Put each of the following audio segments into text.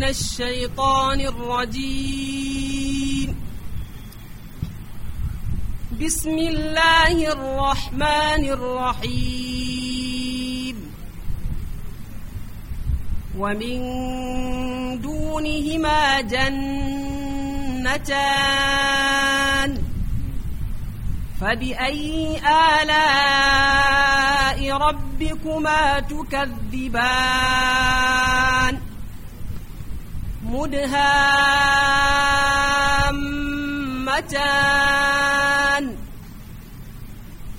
من الشيطان الرجيم بسم الله الرحمن الرحيم ومن دونهما جنتان فبأي آلاء ربكما تكذبان مدهامتان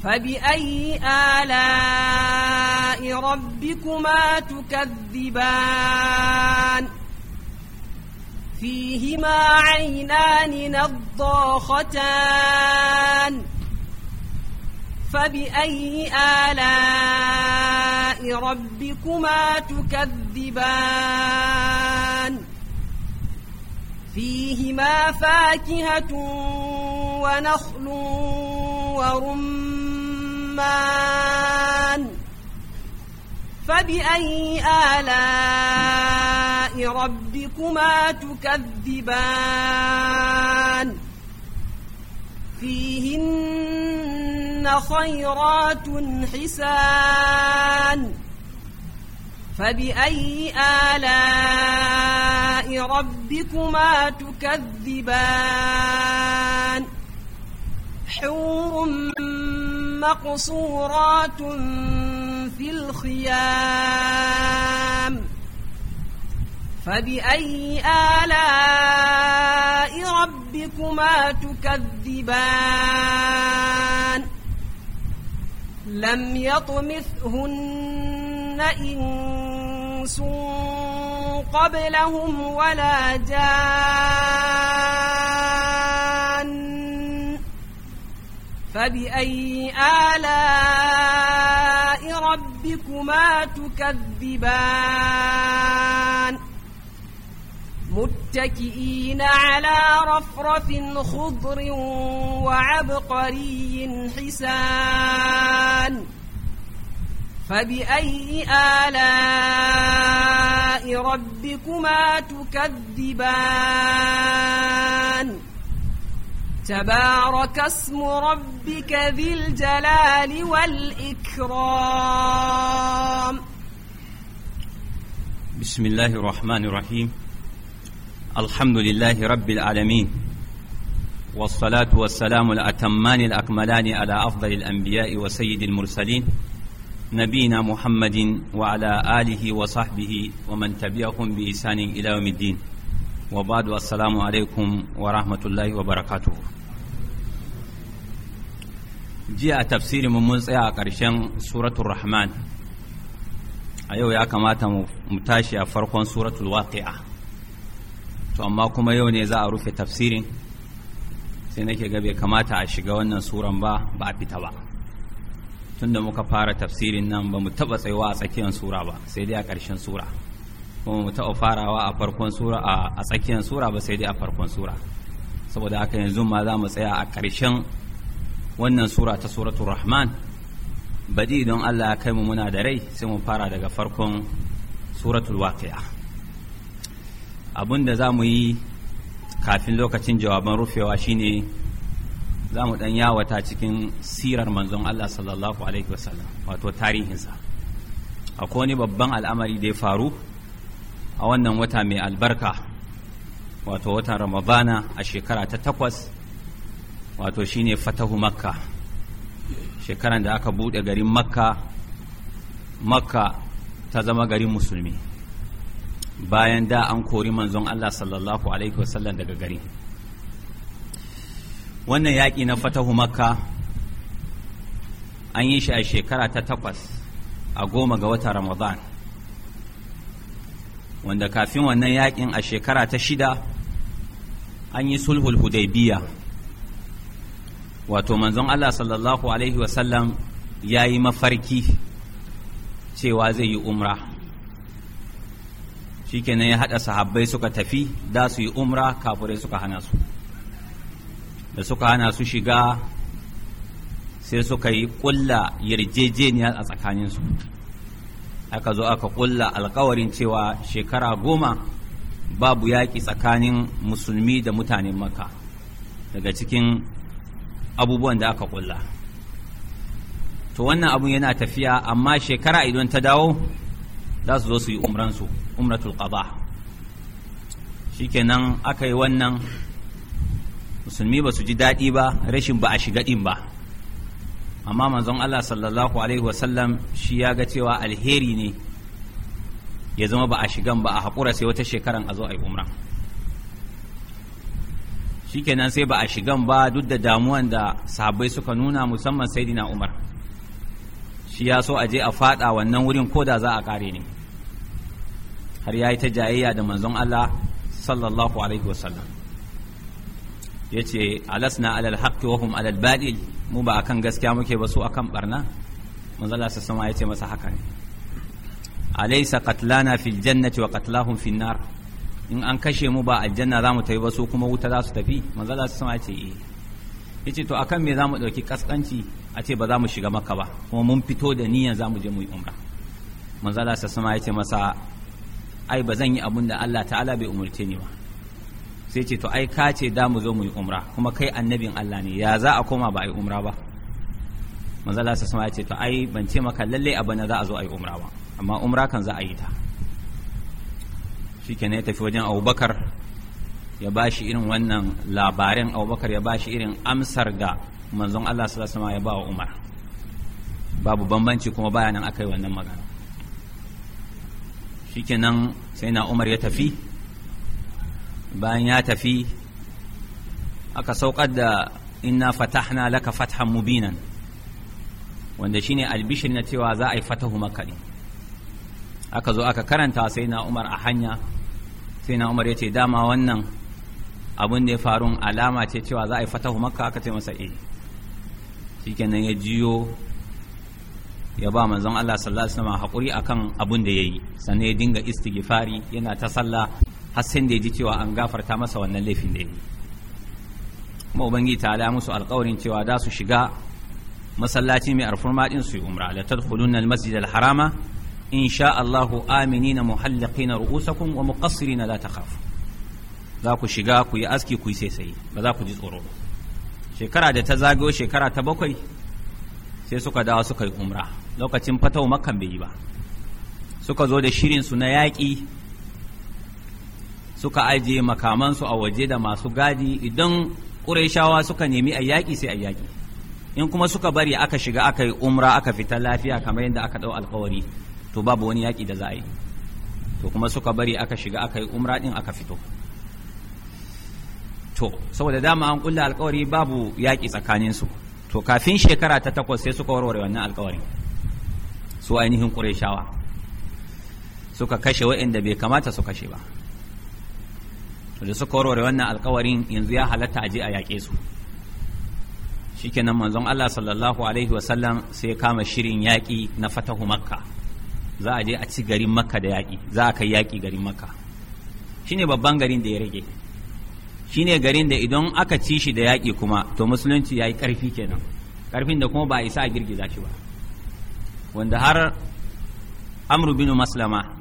فبأي آلاء ربكما تكذبان فيهما عينان نضاختان فبأي آلاء ربكما تكذبان فيهما فاكهة ونخل ورمان فبأي آلاء ربكما تكذبان فيهن خيرات حسان فبأي آلاء ربكما تكذبان حور مقصورات في الخيام فبأي آلاء ربكما تكذبان لم يطمثهن إنس قبلهم ولا جان فبأي آلاء ربكما تكذبان متكئين على رفرف خضر وعبقري حسان فبأي آلاء ربكما تكذبان تبارك اسم ربك ذي الجلال والإكرام بسم الله الرحمن الرحيم الحمد لله رب العالمين والصلاة والسلام الأتمان الأكملان على أفضل الأنبياء وسيد المرسلين نبينا محمد وعلى آله وصحبه ومن تبعهم بإحسان إلى يوم الدين وبعد والسلام عليكم ورحمة الله وبركاته جاء تفسير من منزع قرشان سورة الرحمن أيوة يا كما متاشي فرق سورة الواقعة to amma kuma yau ne za a rufe tafsirin sai nake ga bai kamata a shiga wannan suran ba ba a fita ba tunda muka fara tafsirin nan ba mu taba tsayuwa a tsakiyar sura ba sai dai a ƙarshen sura kuma mu taɓa farawa a farkon sura a tsakiyar sura ba sai dai a farkon sura saboda haka yanzu ma za mu tsaya a ƙarshen wannan sura ta suratul rahman baɗi don allah ya kai mu muna da rai sai mu fara daga farkon suratul waqi'a abin da za mu yi kafin lokacin jawaban rufewa shine za mu ɗan yawata cikin sirar manzon Allah sallallahu alaihi wasallam wato tarihinsa akwai wani babban al'amari da ya faru a wannan wata mai albarka wato watan ramadana a shekara ta takwas wato shine fatahu makka shekaran da aka buɗe garin makka makka ta zama garin musulmi bayan da an kori manzon Allah sallallahu alaihi wasallam daga garin wannan yaƙi na fatahu makka an yi shi a shekara ta takwas a goma ga watan ramadan wanda kafin wannan yaƙin a shekara ta shida an yi sulhul hudaybiya wato manzon allah sallallahu alaihi wasallam ya yi mafarki cewa zai yi umra shikenan ya haɗa sahabbai suka tafi da su yi umra kafurai suka hana su da suka hana su shiga sai suka yi ƙulla yarjejeniya a tsakaninsu aka zo aka ƙulla alkawarin cewa shekara goma babu yaƙi tsakanin musulmi da mutanen maka daga cikin abubuwan da aka ƙulla to wannan abun yana tafiya amma shekara idan ta dawo za su zo su yi umransu umratul qada shikenan aka yi wannan musulmi ba su ji daɗi ba rashin ba a shiga ɗin ba amma manzon Allah sallallahu alaihi wasallam shi ya ga cewa alheri ne ya zama ba a shigan ba a haƙura sai wata shekaran a zo a yi umra kenan sai ba a shigan ba duk da damuwan da sahabbai suka nuna musamman saidina umar shi ya so a je a faɗa wannan wurin ko da za a ƙare ne har ya yi ta jayayya da manzon Allah sallallahu alaihi wasallam yace alasna alal haqqi wa hum alal batil mu ba akan gaskiya muke ba su akan barna manzo Allah sallallahu alaihi yace masa haka ne alaysa qatlana fil jannati wa qatlahum fin nar in an kashe mu ba aljanna za mu tafi ba su kuma wuta za su tafi manzo Allah sallallahu alaihi eh. yace to akan me za mu dauki kaskanci a ce ba za mu shiga maka ba kuma mun fito da niyan za mu je mu yi umra manzo Allah sallallahu alaihi yace masa ai ba zan yi abun da Allah ta'ala bai umurce ni ba sai ce to ai ka ce da mu zo mu yi umra kuma kai annabin Allah ne ya za a koma ba a yi umra ba manzo Allah ya ce to ai ban ce maka lalle a bana za a zo a yi umra ba amma umra kan za a yi ta shikenan ya tafi wajen Abubakar ya ba shi irin wannan labarin Abubakar ya ba shi irin amsar da manzon Allah sallallahu alaihi ya ba wa Umar babu bambanci kuma bayanan akai wannan magana shikenan sai na Umar ya tafi bayan ya tafi aka saukar da inna fatahna laka fathan mubinan wanda shine albishir na cewa za a yi fatahu makka ne aka zo aka karanta sai na umar a hanya sai na umar ya ce dama wannan abin da ya faru alama ce cewa za a yi fatahu makka aka ce masa eh shikenan ya jiyo ya ba manzon Allah sallallahu alaihi wasallam hakuri akan abin da yayi sannan ya dinga istighfari yana ta sallah har sai da ya ji cewa an gafarta masa wannan laifin da ya yi kuma ubangiji ta ala musu alkawarin cewa za su shiga masallaci mai arfin din su yi umra la tadkhuluna harama alharama in sha Allahu aminina muhalliqina ru'usakum wa muqassirina la takhafu za ku shiga ku yi aski ku yi sai ba za ku ji tsoro shekara da ta zagayo shekara ta bakwai sai suka dawo suka yi umra lokacin fatau makan bai yi ba suka zo da shirin su na yaƙi suka ajiye makamansu a waje da masu gadi idan ƙurayshawa suka nemi a yaƙi sai a yaƙi in kuma suka bari aka shiga aka yi umra aka fita lafiya kamar yadda aka ɗau alkawari to babu wani yaƙi da za a yi to kuma suka bari aka shiga aka yi umra ɗin aka fito to saboda dama an ƙulla alkawari babu yaƙi tsakaninsu to kafin shekara ta takwas sai suka warware wannan alkawarin su ainihin ƙurashawa suka kashe waɗanda bai kamata su kashe ba to da suka warware wannan alkawarin yanzu ya halatta a je a yaƙe su shikenan manzon Allah sallallahu alaihi wasallam sai kama shirin yaƙi na fatahu makka za a je a ci garin makka da yaƙi za a kai yaƙi garin makka shine babban garin da ya rage shine garin da idan aka ci shi da yaƙi kuma to musulunci ya yi ƙarfi kenan ƙarfin da kuma ba a isa a girgiza shi ba wanda har amru bin maslama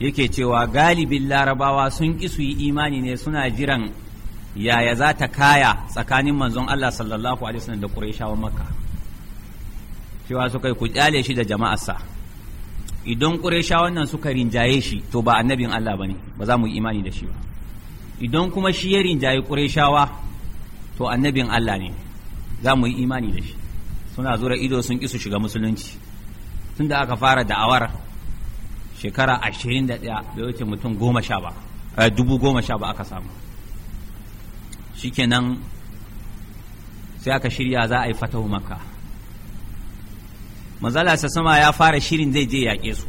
yake cewa galibin larabawa sun ki su yi imani ne suna jiran yaya za ta kaya tsakanin manzon Allah sallallahu alaihi wasallam da Qurayshawa Makka cewa su kai ku kyale shi da jama'arsa idan Qurayshawan nan suka rinjaye shi to ba annabin Allah bane ba za mu yi imani da shi ba idan kuma shi ya rinjaye Qurayshawa to annabin Allah ne za mu yi imani da shi suna zura ido sun ki su shiga musulunci tunda aka fara da'awar shekara ashirin da ɗaya bai wuce mutum goma sha ba eh, dubu goma sha ba aka samu shikenan sai aka shirya za a yi fatahu makka manzala sama ya fara shirin zai je yaƙe su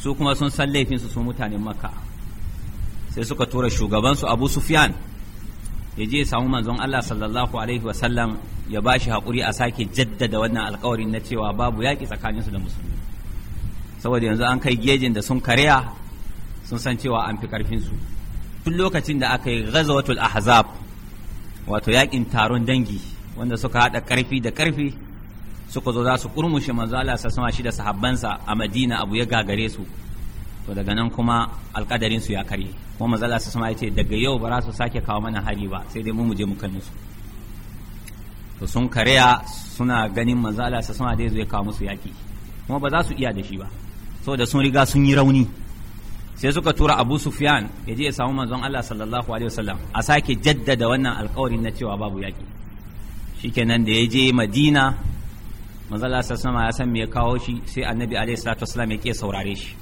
su kuma sun san laifinsu su mutanen makka sai suka tura shugabansu abu sufyan ya je samu manzon Allah sallallahu alaihi wasallam ya ba shi haƙuri a sake jaddada wannan alƙawarin na cewa babu yaƙi tsakaninsu da musulmi saboda yanzu an kai gejin da sun karya sun san cewa an fi karfinsu tun lokacin da aka yi gazawatul ahzab wato yakin taron dangi wanda suka haɗa ƙarfi da ƙarfi suka zo za su kurmushe manzo Allah sama shi da sahabbansa a Madina abu ya gagare su to daga nan kuma alƙadarinsu su ya karye kuma manzo Allah sama daga yau ba za su sake kawo mana hari ba sai dai mu mu je mu kalle su to sun karya suna ganin manzo Allah sama dai zai kawo musu yaki kuma ba za su iya da shi ba saboda sun riga sun yi rauni sai suka tura abu sufyan ya je ya samu manzon allah sallallahu alaihi wasallam a sake jaddada wannan alkawarin na cewa babu yaƙi shikenan da ya je madina manzon allah sallallahu ya san me ya kawo shi sai annabi alaihi salatu wasallam ya ke saurare shi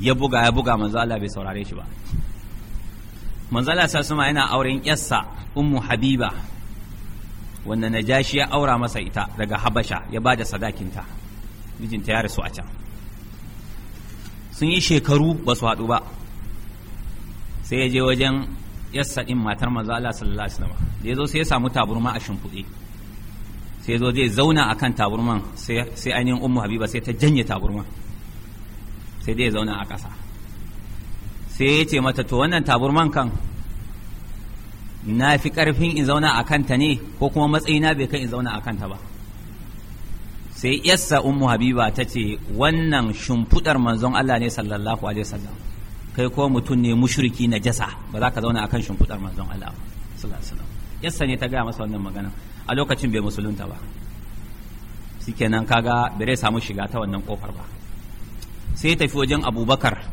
ya buga ya buga manzon allah bai saurare shi ba manzon allah sallallahu yana auren yassa ummu habiba wanda najashi ya aura masa ita daga habasha ya ba da sadakinta mijinta ya rasu a can sun yi shekaru ba su haɗu ba sai ya je wajen yassa ɗin matar manzo Allah sallallahu alaihi wasallam da ya zo sai ya samu taburma a shimfiɗe sai ya zo zai zauna a kan taburman sai ainihin ummu habiba sai ta janye taburman sai dai ya zauna a ƙasa sai ya ce mata to wannan taburman kan na fi ƙarfin in zauna a kanta ne ko kuma matsayina bai kan in zauna a kanta ba sai yassa ummu habiba ta ce wannan shimfudar manzon Allah ne sallallahu alaihi wasallam kai ko mutum ne mushriki na jasa ba za ka zauna akan shimfudar manzon Allah sallallahu alaihi wasallam yassa ne ta gaya masa wannan magana a lokacin bai musulunta ba shikenan kaga bare samu shiga ta wannan kofar ba sai ya tafi wajen abubakar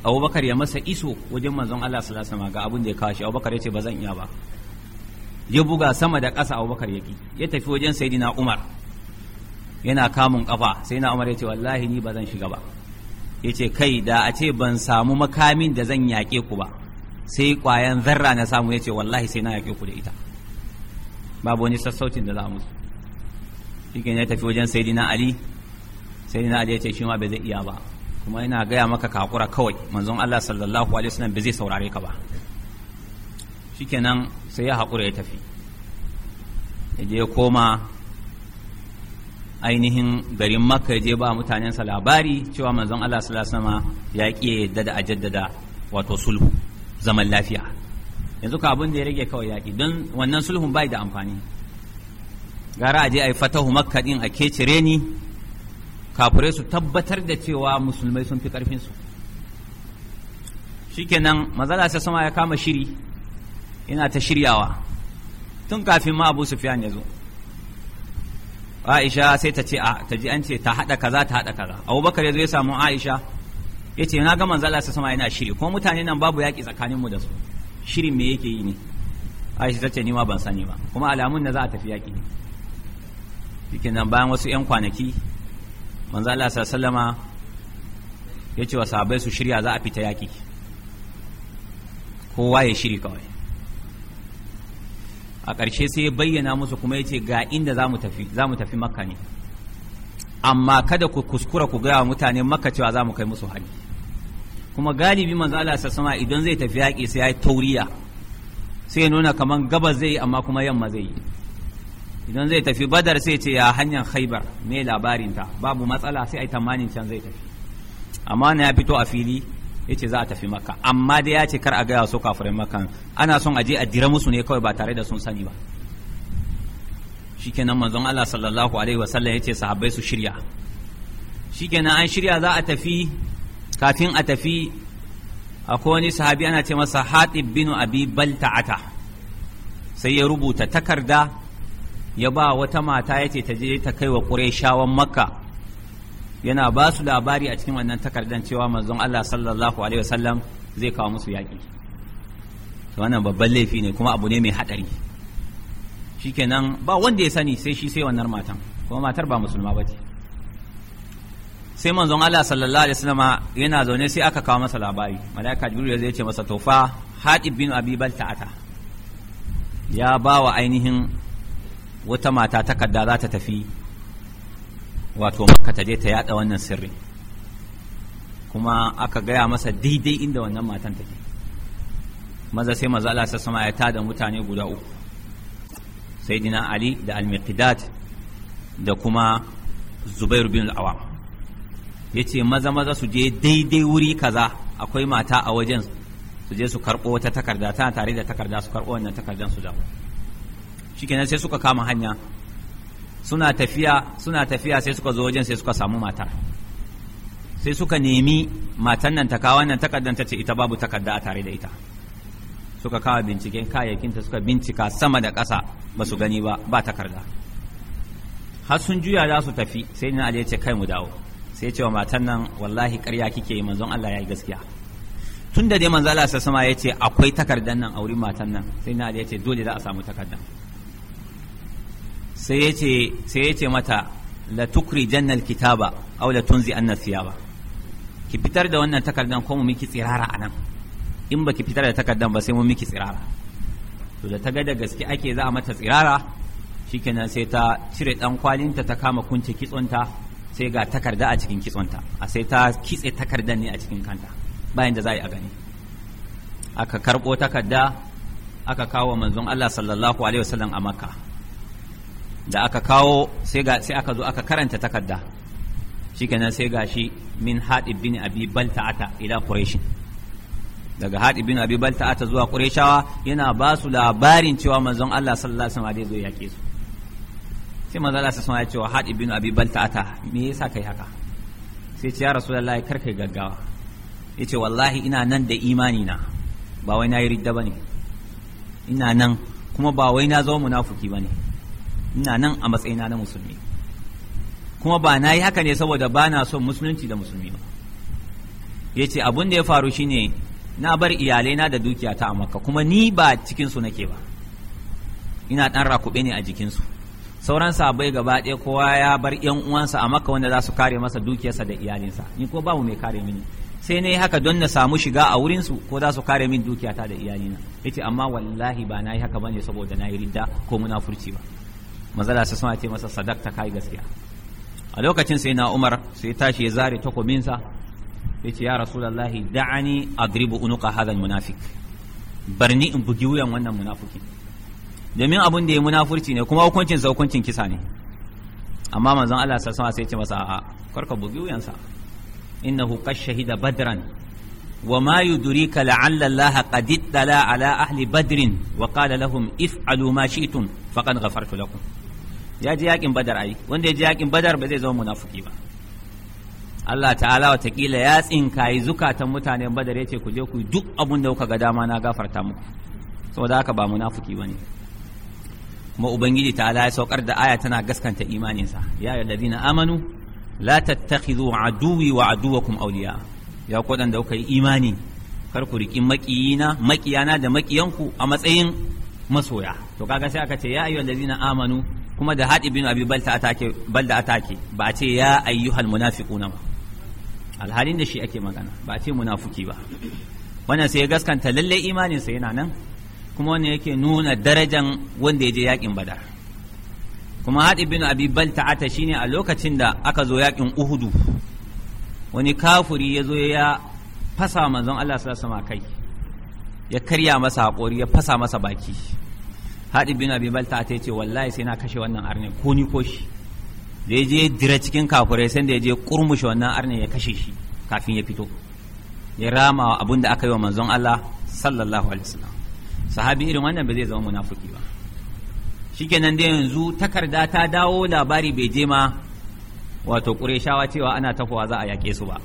abubakar ya masa iso wajen manzon Allah sallallahu alaihi wasallam ga abin da ya kawo shi abubakar ya ce ba zan iya ba ya buga sama da ƙasa abubakar ya ƙi ya tafi wajen sayyidina umar yana kamun ƙafa sai na umar ya ce wallahi ni ba zan shiga ba ya ce kai da a ce ban samu makamin da zan yaƙe ku ba sai ƙwayan zarra na samu ya ce wallahi sai na yaƙe ku da ita babu wani sassaucin da za mu shi ya tafi wajen saidina ali saidina ali ya ce shi ma bai zai iya ba kuma yana gaya maka kakura kawai manzon allah sallallahu alaihi wasallam bai zai saurare ka ba shikenan sai ya haƙura ya tafi ya je koma ainihin garin makka ya je ba mutanensa labari cewa manzon Allah sallallahu ya ƙi yadda da a jaddada wato sulhu zaman lafiya yanzu ka abin da ya rage kawai yaƙi don wannan sulhun bai da amfani gara a je a yi fatahu makka din a cire ni kafure su tabbatar da cewa musulmai sun fi ƙarfinsu shikenan mazala sai sama ya kama shiri ina ta shiryawa tun kafin ma abu sufiyan ya zo aisha sai ta ce a ta ji an ce ta haɗa kaza ta haɗa kaza abubakar ya zo ya samu aisha ya ce na ga zala su sama yana shiri kuma mutane nan babu yaƙi mu da su shirin me yake yi ne aisha ta ce ni ma ban sani ba kuma alamun na za a tafi yaƙi ne cikin nan bayan wasu 'yan kwanaki manzala sa sallama ya ce wa sahabbai su shirya za a fita yaki kowa ya shiri kawai a ƙarshe sai ya bayyana musu kuma ya ce ga inda za mu tafi za mu tafi makka ne amma kada ku kuskura ku gaya mutane makka cewa za mu kai musu hari kuma galibi manzo Allah sama idan zai tafi yaƙi sai ya yi tauriya sai ya nuna kaman gabas zai yi amma kuma yamma zai yi idan zai tafi badar sai ce ya hanyar khaibar me labarin ta babu matsala sai ai tamanin can zai tafi amma na ya fito a fili yace za a tafi maka amma dai ya ce kar a gaya su kafirin makan ana son a je a dira musu ne kawai ba tare da sun sani ba shikenan manzon Allah sallallahu alaihi wasallam ce sahabbai su shirya shikenan an shirya za a tafi kafin a tafi akwai wani sahabi ana ce masa Hatib bin Abi Balta'ata sai ya rubuta takarda ya ba wata mata yace ta je ta kai wa Qurayshawan Makka yana ba su labari a cikin wannan takardar cewa manzon Allah sallallahu alaihi wasallam zai kawo musu yaƙi to wannan babban laifi ne kuma abu ne mai hadari shikenan ba wanda ya sani sai shi sai wannan matan kuma matar ba musulma ba ce. sai manzon Allah sallallahu alaihi wasallam yana zaune sai aka kawo masa labari malaika jibril zai ce masa tofa hatib bin abi balta'ata ya ba wa ainihin wata mata takarda za ta tafi wato maka ta je ta yada wannan sirri kuma aka gaya masa daidai inda wannan matan take maza sai maza Allah sama ya da mutane guda uku saidina ali da almiqidat da kuma zubair bin al ya yace maza maza su je daidai wuri kaza akwai mata a wajen su je su karɓo wata takarda tana tare da takarda su karɓo wannan takardan su shi kenan sai suka kama hanya suna tafiya suna tafiya sai suka zo wajen sai suka samu matar sai suka nemi matan nan ta kawo takardar ta ce ita babu takarda a tare da ita suka kawo binciken ta suka bincika sama da ƙasa ba su gani ba ba takarda har sun juya za su tafi sai na aje ce kai mu dawo sai ce wa matan nan wallahi ƙarya kike yi manzon Allah ya yi gaskiya tun da dai manzala Allah sama ya ce akwai takardan nan a wurin matan nan sai na aje ce dole za a samu takardan sai ce sai ce mata la tukri jannal kitaba aw la tunzi anna thiyaba ki fitar da wannan takardan ko mu miki tsirara anan in baki fitar da takardan ba sai mu miki tsirara to da ta ga da gaske ake za a mata tsirara shikenan sai ta cire dan kwalinta ta kama kunce kitsonta sai ga takarda a cikin kitsonta a sai ta kitse takardan ne a cikin kanta bayan da za a gani aka karbo takarda aka kawo manzon Allah sallallahu alaihi wasallam a makka da aka kawo sai aka zo aka karanta takarda shikenan sai gashi min haɗi bin abi balta'ata ila ƙureshin daga haɗi bin abi balta'ata zuwa ƙureshawa yana ba su labarin cewa manzon Allah sallallahu alaihi wasallam zai yake su sai manzon Allah sallallahu alaihi wasallam ya ce haɗib bin abi balta'ata me yasa kai haka sai ce ya rasulullahi kar kai gaggawa yace wallahi ina nan da imani na ba wai na yi ridda bane ina nan kuma ba wai na zama munafiki bane ina nan a matsayina na musulmi kuma ba na yi haka ne saboda ba na son musulunci da musulmi ba ya ce abin da ya faru shine na bar iyalaina da dukiya a makka kuma ni ba cikinsu nake ba ina ɗan rakuɓe ne a jikinsu sauran sabai gaba ɗaya kowa ya bar yan uwansa a makka wanda za su kare masa dukiyarsa da iyalinsa ni ko babu mai kare mini sai na yi haka don na samu shiga a wurinsu ko za su kare min dukiyata da iyalina ya ce amma wallahi ba na yi haka bane saboda na yi ridda ko munafurci ba manzala sa sama ce masa sadakta kai gaskiya a lokacin sai na umar sai tashi ya zare takominsa ya ce ya rasulallahi da'ani adribu unuka hadha bar ni in bugi wuyan wannan munafiki domin abun da ya munafurci ne kuma hukuncin sa hukuncin kisa ne amma manzon Allah sa sama sai ya ce masa a'a karka bugi wuyansa innahu qad shahida badran وما يدريك لعل الله قد اطلع على أهل بدر وقال لهم افعلوا ما شئتم فقد غفرت لكم ya ji yakin badar ai wanda ya ji yakin badar ba zai zama munafiki ba Allah ta'ala watakila ya tsinka yi zukatan mutanen badar ya ce ku je ku duk abun da kuka ga dama na gafarta muku saboda haka ba munafiki bane kuma ubangiji ta'ala ya saukar da aya tana gaskanta imaninsa ya ladina amanu la tattakhidhu aduwi wa aduwakum awliya ya ku da kuka yi imani kar ku riki makiyina makiyana da makiyanku a matsayin masoya to kaga sai aka ce ya ladina amanu kuma da haɗi bin abi balta atake balda atake ba a ce ya ayyuhal munafiquna ba alhalin da shi ake magana ba a ce munafuki ba wannan sai ya gaskanta lalle imanin sa yana nan kuma wannan yake nuna darajan wanda ya je yakin badar kuma haɗi bin abi balta ata shine a lokacin da aka zo yakin uhudu wani kafuri ya zo ya fasa manzon Allah sallallahu alaihi kai ya karya masa haƙori ya fasa masa baki haɗi bin abi balta ta ce wallahi sai na kashe wannan arne ko ni ko shi da ya je dire cikin kafure sai da ya je kurmushe wannan arne ya kashe shi kafin ya fito ya rama abin da aka yi wa manzon Allah sallallahu alaihi wasallam sahabi irin wannan ba zai zama munafiki ba shikenan da yanzu takarda ta dawo labari bai je ma wato qurayshawa cewa ana tafowa za a yake su ba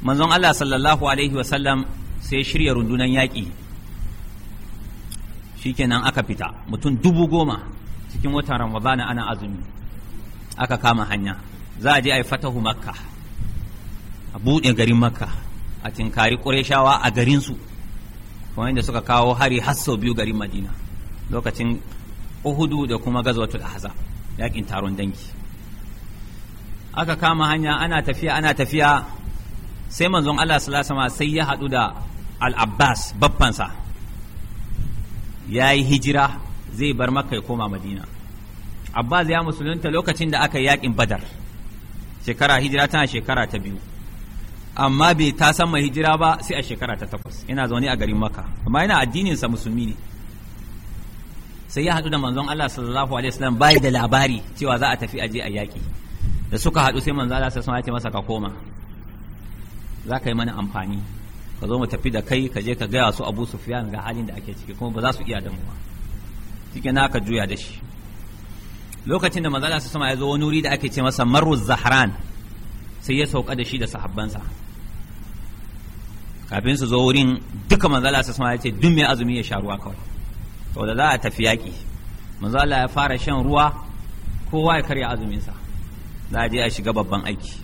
manzon Allah sallallahu alaihi wasallam sai shirya rundunar yaƙi shikenan aka fita mutum dubu goma cikin watan ramadana ana azumi aka kama hanya za a je a yi fatahu makka a buɗe garin makka a tinkari ƙureshawa a garinsu kuma inda suka kawo hari har sau biyu garin madina lokacin uhudu da kuma gazwatul ahza yakin taron dangi aka kama hanya ana tafiya ana tafiya sai manzon Allah sallallahu alaihi sai ya haɗu da al-Abbas babbansa ya yi hijira zai bar maka ya koma madina abbas ya musulunta lokacin da aka yi yakin badar shekara hijira tana shekara ta biyu amma bai ta san mai hijira ba sai a shekara ta takwas yana zaune a garin maka amma yana addininsa musulmi ne sai ya haɗu da manzon Allah sallallahu alaihi wasallam bai da labari cewa za a tafi aje a yaƙi da suka haɗu sai manzon Allah sallallahu alaihi wasallam masa ka koma za ka yi mana amfani ka zo mu tafi da kai ka je ka gaya su abu sufiyan ga halin da ake ciki kuma ba za su iya damu ba na ka juya da shi lokacin da manzala su sama ya zo wani wuri da ake ce masa marru zahran sai ya sauka da shi da sahabbansa kafin su zo wurin duka manzala su sama ya ce duk mai azumi ya sha ruwa kawai saboda za a tafi yaƙi manzala ya fara shan ruwa kowa ya karya azuminsa za a je a shiga babban aiki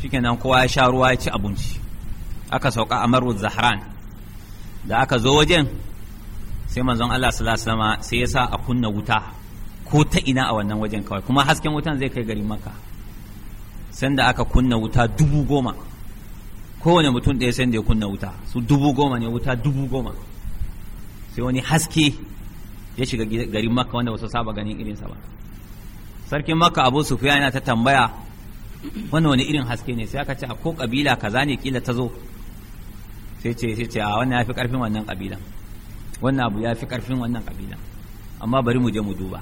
shikenan kowa ya sha ruwa ya ci abinci aka sauka a marwar zahran da aka zo wajen sai manzon Allah sallallahu alaihi sai ya sa a kunna wuta ko ta ina a wannan wajen kawai kuma hasken wutan zai kai gari maka sanda aka kunna wuta dubu goma kowane mutum ɗaya sanda ya kunna wuta su dubu goma ne wuta dubu goma sai wani haske ya shiga garin makka wanda wasu saba ganin irinsa ba sarkin maka abu sufiya yana ta tambaya wannan wani irin haske ne sai aka ce a ko kabila kaza ne kila ta zo sai ce sai ce a wannan ya fi ƙarfin wannan ƙabilan wannan abu ya fi ƙarfin wannan ƙabilan amma bari mu je mu duba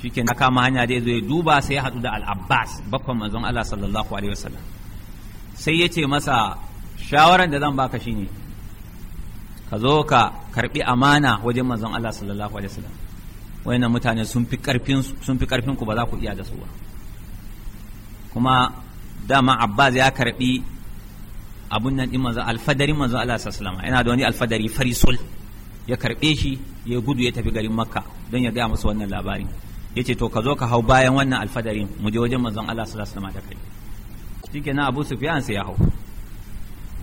shi ke na kama hanya dai zai duba sai ya haɗu da al'abbas bakon manzon Allah sallallahu alaihi wasallam sai ya ce masa shawaran da zan baka shine ka zo ka karɓi amana wajen manzon Allah sallallahu alaihi wasallam wayannan mutane sun fi ƙarfin sun fi ƙarfin ku ba za ku iya da su ba kuma dama abbas ya karɓi abun nan din manzo alfadarin manzo Allah sallallahu yana da wani alfadari farisul ya karbe shi ya gudu ya tafi garin makka don ya gaya musu wannan labarin ce to ka zo ka hau bayan wannan alfadarin mu je wajen manzon Allah sallallahu alaihi da kai shikenan Abu Sufyan sai ya hau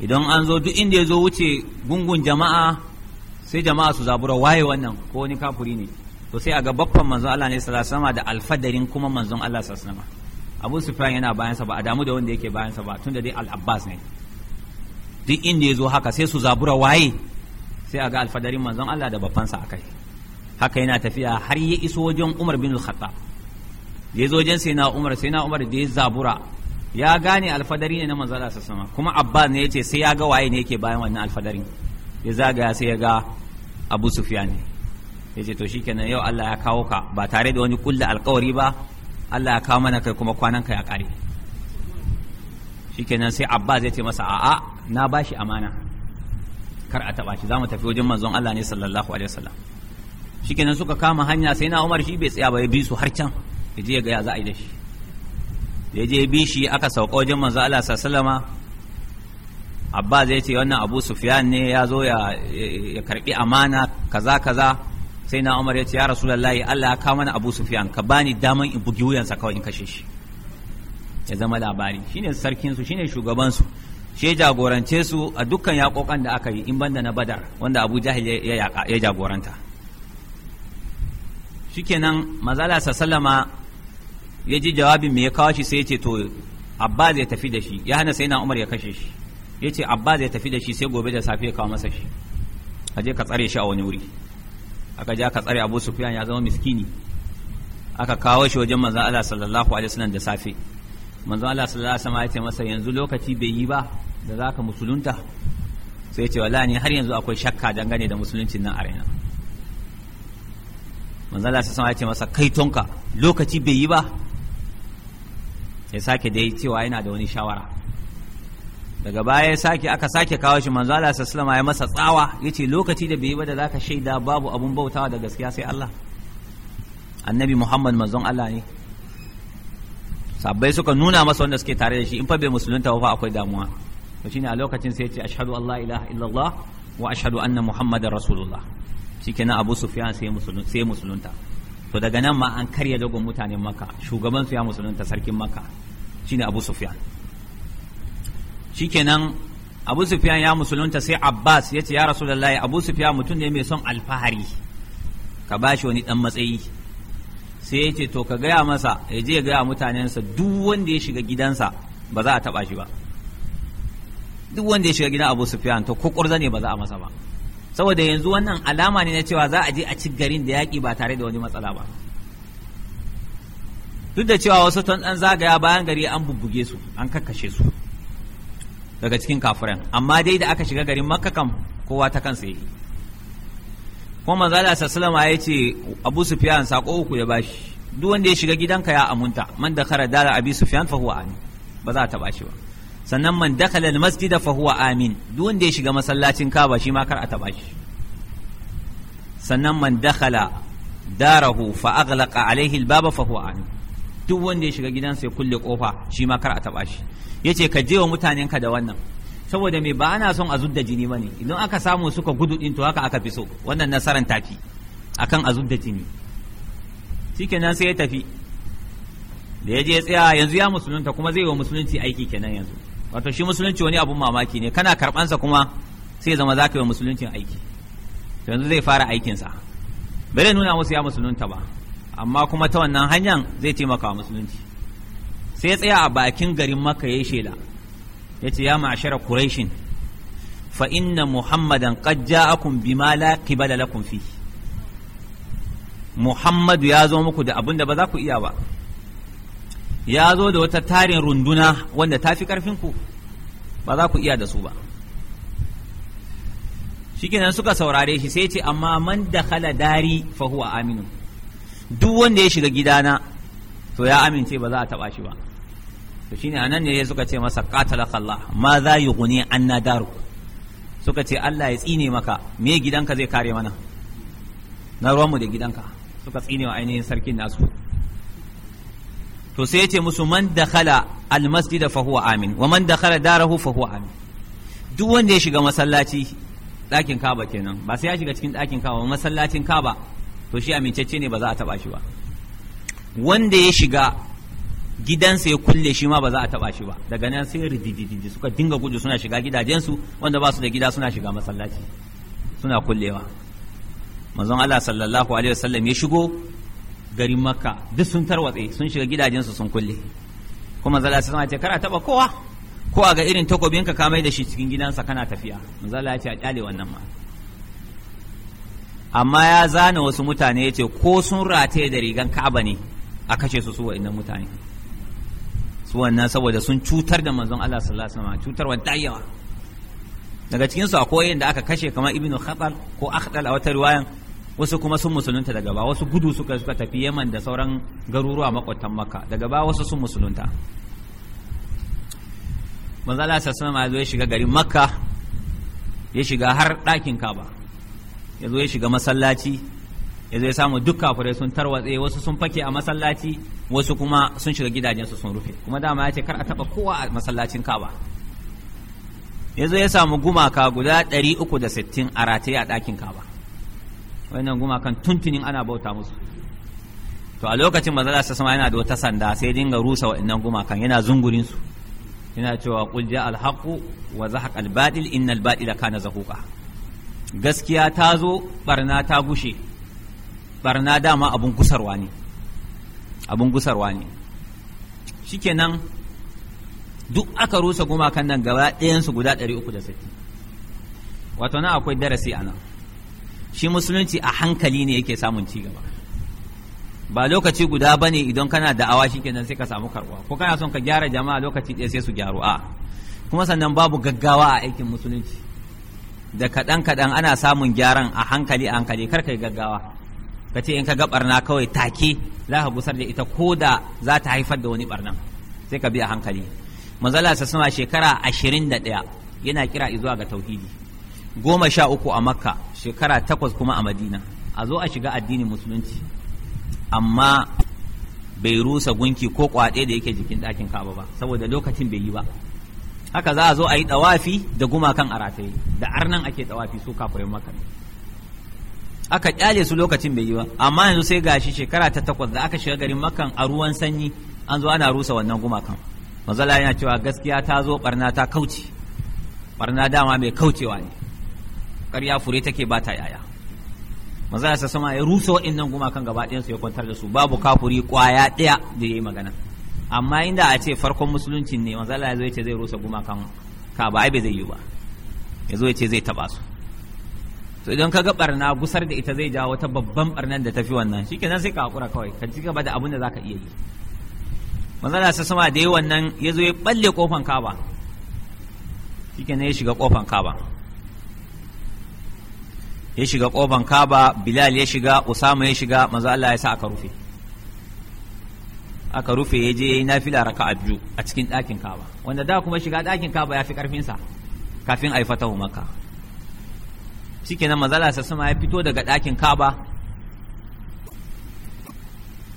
idan an zo duk inda ya zo wuce gungun jama'a sai jama'a su zabura waye wannan ko wani kafuri ne to sai a ga baffan manzon Allah ne sallallahu alaihi da alfadarin kuma manzon Allah sallallahu Abu Sufyan yana bayansa ba a damu da wanda yake bayansa ba tunda dai Al-Abbas ne duk inda ya zo haka sai su zabura waye sai a ga alfadarin manzon Allah da babbansa a kai haka yana tafiya har ya iso wajen Umar bin Khattab ya zo wajen sai na Umar sai na Umar da ya zabura ya gane alfadari ne na manzon Allah sama kuma Abba ne yace sai ya ga waye ne yake bayan wannan alfadarin ya zagaya sai ya ga Abu Sufyan ne ce to shikenan yau Allah ya kawo ka ba tare da wani kulle alkawari ba Allah ya kawo mana kai kuma kwanan ka ya kare shikenan sai Abba zai ce masa a'a na ba shi amana kar a taba shi za mu tafi wajen manzon Allah ne sallallahu alaihi wasallam shikenan suka kama hanya sai na Umar shi bai tsaya ba ya bi su har can ya je ga ya za a yi da shi da ya je bi shi aka sauka wajen manzon Allah sallallahu abba zai ce wannan abu sufyan ne ya zo ya karbi amana kaza kaza sai na umar ya ce ya rasulullahi allah ya kawo mana abu sufyan ka bani daman in bugi wuyansa kawai in kashe shi ya zama labari shine sarkin su shine shugaban su shi jagorance su a dukkan yakokan da aka yi in banda na badar wanda abu jahil ya jagoranta kenan mazala sallama ya ji jawabin me ya kawo shi sai ya ce to abba zai tafi da shi ya hana sai na umar ya kashe shi ya ce abba zai tafi da shi sai gobe da safe ya kawo masa shi a je ka tsare shi a wani wuri aka je aka tsare abu sufyan ya zama miskini aka kawo shi wajen manzon Allah sallallahu alaihi wasallam da safe manzon Allah sallallahu alaihi wasallam ya ce masa yanzu lokaci bai yi ba da za ka musulunta sai ce wala ne har yanzu akwai shakka dangane da musuluncin nan a raina manzala sai sama ya ce masa kai tonka lokaci bai yi ba sai sake dai cewa yana da wani shawara daga baya ya sake aka sake kawo shi manzo Allah sallallahu ya masa tsawa yace lokaci da bai yi ba da zaka shaida babu abun bautawa da gaskiya sai Allah annabi Muhammad manzon Allah ne sabbai suka nuna masa wanda suke tare da shi in fa bai musulunta ba akwai damuwa to shine a lokacin sai ya ce ashhadu an la ilaha illallah wa ashhadu anna muhammadar rasulullah shikenan abu sufyan sai sai musulunta to daga nan ma an karya dogon mutanen maka shugaban su ya musulunta sarkin maka shine abu sufyan shikenan abu sufyan ya musulunta sai abbas ya ce ya rasulullahi abu sufyan mutum ne mai son alfahari ka bashi wani dan matsayi sai ya ce to ka gaya masa ya je ya gaya mutanensa duk wanda ya shiga gidansa ba za a taba shi ba duk wanda ya shiga gidan Abu Sufyan to ko kurza ne ba za a masa ba saboda yanzu wannan alama ne na cewa za a je a ci garin da yaƙi ba tare da wani matsala ba duk da cewa wasu tun ɗan zagaya bayan gari an bubbuge su an kakkashe su daga cikin kafiran amma dai da aka shiga garin makka kam kowa ta kansa yake kuma manzo Allah sallallahu ya ce Abu Sufyan sako uku ya bashi duk wanda ya shiga gidanka ya amunta man da kara dala Abi Sufyan fa huwa ani ba za ta bashi ba sannan man dakhala almasjida fa huwa amin duk wanda ya shiga masallacin kaba shi ma kar a taba shi sannan man dakhala darahu fa aghlaqa alaihi albaba fa huwa amin duk wanda ya shiga gidansa ya kulle kofa shi ma kar a taba shi yace ka je wa mutanen ka da wannan saboda me ba ana son a zudda jini bane idan aka samu suka gudu din to haka aka fi so wannan nasaran tafi akan a zudda jini shikenan sai ya tafi da ya je ya tsaya yanzu ya musulunta kuma zai yi wa musulunci aiki kenan yanzu wato shi musulunci wani abun mamaki ne kana karɓansa kuma sai zama za ka yi musuluncin aiki yanzu zai fara aikinsa bai zai nuna musu ya musulunta ba amma kuma ta wannan hanyar zai taimaka wa musulunci sai ya tsaya a bakin garin maka ya shela ya ce ya ma'ashara quraishin fa inna muhammadan qad ja'akum bima la qibala lakum fi muhammadu ya zo muku da abin da ba za ku iya ba ya zo da wata tarin runduna wanda ta fi ku ba za ku iya da su ba shikenan suka saurare shi sai ce amma man da khala dari fa huwa aminu duk wanda ya shiga gidana to ya amince ba za a taba shi ba to shine anan ne suka ce masa qatala Allah ma za yughni anna daru suka ce Allah ya tsine maka me gidanka zai kare mana na ruwanmu da gidanka suka tsine wa ainihin sarkin nasu to sai yace musu man dakhala al masjida fa huwa amin wa man dakhala darahu fa huwa amin duk wanda ya shiga masallaci ɗakin kaba kenan ba sai ya shiga cikin ɗakin kaba masallacin kaba to shi amincacce ne ba za a taba shi ba wanda ya shiga gidansa ya kulle shi ma ba za a taba shi ba daga nan sai ridididi suka dinga gudu suna shiga gidajensu wanda ba su da gida suna shiga masallaci suna kullewa manzon Allah sallallahu alaihi wasallam ya shigo garin makka duk sun tarwatse sun shiga gidajensu sun kulle kuma zala sai ce kar a taba kowa ko a ga irin takobin ka kamai da shi cikin gidansa kana tafiya zala ya ce a kyale wannan ma amma ya zana wasu mutane ya ce ko sun rataye da rigan ka'aba ne a kashe su su wa'annan mutane su wannan saboda sun cutar da manzon Allah sallallahu alaihi wasallam wanda yawa daga cikin su akwai yadda aka kashe kamar ibnu khatal ko akhdal a wata riwayan wasu kuma sun musulunta daga ba wasu gudu suka suka tafi yaman da sauran garuruwa makwatan makka daga ba wasu sun musulunta manzala sa ya zo ya shiga garin makka ya shiga har ɗakin kaba ya zo ya shiga masallaci ya zo ya samu duk kafirai sun tarwatse wasu sun fake a masallaci wasu kuma sun shiga gidajensu sun rufe kuma dama ya ce kar a taba kowa a masallacin kaba ya zo ya samu gumaka guda 360 a rataye a ɗakin kaba wannan gumakan tuntunin ana bauta musu to a lokacin manzala sa sama yana da wata sanda sai dinga rusa wa'annan gumakan yana zungurin su yana cewa qul ja al haqu wa zahaq al batil innal batila kana zahuqa gaskiya ta zo barna ta gushe barna dama abun gusarwa ne abun gusarwa ne shikenan duk aka rusa gumakan nan gaba ɗayansu guda 360 wato na akwai darasi a nan shi musulunci a hankali ne yake samun ci gaba ba lokaci guda ba ne idan kana da da'awa kenan sai ka samu karbuwa ko kana son ka gyara jama'a lokaci ɗaya sai su gyaru a kuma sannan babu gaggawa a aikin musulunci da kaɗan kaɗan ana samun gyaran a hankali a hankali kar ka yi gaggawa ka ce in ka ga barna kawai take za ka gusar da ita ko da za ta haifar da wani barna sai ka bi a hankali mazala sa suna shekara ashirin da ɗaya yana kira izuwa ga tauhidi goma sha uku a makka shekara takwas kuma a madina a zo a shiga addinin musulunci amma bai rusa gunki ko kwaɗe da yake jikin ɗakin kaba ba saboda lokacin bai yi ba haka za a zo a yi ɗawafi da gumakan a rataye da arnan ake ɗawafi su kafurin maka aka ƙyale su lokacin bai yi ba amma yanzu sai gashi shekara ta takwas da aka shiga garin makan a ruwan sanyi an zo ana rusa wannan gumakan mazala yana cewa gaskiya ta zo barna ta kauce barna dama mai kaucewa ne ƙarya fure take ba ta yaya maza ya sama ya rusa waɗannan gumakan gaba ɗayansu ya kwantar da su babu kafuri ƙwaya ɗaya da ya yi magana amma inda a ce farkon musulunci ne maza ya zo ya ce zai rusa gumakan ka ba ai bai zai yi ba ya zo ya ce zai taɓa su to idan ka ga barna gusar da ita zai jawo wata babban barnan da tafi wannan shi kenan sai ka hakura kawai ka ci gaba da abin da ka iya yi maza ya sama da yi wannan ya zo ya ɓalle kofan kaba kenan ya shiga kofan kaba ya shiga ƙofan kaba bilal ya shiga usama ya shiga manzo Allah ya sa aka rufe aka rufe ya je yayi nafila raka'a biyu a cikin ɗakin kaba wanda da kuma shiga ɗakin kaba ya fi ƙarfin sa kafin ai fatahu makka shikenan manzo Allah sa sama ya fito daga ɗakin kaba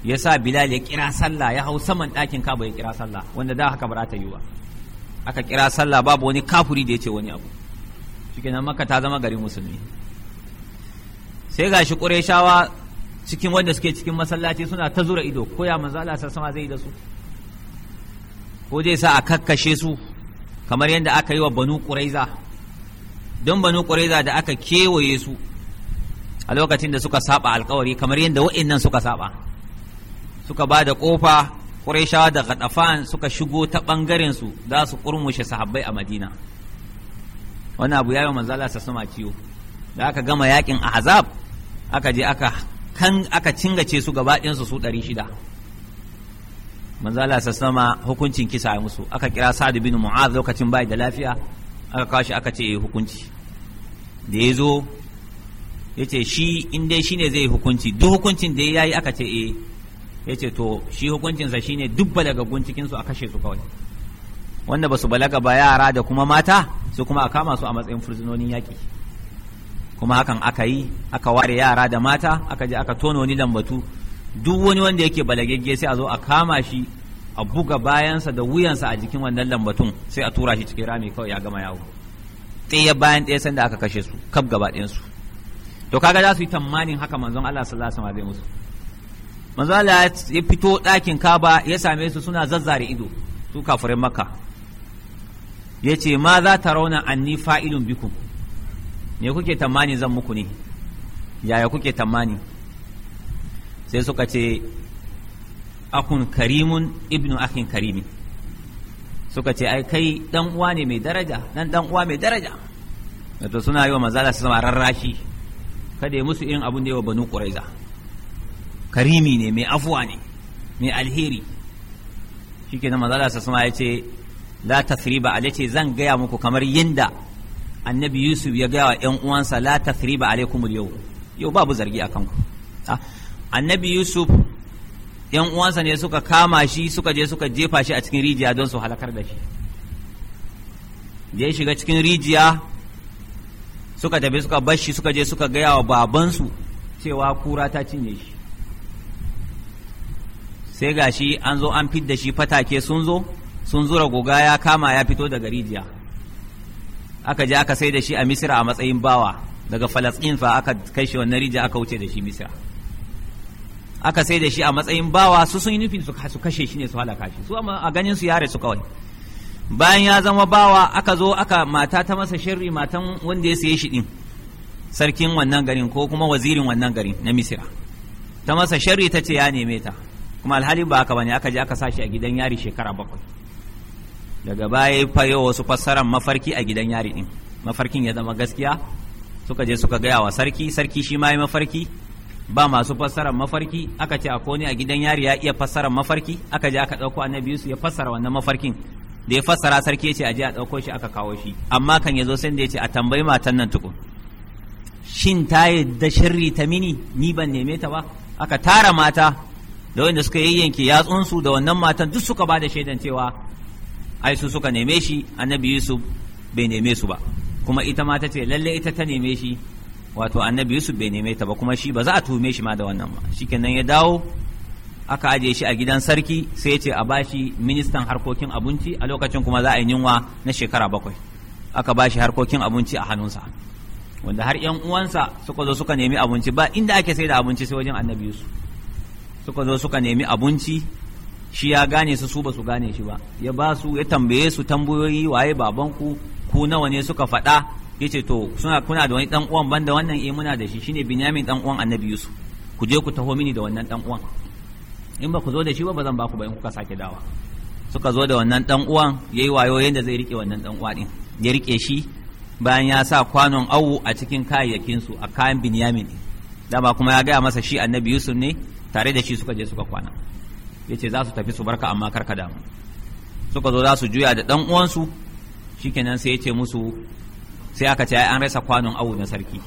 ya sa bilal ya kira sallah ya hau saman ɗakin kaba ya kira sallah wanda da haka ba ta yi ba aka kira sallah babu wani kafuri da ya ce wani abu shikenan makka ta zama garin musulmi sai gashi ƙureshawa cikin wanda suke cikin masallaci suna ta zura ido ko ya manzo Allah sassama zai da su ko zai sa a kakkashe su kamar yadda aka yi wa banu ƙuraiza don banu ƙuraiza da aka kewaye su a lokacin da suka saba alkawari kamar yadda wa'annan suka saba suka ba da ƙofa ƙuraishawa da gadafan suka shigo ta ɓangaren su za su ƙurmushe sahabbai a madina wannan abu ya yi manzala sa sama ciwo da aka gama yakin ahzab aka je aka kan aka cingace su gaba ɗinsu su ɗari shida manzala sassama hukuncin kisa a musu aka kira sa'ad bin mu'az lokacin bai da lafiya aka kawo shi aka ce yi hukunci da ya zo ya ce shi in dai ne zai hukunci duk hukuncin da ya yi aka ce eh ya ce to shi hukuncinsa shi ne duk balagaggun cikinsu a kashe su kawai wanda ba su balaga ba yara da kuma mata su kuma a kama su a matsayin fursunonin yaƙi kuma hakan aka yi aka ware yara da mata aka je aka tona wani lambatu duk wani wanda yake balagegge sai a zo a kama shi a buga bayansa da wuyansa a jikin wannan lambatun sai a tura shi cikin rami kawai ya gama yawo ɗaya bayan ɗaya sanda aka kashe su kaf gaba ɗayansu to kaga za su yi tamanin haka manzon Allah sallallahu alaihi wasallam musu manzon Allah ya fito ɗakin Kaba ya same su suna zazzare ido su kafirin Makka yace ma za ta rauna anni fa'ilun bikum me kuke tamani zan muku ne yaya kuke tamani sai suka ce akun karimun ibnu akin karimi suka ce ai kai dan uwa ne mai daraja dan dan uwa mai daraja wato suna yi wa mazala su zama rarrashi kada ya musu irin abun da wa banu quraiza karimi ne mai afuwa ne mai alheri shikenan mazala su sama ya ce la tasriba ce zan gaya muku kamar yinda annabi yusuf ya gaya wa ‘yan uwansa la tathriba alaikum yau yau babu zargi a kanku ah, annabi yusuf ‘yan uwansa ne suka kama shi suka je suka jefa shi a cikin rijiya don su halakar da shi da ya shiga cikin rijiya suka tafi suka bar shi suka je suka gaya wa babansu cewa kura ta cinye shi sai gashi an zo an fidda shi fatake sun zo sun zura goga ya kama ya fito daga rijiya aka je aka sai da shi a misira a matsayin bawa daga falasɗin fa aka kai shi wannan rijiya aka wuce da shi misira aka sai da shi a matsayin bawa su sun yi nufin su kashe shi ne su halaka shi su a ganin su yare su kawai bayan ya zama bawa aka zo aka mata ta masa shirri matan wanda ya saye shi din sarkin wannan garin ko kuma wazirin wannan garin na misira ta masa shirri ta ce ya neme ta kuma alhali ba haka bane aka je aka sa shi a gidan yari shekara bakwai daga baya fayo wasu fassaran mafarki a gidan yari din mafarkin ya zama gaskiya suka je suka gaya wa sarki sarki shi ma ya mafarki ba masu fassarar mafarki aka ce akwai ne a gidan yari ya iya fassarar mafarki aka je aka ɗauko annabi su ya fassara wannan mafarkin da ya fassara sarki ya ce a aje a ɗauko shi aka kawo shi amma kan ya zo sai da ya ce a tambayi matan nan tukun shin ta da shirri ta mini ni ban neme ta ba aka tara mata da wanda suka yayyanke yatsunsu da wannan matan duk suka ba da shaidan cewa ai su suka neme shi annabi yusuf bai neme su ba kuma ita ma ta ce lalle ita ta neme shi wato annabi yusuf bai neme ta ba kuma shi ba za a tuhume shi ma da wannan ba shikenan ya dawo aka aje shi a gidan sarki sai ya ce a bashi ministan harkokin abinci a lokacin kuma za a yi yunwa na shekara bakwai aka bashi harkokin abinci a hannunsa wanda har yan uwansa suka zo suka nemi abinci ba inda ake sai da abinci sai wajen annabi yusuf suka zo suka nemi abinci shi ya gane su su ba su gane shi ba ya ba su ya tambaye su tambayoyi waye babanku ku nawa ne suka faɗa yace to suna kuna da wani dan uwan banda wannan eh muna da shi shine Binyamin dan uwan Annabi Yusuf ku je ku taho mini da wannan dan uwan in ba ku zo da shi ba ba zan ba ku ba in kuka sake dawa suka zo da wannan dan uwan yayi wayo yanda zai rike wannan dan uwa din ya rike shi bayan ya sa kwanon awu a cikin kayayyakin su a kayan Binyamin dama kuma ya gaya masa shi Annabi Yusuf ne tare da shi suka je suka kwana yace za su tafi su barka amma karka damu suka zo za su juya da dan uwansu kenan sai ya ce musu sai aka ce an rasa kwanon awu na sarki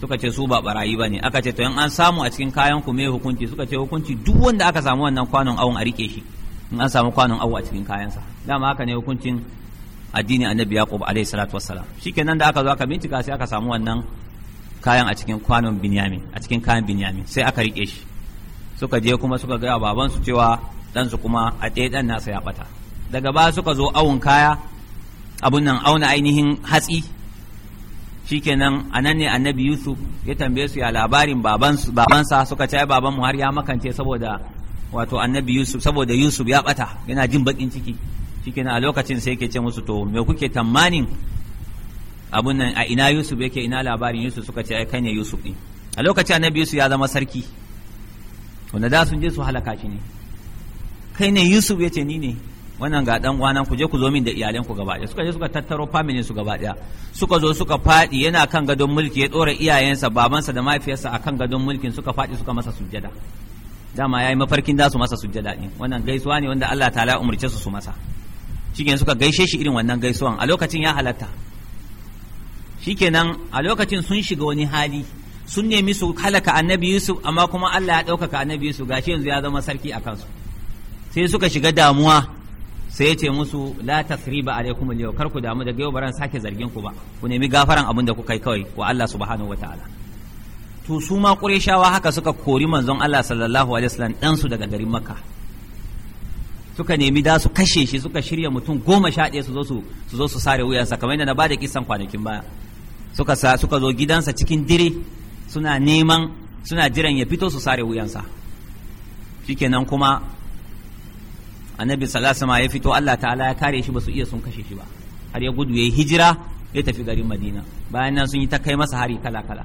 suka ce su ba barayi ba ne aka ce to in an samu a cikin kayan ku me hukunci suka ce hukunci duk wanda aka samu wannan kwanon awun a rike shi in an samu kwanon awu a cikin kayansa dama haka ne hukuncin addini annabi yaqub alayhi salatu wassalam shikenan da aka zo aka bincika sai aka samu wannan kayan a cikin kwanon binyamin a cikin kayan binyamin sai aka rike shi suka je kuma suka gaya babansu cewa su kuma a ɗaya ɗan nasa ya ɓata daga ba suka zo awon kaya abun nan auna ainihin hatsi shikenan a nan ne annabi yusuf ya tambaye su ya labarin babansa suka ce ai babanmu har ya makance saboda wato annabi yusuf saboda yusuf ya bata yana jin bakin ciki shikenan a lokacin sai yake ce musu to me kuke tamanin abun nan a ina yusuf yake ina labarin yusuf suka ce ai kai ne yusuf din a lokacin annabi yusuf ya zama sarki wanda da sun je su halaka shi ne kai ne yusuf ya ce ni ne wannan ga dan uwana ku je ku zo min da iyalen ku gaba ɗaya suka je suka tattaro family su gaba ɗaya suka zo suka faɗi yana kan gadon mulki ya ɗora iyayensa babansa da mahaifiyarsa akan gadon mulkin suka faɗi suka masa sujjada dama yayi mafarkin da su masa sujjada ne wannan gaisuwa ne wanda Allah ta'ala umurce su su masa shikenan suka gaishe shi irin wannan gaisuwan a lokacin ya halatta shikenan a lokacin sun shiga wani hali sun nemi su halaka annabi yusuf amma kuma allah ya ɗaukaka annabi yusuf gashi yanzu ya zama sarki a kansu sai suka shiga damuwa sai ya ce musu la tasriba alaikum al kar ku damu daga yau baran sake zargin ku ba ku nemi gafaran abin da kuka yi kawai wa allah subhanahu wataala to su ma qurayshawa haka suka kori manzon allah sallallahu alaihi wasallam dan su daga garin makka suka nemi da su kashe shi suka shirya mutum goma sha ɗaya su zo su zo su sare wuyansa kamar yadda na bada kisan kwanakin baya suka sa suka zo gidansa cikin dire suna neman suna jiran ya fito su sare wuyansa shikenan kuma annabi sallallahu ya fito Allah ta'ala ya kare shi ba su iya sun kashe shi ba har ya gudu yayi hijira ya tafi garin Madina bayan nan sun yi ta kai masa hari kala kala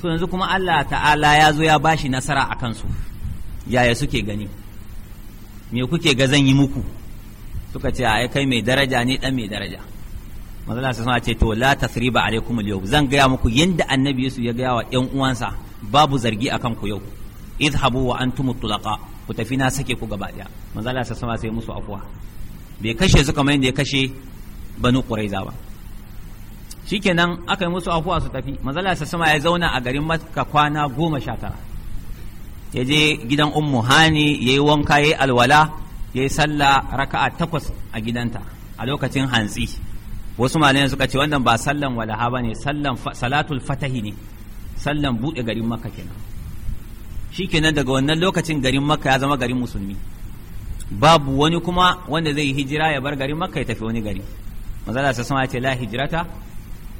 to yanzu kuma Allah ta'ala ya zo ya bashi nasara a kansu yaya suke gani me kuke ga zan yi muku suka ce ai kai mai daraja ne dan mai daraja manzala sa ce to la tasriba alaikum al zan gaya muku yanda annabi yasu ya gaya wa uwansa babu zargi akan ku yau habu wa antum tulaqa ku tafi na sake ku gaba daya manzala sa sai musu afuwa bai kashe su kamar yadda ya kashe banu quraiza ba shikenan aka yi musu afuwa su tafi manzala sa ya zauna a garin makka kwana goma sha tara ya je gidan ummu hani yi wanka ya yi alwala ya yi sallah raka'a takwas a gidanta a lokacin hantsi wasu malayan suka ce wannan ba sallan walaha ne sallan salatul fatahi ne sallan bude garin makka kenan shi kenan daga wannan lokacin garin makka ya zama garin musulmi babu wani kuma wanda zai yi hijira ya bar garin makka ya tafi wani gari mazala sa sama ce la hijrata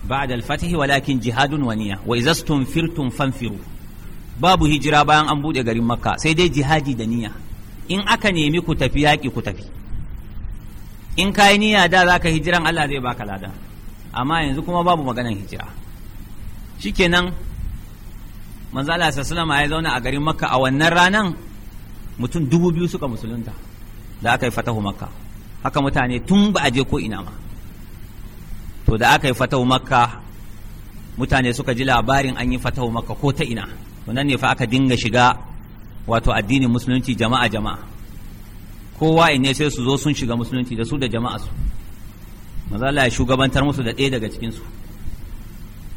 ba'da al-fath walakin jihadun waniya wa idza fanfiru babu hijira bayan an bude garin makka sai dai jihadi da niyya in aka nemi ku tafi yaki ku tafi in ka yi niyya da za ka hijiran Allah zai baka lada amma yanzu kuma babu maganan hijira shikenan manzo Allah sallallahu ya zauna a garin Makka a wannan ranan mutum dubu biyu suka musulunta da aka yi fatahu Makka haka mutane tun ba a je ko ina ma to da aka yi fatahu Makka mutane suka ji labarin an yi fatahu Makka ko ta ina to nan ne fa aka dinga shiga wato addinin musulunci jama'a jama'a kowa ne sai su zo sun shiga musulunci da su da jama'a su maza Allah ya shugabantar musu da ɗaya daga cikin su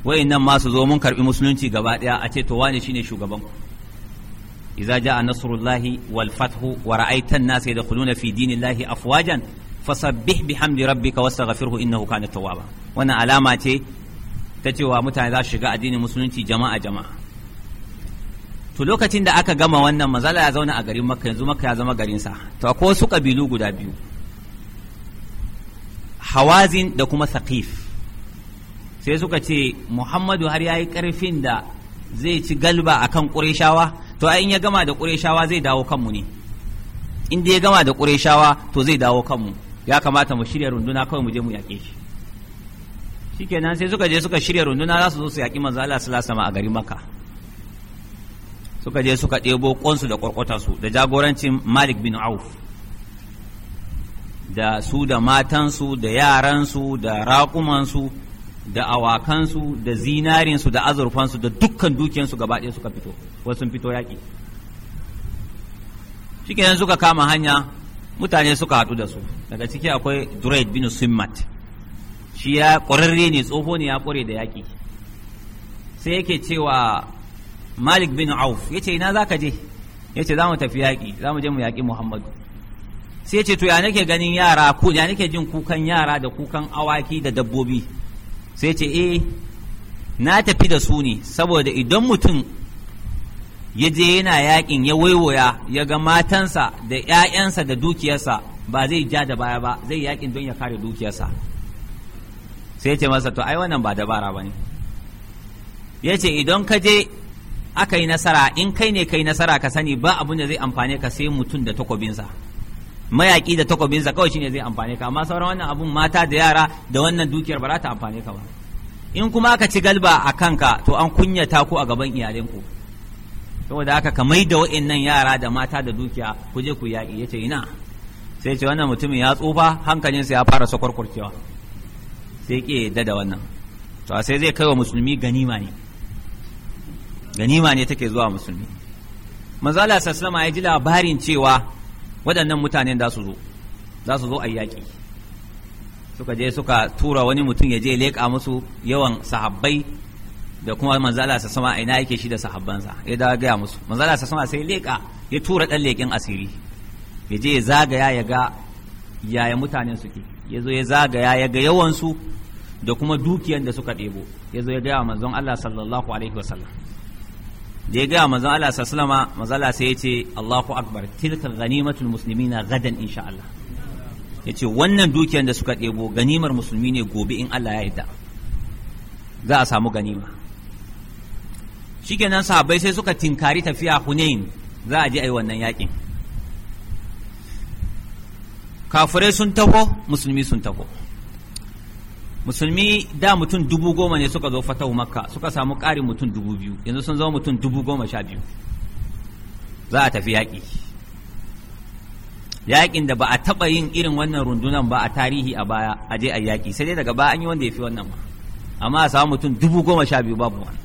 wayannan ma su zo mun karbi musulunci gaba ɗaya a ce to wane shine shugaban ku idza jaa nasrullahi wal fathu wa ra'aita da nasa yadkhuluna fi dinillahi afwajan fasabbih bihamdi rabbika wastaghfirhu innahu kana tawwaba wannan alama ce ta cewa mutane za su shiga addinin musulunci jama'a jama'a to lokacin da aka gama wannan manzala ya zauna a garin makka yanzu makka ya zama garinsa to akwai wasu kabilu guda biyu hawazin da kuma saqif sai suka ce muhammadu har ya yi ƙarfin da zai ci galba a kan to to in ya gama da qurayshawa zai dawo kanmu ne in da ya gama da qurayshawa to zai dawo kanmu ya kamata mu shirya runduna kawai mu je mu yaƙe shi shikenan sai suka je suka shirya runduna za su zo su yaƙi manzo Allah sallallahu alaihi wasallam a garin Makka suka je suka ɗebo ƙonsu da ƙwarƙwatarsu da jagorancin malik bin auf da su da matansu da yaransu da raƙumansu da awakansu da zinarinsu da azurfansu da dukkan dukiyansu gaba ɗaya suka fito wasu sun fito yaƙi shikenan suka kama hanya mutane suka haɗu da su daga ciki akwai duraid bin simmat shi ya ƙwararre ne tsoho ne ya ƙware da yaƙi sai yake cewa malik bin auf ya ce ina za ka je ya ce za mu tafi yaƙi za mu je mu yaƙi muhammadu sai ce to ya nake ganin yara ko ya nake jin kukan yara da kukan awaki da dabbobi sai ce eh na tafi da su ne saboda idan mutum ya je yana yaƙin ya waiwaya ya ga matansa da 'ya'yansa da dukiyarsa ba zai ja da baya ba zai yaƙin don ya kare dukiyarsa sai ce masa to ai wannan ba dabara ba ne ya ce idan ka je aka yi nasara in kai ne kai nasara ka sani ba abin da zai amfane ka sai mutum da takobinsa mayaƙi da takobinsa kawai shine zai amfane ka amma sauran wannan abun mata da yara da wannan dukiyar ba za ta amfane ka ba in kuma aka ci galba a kanka to an kunyata ku a gaban iyalanku saboda haka ka mai da wa'annan yara da mata da dukiya ku je ku yaƙi ce ina sai ce wannan mutumin ya tsufa hankalinsa ya fara sakwarkurkewa sai ke yadda da wannan to sai zai kai wa musulmi ganima ne ganima ne take zuwa musulmi manzo Allah sallama ya ji labarin cewa waɗannan mutanen za su zo za su zo a yaƙi suka je suka tura wani mutum ya je leƙa musu yawan sahabbai da kuma manzo Allah sallama a ina yake shi da sahabbansa ya dawo gaya musu manzo Allah sallama sai leƙa ya tura ɗan leƙin asiri ya je ya zagaya ya ga yaya mutanen suke ya zo ya zagaya ya ga yawansu da kuma dukiyan da suka ɗebo ya zo ya gaya manzon Allah sallallahu alaihi wasallam da ya gaya manzon Allah sallama manzala sai ya ce Allahu akbar tilka ganimatul muslimina gadan insha Allah yace wannan dukiyar da suka ɗebo ganimar musulmi ne gobe in Allah ya yarda za a samu ganima shikenan sahabbai sai suka tinkari tafiya Hunain za a je ayi wannan yakin kafirai sun tafo musulmi sun tafo musulmi da mutum dubu goma ne suka zo fatahu makka suka samu ƙarin mutum dubu biyu yanzu sun zama mutum dubu goma sha biyu za a tafi yaƙi yaƙin da ba a taɓa yin irin wannan rundunan ba a tarihi a baya a je a yaƙi sai dai daga baya an yi wanda ya fi wannan ma amma a samu mutum dubu goma sha biyu babu wani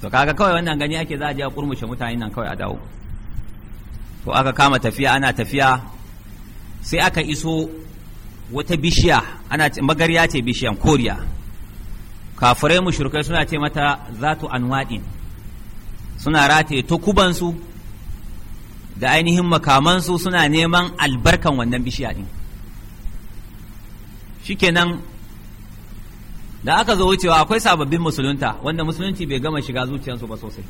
to kaga kawai wannan gani ake za a je a kurmushe mutane nan kawai a dawo to aka kama tafiya ana tafiya sai aka iso wata bishiya ana magarya ce bishiyan koriya kafirai mushrikai suna ce mata zatu anwadin suna rataye tukubansu da ainihin makamansu suna neman albarkan wannan bishiya din shikenan da aka zo wucewa akwai sababbin musulunta wanda musulunci bai gama shiga zuciyarsu ba sosai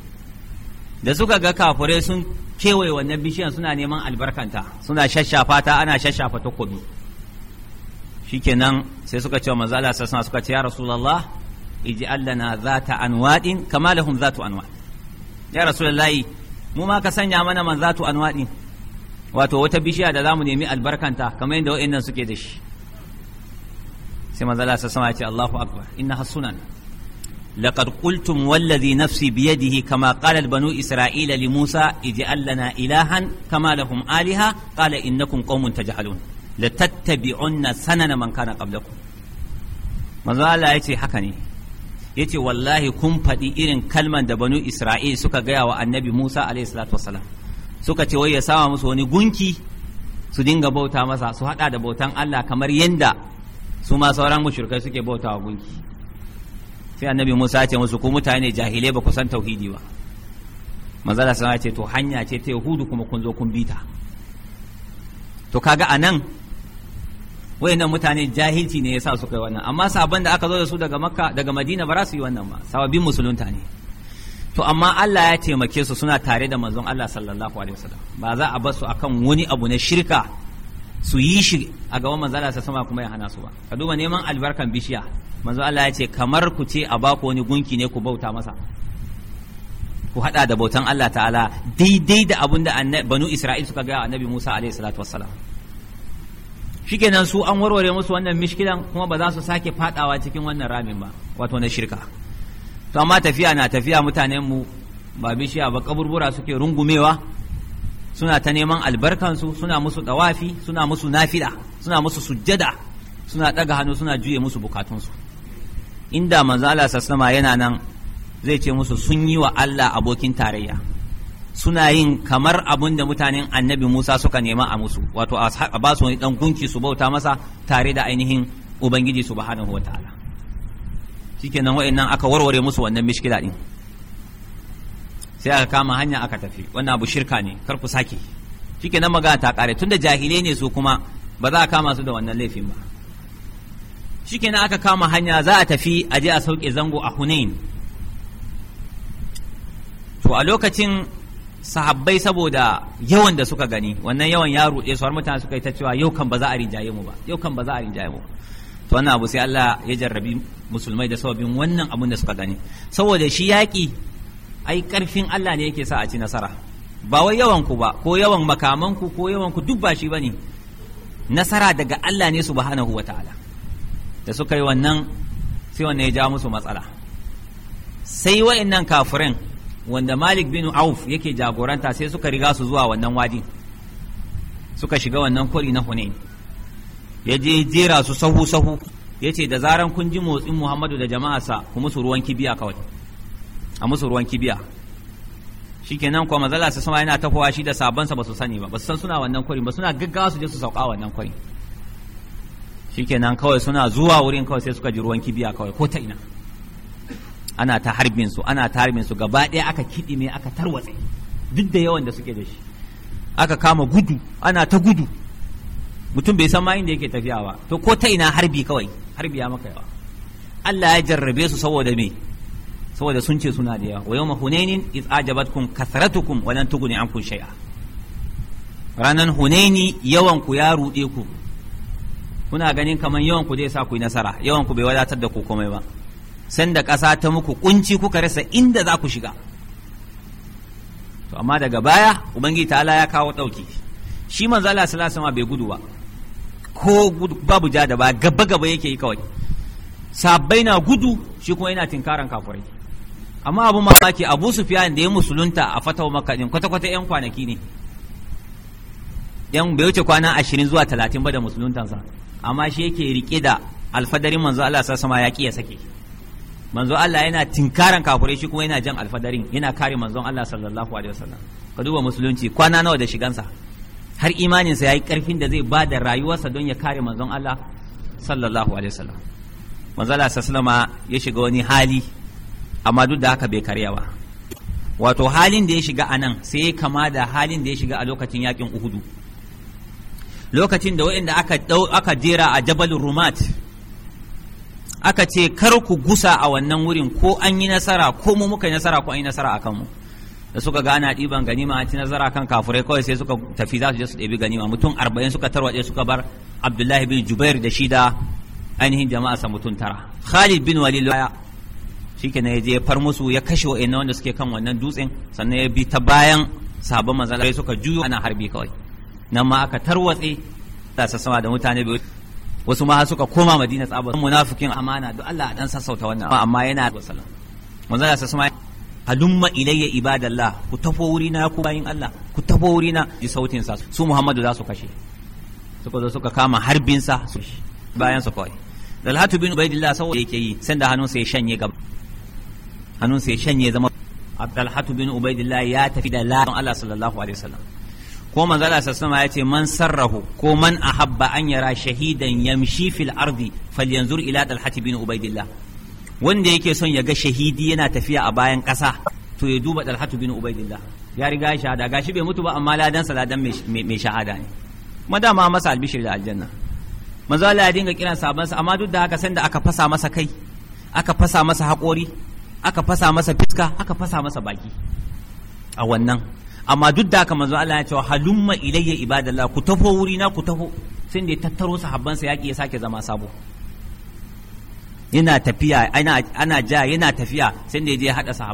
da suka ga kafirai sun kewaye wannan bishiyan suna neman albarkanta suna shashafa ta ana shashafa takobi shikenan sai suka ce wa manzo Allah sallallahu suka ce ya rasulullah iji allana zata anwadin kama lahum zatu anwa. ya rasulullah mu ma ka sanya mana man zatu anwadin wato wata bishiya da zamu nemi albarkanta kamar yadda wa'annan suke da shi sai manzo Allah sallallahu ya ce Allahu akbar innaha sunan لقد قلتم والذي نفسي بيده كما قال بنو إسرائيل لموسى اجعل لنا إلها كما لهم آلهة قال إنكم قوم تجهلون la tattabi'unna sanana man kana qablakum manzo Allah yace haka ne yace wallahi kun faɗi irin kalman da banu Isra'il suka gaya wa annabi Musa alaihi salatu suka ce wai ya sama musu wani gunki su dinga bauta masa su hada da bautan Allah kamar yadda su ma sauran mushrikai suke bauta wa gunki sai annabi Musa ya ce musu ku mutane jahilai ba ku san tauhidi ba manzala sama ce to hanya ce ta yahudu kuma kun zo kun bita to kaga anan wayannan mutane jahilci ne sa suka yi wannan amma sabon da aka zo da su daga makka daga madina ba za su yi wannan ba sababbin musulunta ne to amma Allah ya taimake su suna tare da manzon Allah sallallahu alaihi wasallam ba za a basu akan wani abu na shirka su yi shi a gaban manzon Allah sama kuma ya hana su ba ka duba neman albarkan bishiya manzon Allah ya ce kamar ku ce a baku wani gunki ne ku bauta masa ku hada da bautan Allah ta'ala daidai da abin da banu Isra'il suka ga annabi Musa alaihi salatu wassalam shikenan su an warware musu wannan mishkilan kuma ba za su sake fadawa cikin wannan ramin ba wato na shirka to amma tafiya na tafiya mutanen mu ba bishiya ba kaburbura suke rungumewa suna ta neman albarkansu suna musu dawafi suna musu nafila suna musu sujjada suna daga hannu suna juye musu bukatunsu inda manzo Allah yana nan zai ce musu sun yi wa Allah abokin tarayya suna yin kamar abun da mutanen annabi Musa suka nema a musu wato a ba su wani dan gunki su bauta masa tare da ainihin ubangiji subhanahu wataala shikenan wa'annan aka warware musu wannan mishkila din sai aka kama hanya aka tafi wannan abu shirka ne kar ku sake shikenan magana ta kare tunda jahilai ne su kuma ba za a kama su da wannan laifin ba shikenan aka kama hanya za a tafi a je a sauke zango a Hunain to a lokacin sahabbai saboda yawan da suka gani wannan yawan ya ruɗe su har mutane suka yi ta cewa yau kan ba za a rinjaye mu ba yau kan ba za a rinjaye mu to wannan abu sai Allah ya jarrabi musulmai da sababin wannan abun da suka gani saboda shi yaƙi ai ƙarfin Allah ne yake sa a ci nasara ba wai yawan ku ba ko yawan makaman ku ko yawan ku duk ba shi bane nasara daga Allah ne subhanahu wataala da suka yi wannan sai wannan ya ja musu matsala sai wa'annan kafirin wanda malik bin auf yake jagoranta sai suka riga su zuwa wannan wadin suka shiga wannan kori na hunain ya je jera su sahu sahu ya ce da zaran kun ji motsin muhammadu da jama'arsa ku musu ruwan kibiya kawai a musu ruwan kibiya shikenan kuma mazala su sama yana tafowa shi da sabansa ba su sani ba ba su san suna wannan kori ba suna gaggawa su je su sauka wannan kori shikenan kawai suna zuwa wurin kawai sai suka ji ruwan kibiya kawai ko ta ina ana ta harbin su ana ta harbin su gaba ɗaya aka ne aka tarwatse duk da yawan da suke da shi aka kama gudu ana ta gudu mutum bai san ma inda yake tafiya ba to ko ta ina harbi kawai harbi ya maka yawa Allah ya jarrabe su saboda me saboda sun ce suna da yawa wa yawma hunainin iz ajabatkum kasratukum wa lan tughni ankum shay'a ranan hunaini yawan ku ya rude ku kuna ganin kamar yawan ku zai sa ku yi nasara yawan ku bai wadatar da ku komai ba sanda ƙasa ta muku kunci kuka rasa inda za ku shiga to amma daga baya ubangiji tala ya kawo ɗauki shi manzo Allah sallallahu alaihi bai gudu ba ko babu ja da ba gaba gaba yake yi kawai sabbai na gudu shi kuma yana tinkaran kafurai amma abu mamaki abu sufiyan da ya musulunta a fatawa makka din kwata kwata yan kwanaki ne yan bai wuce kwana ashirin zuwa talatin ba da musuluntansa amma shi yake rike da alfadarin manzo Allah sallallahu ya ki ya sake manzo Allah yana tinkaran kafirai shi kuma yana jan alfadarin yana kare manzon Allah sallallahu alaihi wasallam ka duba musulunci kwana nawa da shigansa har imanin imaninsa yayi karfin da zai ba da rayuwarsa don ya kare manzon Allah sallallahu alaihi wasallam manzo Allah sallama ya shiga wani hali amma duk da haka bai karya ba wato halin da ya shiga anan sai ya kama da halin da ya shiga a lokacin yakin Uhudu lokacin da waɗanda aka aka jera a Jabal Rumat aka ce kar ku gusa a wannan wurin ko an yi nasara ko mu muka yi nasara ko an yi nasara a kanmu da suka ga ana ɗiban ganima an ci nasara kan kafurai kawai sai suka tafi za su je su ɗebi ganima mutum arba'in suka tarwaje suka bar abdullahi bin jubair da shi da ainihin jama'a sa mutum tara khalid bin walid shi ke ya je far musu ya kashe wa'annan wanda suke kan wannan dutsen sannan ya bi ta bayan sabon sai suka juyo ana harbi kawai nan ma aka tarwatse ta da mutane biyu wasu ma suka koma madina tsaba munafikin amana duk Allah a dan sassauta wannan amma yana da wasallam manzo Allah ma halumma ilayya ibadallah ku tafo wuri na ku bayin Allah ku tafo wuri na ji sautin sa su Muhammadu za su kashe suka zo suka kama harbin sa su. bayan su kawai Dalhatu bin Ubaidillah saboda yake yi sanda hannun sa ya shanye gaba hannun sa shanye zama Dalhatu bin Ubaidillah ya tafi da la'an Allah sallallahu alaihi wasallam ko manzala sama ya ce man sarrahu ko man ahabba an yara shahidan yamshi fil ardi falyanzur ila dalhati bin ubaidillah wanda yake son ya ga shahidi yana tafiya a bayan ƙasa to ya duba dalhatu bin ubaidillah ya riga ya shahada gashi bai mutu ba amma ladan saladan mai shahada ne madama masa albishir da aljanna manzo ya dinga kiran sabansa amma duk da haka sanda aka fasa masa kai aka fasa masa haƙori aka fasa masa fiska aka fasa masa baki a wannan amma duk da haka manzo Allah ya ce halumma ilayya ibadallah ku taho wuri na ku taho sai da ya sahabban sa yaki ya sake zama sabo yana tafiya ana ana ja yana tafiya sai da ya je hada sa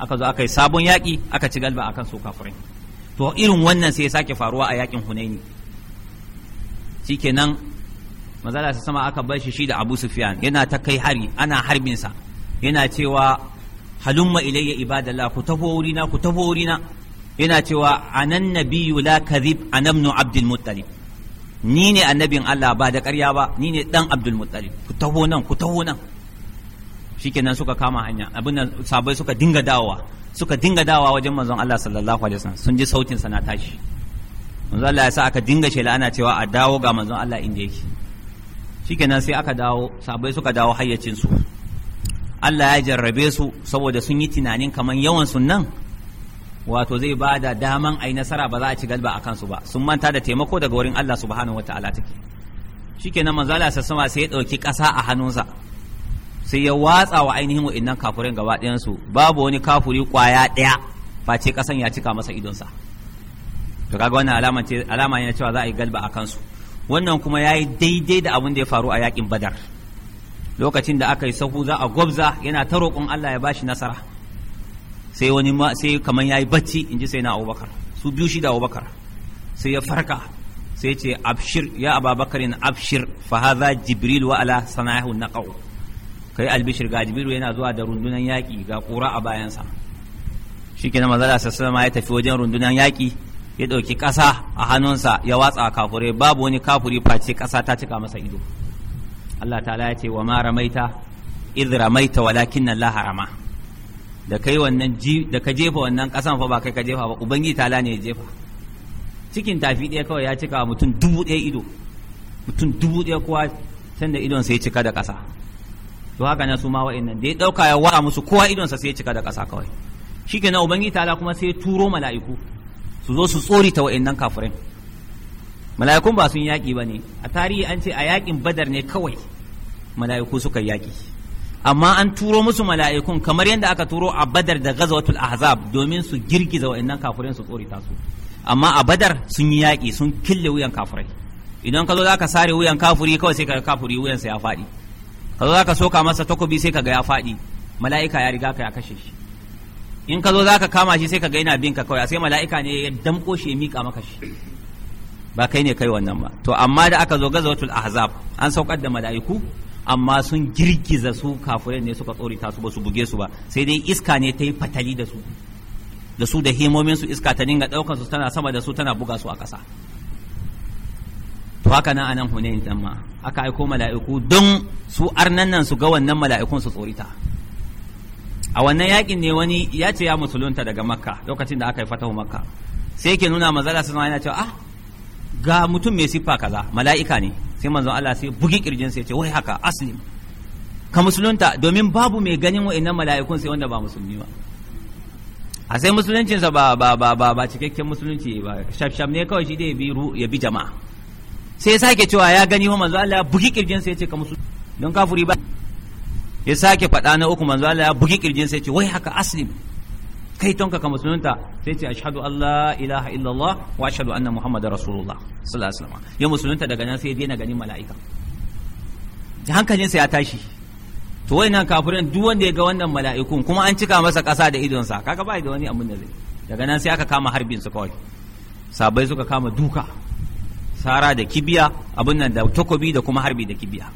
aka zo aka yi sabon yaki aka ci galba akan su kafirai to irin wannan sai ya sake faruwa a yakin Hunaini shikenan manzala sa sama aka bar shi shi da Abu Sufyan yana ta kai hari ana harbin sa yana cewa halumma ilayya ibadallah ku taho wuri na ku taho wuri na yana cewa anan nabiyyu la kadhib anabnu abdul muttalib ni ne annabin Allah ba da ƙarya ba ni ne dan abdul muttalib ku taho nan ku taho nan shikenan suka kama hanya abin nan sabai suka dinga dawowa suka dinga dawowa wajen manzon Allah sallallahu alaihi wasallam sun ji sautin na tashi manzon Allah ya sa aka dinga shela ana cewa a dawo ga manzon Allah inda yake shikenan sai aka dawo sabai suka dawo hayyacin su Allah ya jarrabe su saboda sun yi tunanin kaman yawan sun nan wato zai ba da daman a yi nasara ba za a ci galba a kansu ba sun manta da taimako daga wurin Allah subhanahu wa ta'ala take nan manzala sa sama sai ya ɗauki ƙasa a hannunsa sai ya watsa wa ainihin wa'innan kafurin gaba ɗayansu babu wani kafuri kwaya ɗaya face ƙasan ya cika masa idonsa to kaga wannan alama ce alama ne cewa za a yi galba a kansu wannan kuma ya yi daidai da abin da ya faru a yakin badar lokacin da aka yi sahu za a gwabza yana ta roƙon Allah ya ba shi nasara sai wani ma sai kamar yayi bacci in ji sai na abubakar su biyu shi da abubakar sai ya farka sai ce abshir ya ababakar in abshir fa hadha jibril wa ala sanahu naqau kai albishir ga jibril yana zuwa da rundunan yaki ga kura a bayansa shikenan manzo Allah sallallahu alaihi ya tafi wajen rundunan yaki ya dauki kasa a hannunsa ya watsa kafure babu wani kafuri face kasa ta cika masa ido Allah ta'ala ya ce wa ma ramaita idh ramaita walakin Allah rama da kai wannan da ka jefa wannan kasan fa ba kai ka jefa ba ubangiji tala ne ya jefa cikin tafi ɗaya kawai ya cika mutum dubu ɗaya ido mutum dubu ɗaya kowa da idon sai cika da ƙasa to haka na su ma wa'annan da ya ɗauka ya wara musu kowa idon sa sai cika da ƙasa kawai shikenan ubangiji tala kuma sai turo mala'iku su zo su tsori ta wa'annan kafirin mala'ikun ba sun yaƙi ba ne a tarihi an ce a yaƙin badar ne kawai mala'iku suka yaƙi amma an turo musu mala'ikun kamar yadda aka turo a badar da gazawatul ahzab domin su girgiza wa'annan kafirai su tsorita su amma a badar sun yi yaƙi sun kille wuyan kafirai idan ka zo za ka sare wuyan kafuri kawai sai ka ga kafuri wuyansa ya faɗi ka zo za ka soka masa takobi sai ka ga ya faɗi mala'ika ya riga ka ya kashe shi in ka zo za ka kama shi sai ka ga yana bin ka kawai sai mala'ika ne ya damƙo shi ya miƙa maka shi ba kai ne kai wannan ba to amma da aka zo gazawatul ahzab an saukar da mala'iku amma sun girgiza su kafirai ne suka tsorita su ba su buge su ba sai dai iska ne ta yi fatali da su da su da himomin su iska ta dinga ɗaukar su tana sama da su tana buga su a ƙasa to haka nan anan hunain dan ma aka aiko mala'iku don su arnan nan su ga wannan mala'ikun su tsorita a wannan yakin ne wani ya ce ya musulunta daga makka lokacin da aka yi fatahu makka sai ke nuna manzala sun yana cewa ah ga mutum mai siffa kaza mala'ika ne sai manzon Allah sai bugi kirjin sai ce wai haka aslim ka musulunta domin babu mai ganin wa'annan mala'ikun sai wanda ba musulmi ba a sai sa ba ba ba ba ba cikakken musulunci ba shaf ne kawai shi dai ya bi jama'a sai ya sake cewa ya gani wa manzo Allah ya bugi kirjin sai ya ce ka musulunci don kafuri ba ya sake faɗa na uku manzo Allah ya bugi kirjin sai ya ce wai haka aslim kai tonka ka musulunta sai ce ashhadu Allah ilaha illallah wa ashhadu anna muhammadar rasulullah sallallahu alaihi wasallam ya musulunta daga nan sai ya daina ganin mala'ika da sa ya tashi to wayannan kafirin duk wanda ya ga wannan mala'ikun kuma an cika masa ƙasa da idonsa kaga ba da wani abin da zai daga nan sai aka kama harbin su kawai sabai suka kama duka sara da kibiya abin nan da takobi da kuma harbi da kibiya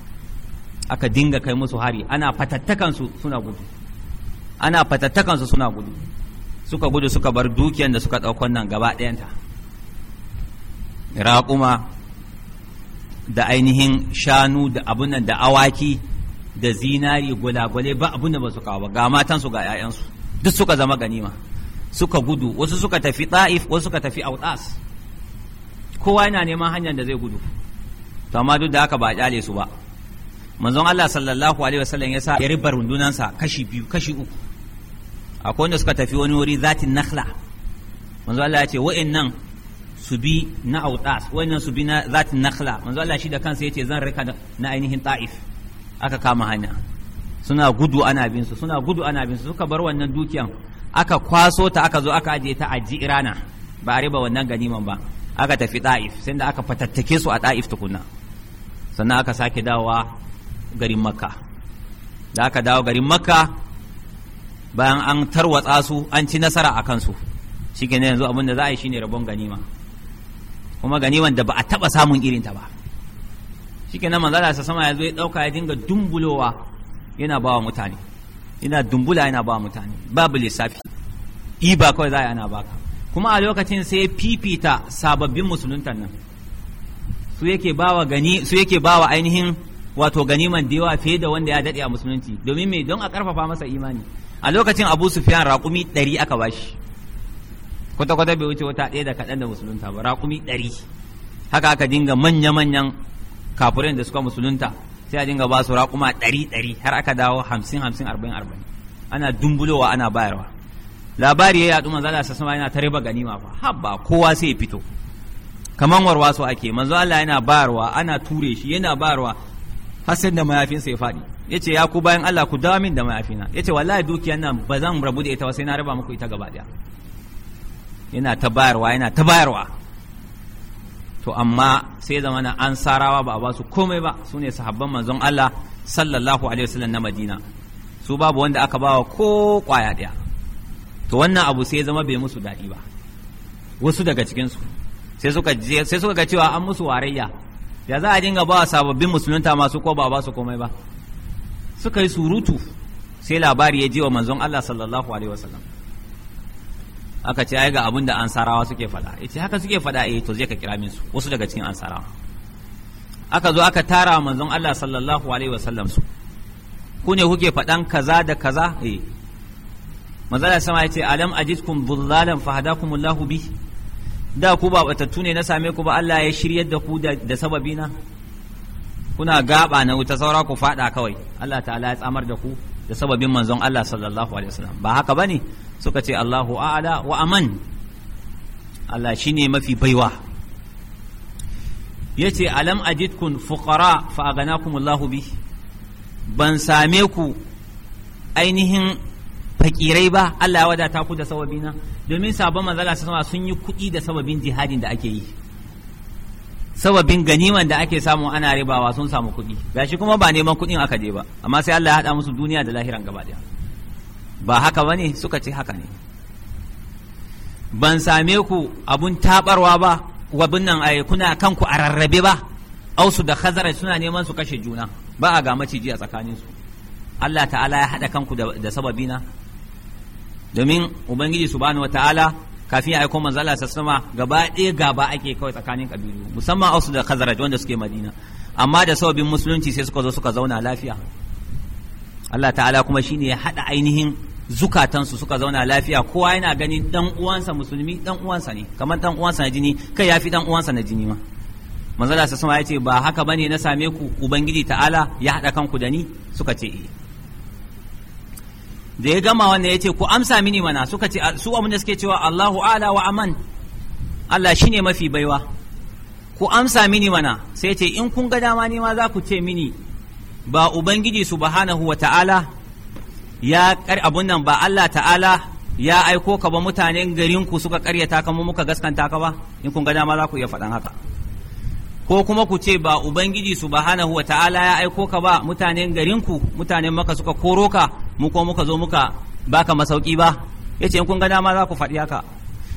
aka dinga kai musu hari ana fatattakan su suna gudu ana fatattakan su suna gudu suka gudu suka bar dukiyar da suka ɗaukon nan gaba ɗayanta raƙuma da ainihin shanu da abun nan da awaki da zinari gulagule ba abun da ba su kawo ga matansu ga 'ya'yansu duk suka zama ganima suka gudu wasu suka tafi ɗa'if wasu suka tafi autas kowa yana neman hanyar da zai gudu to amma duk da haka ba a kyale su ba manzon Allah sallallahu alaihi wasallam ya sa ya ribar rundunansa kashi biyu kashi uku akwai wanda suka tafi wani wuri zatin nakhla manzo Allah ya ce wa'annan su bi na autas wa'annan su bi na zatin nakhla manzo Allah shi da kansa yace zan rika na ainihin ta'if aka kama hanya suna gudu ana bin su suna gudu ana bin su suka bar wannan dukiyan aka kwaso ta aka zo aka ajiye ta a jirana ba a riba wannan ganiman ba aka tafi ta'if sai da aka fatattake su a ta'if tukuna sannan aka sake dawowa garin makka da aka dawo garin makka bayan an tarwatsa su an ci nasara a kansu shi yanzu abin da za a yi shine rabon ganima kuma ganiman da ba a taɓa samun irinta ba shi ke nan sa sama ya zo ya ɗauka ya dinga dumbulowa yana ba wa mutane yana dumbula yana ba wa mutane babu lissafi ba kawai za a yi ana baka kuma a lokacin sai fifita sababbin musuluntan nan su yake bawa gani su yake ainihin wato ganiman da yawa fiye da wanda ya daɗe a musulunci domin me don a ƙarfafa masa imani a lokacin abu Sufiyan raƙumi ɗari aka bashi kwata-kwata bai wuce wata ɗaya da kaɗan da musulunta ba raƙumi ɗari haka aka dinga manya-manyan kafurin da suka musulunta sai a dinga ba su raƙuma ɗari ɗari har aka dawo hamsin hamsin arba'in arba'in ana dumbulowa ana bayarwa labari ya yaɗu manzo Allah sassama yana ta riba ganima fa habba kowa sai ya fito kaman warwaso ake manzo Allah yana bayarwa ana ture shi yana bayarwa har sai da mayafinsa ya faɗi ya ce ya ku bayan Allah ku dawo min da mayafina ya ce wallahi dukiyar nan ba zan rabu da ita ba sai na raba muku ita gaba daya yana ta bayarwa yana ta bayarwa to amma sai zama na an sarawa ba a basu komai ba su ne sahabban manzon Allah sallallahu alaihi wasallam na Madina su babu wanda aka bawa ko kwaya daya to wannan abu sai zama bai musu daɗi ba wasu daga cikinsu sai suka sai suka ga cewa an musu warayya ya za a dinga ba sababbin musulunta masu ko ba ba su komai ba suka yi surutu sai labari ya je wa manzon Allah sallallahu alaihi wasallam aka ce ai ga abin da ansarawa suke faɗa yace haka suke faɗa eh to zai ka kira min su wasu daga cikin ansarawa aka zo aka tara wa manzon Allah sallallahu alaihi wasallam su ku ne kuke faɗan kaza da kaza eh manzon Allah sama yace alam ajidkum dhullalan fahadakumullahu bi da ku ba batattu ne na same ku ba Allah ya shiryar da ku da sababina kuna gaba na wuta saura ku fada kawai Allah ta'ala ya tsamar da ku da sababin manzon Allah sallallahu alaihi wasallam ba haka bane suka ce Allahu a'ala wa aman Allah shine mafi baiwa yace alam ajidkun fuqara fa aghnakum Allahu bi ban same ku ainihin fakirai ba Allah ya wadata ku da sababina domin sabon manzala sun yi kuɗi da sababin jihadin da ake yi sababin ganiman da ake samu ana ribawa sun samu kuɗi gashi kuma ba neman kuɗin aka je ba amma sai Allah ya haɗa musu duniya da lahiran gaba ɗaya ba haka ba ne suka ce haka ne ban same ku abun taɓarwa ba wabin nan ai kuna kanku a rarrabe ba ausu da khazara suna neman su kashe juna ba a ga maciji a su Allah ta'ala ya haɗa kanku da sababina domin ubangiji subhanahu wa ta'ala kafin ya aiko manzo sa sassama gaba ɗaya gaba ake kawai tsakanin kabilu musamman Aus da Khazraj wanda suke Madina amma da sababin musulunci sai suka zo suka zauna lafiya Allah ta'ala kuma shine ya haɗa ainihin zukatansu suka zauna lafiya kowa yana ganin dan uwansa musulmi dan uwansa ne kamar dan uwansa na jini kai yafi dan uwansa na jini ma manzala sa sassama ya ce ba haka bane na same ku ubangiji ta'ala ya haɗa kanku da ni suka ce eh da ya gama wannan ya ce ku amsa mini mana suka ce su da suke cewa Allahu ala wa aman Allah shine mafi baiwa ku amsa mini mana sai ce in kun ga dama ne ma za ku ce mini ba ubangiji subhanahu wa ta'ala ya kar abun nan ba Allah ta'ala ya aiko ka ba mutanen garinku suka karyata ka muka gaskanta ka ba in kun ga dama za ku iya faɗan haka ko kuma ku ce ba ubangiji subhanahu wa ta'ala ya aiko ka ba mutanen garinku mutanen maka suka koro ka mu ko muka zo muka baka masauki ba ya in kun ga dama za ku faɗi haka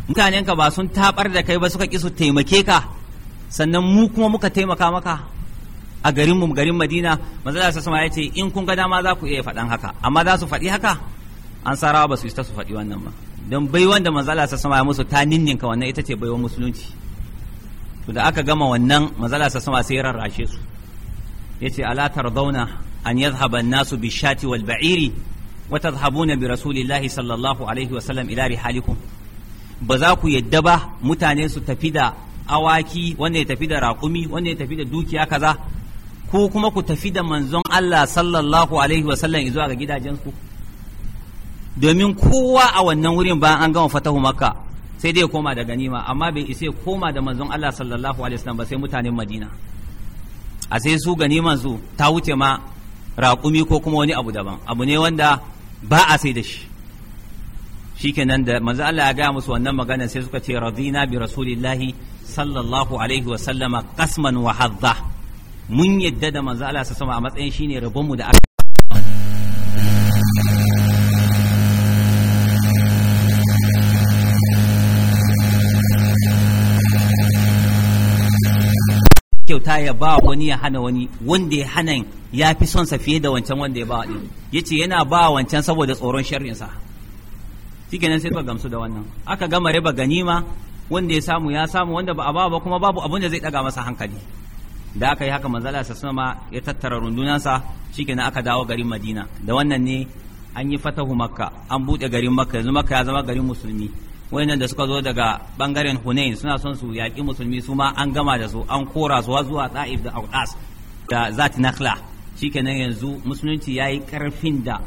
mutanen ka ba sun tabar da kai ba suka ki su taimake ka sannan mu kuma muka taimaka maka a garinmu garin Madina manzo Allah ya ce in kun ga dama za ku iya faɗan haka amma za su faɗi haka an sarawa ba su yi ta su faɗi wannan ba don baiwan da manzo Allah sallallahu musu ta ninninka wannan ita ce baiwan musulunci to da aka gama wannan mazala sa sama sai rarrashe su yace ala tardawna an yadhhaba an-nasu bishati wal ba'iri wa tadhhabuna bi rasulillahi sallallahu alaihi wa sallam ila rihalikum ba za ku yadda ba mutane su tafi da awaki wanda ya tafi da raƙumi wanda ya tafi da dukiya kaza ko kuma ku tafi da manzon Allah sallallahu alaihi wa sallam zuwa ga gidajenku domin kowa a wannan wurin bayan an gama fatahu makka sai dai koma da ganima amma bai isa koma da manzon Allah sallallahu alaihi wasallam ba sai mutanen Madina a sai su ganiman su ta wuce ma raƙumi ko kuma wani abu daban abu ne wanda ba a sai da shi shikenan da manzo Allah ya gaya musu wannan magana sai suka ce radina bi rasulillahi sallallahu alaihi wasallama qasman wa hadda mun yadda da manzo Allah sama a matsayin shine rabonmu da aka kyauta ya ba wani ya hana wani wanda ya hana ya fi son sa fiye da wancan wanda ya ba ya yace yana ba wancan saboda tsoron sharrin sa nan sai ba gamsu da wannan aka gama raba ganima wanda ya samu ya samu wanda ba a ba ba kuma babu abin da zai daga masa hankali da aka yi haka manzala sa sama ya tattara rundunansa shikenan aka dawo garin Madina da wannan ne an yi fatahu makka an buɗe garin makka yanzu makka ya zama garin musulmi wayannan da suka zo daga bangaren Hunain suna son su yaƙi musulmi su ma an gama da su an kora su zuwa Ta'if da Audas da zati Nakhla shikenan yanzu musulunci yayi karfin da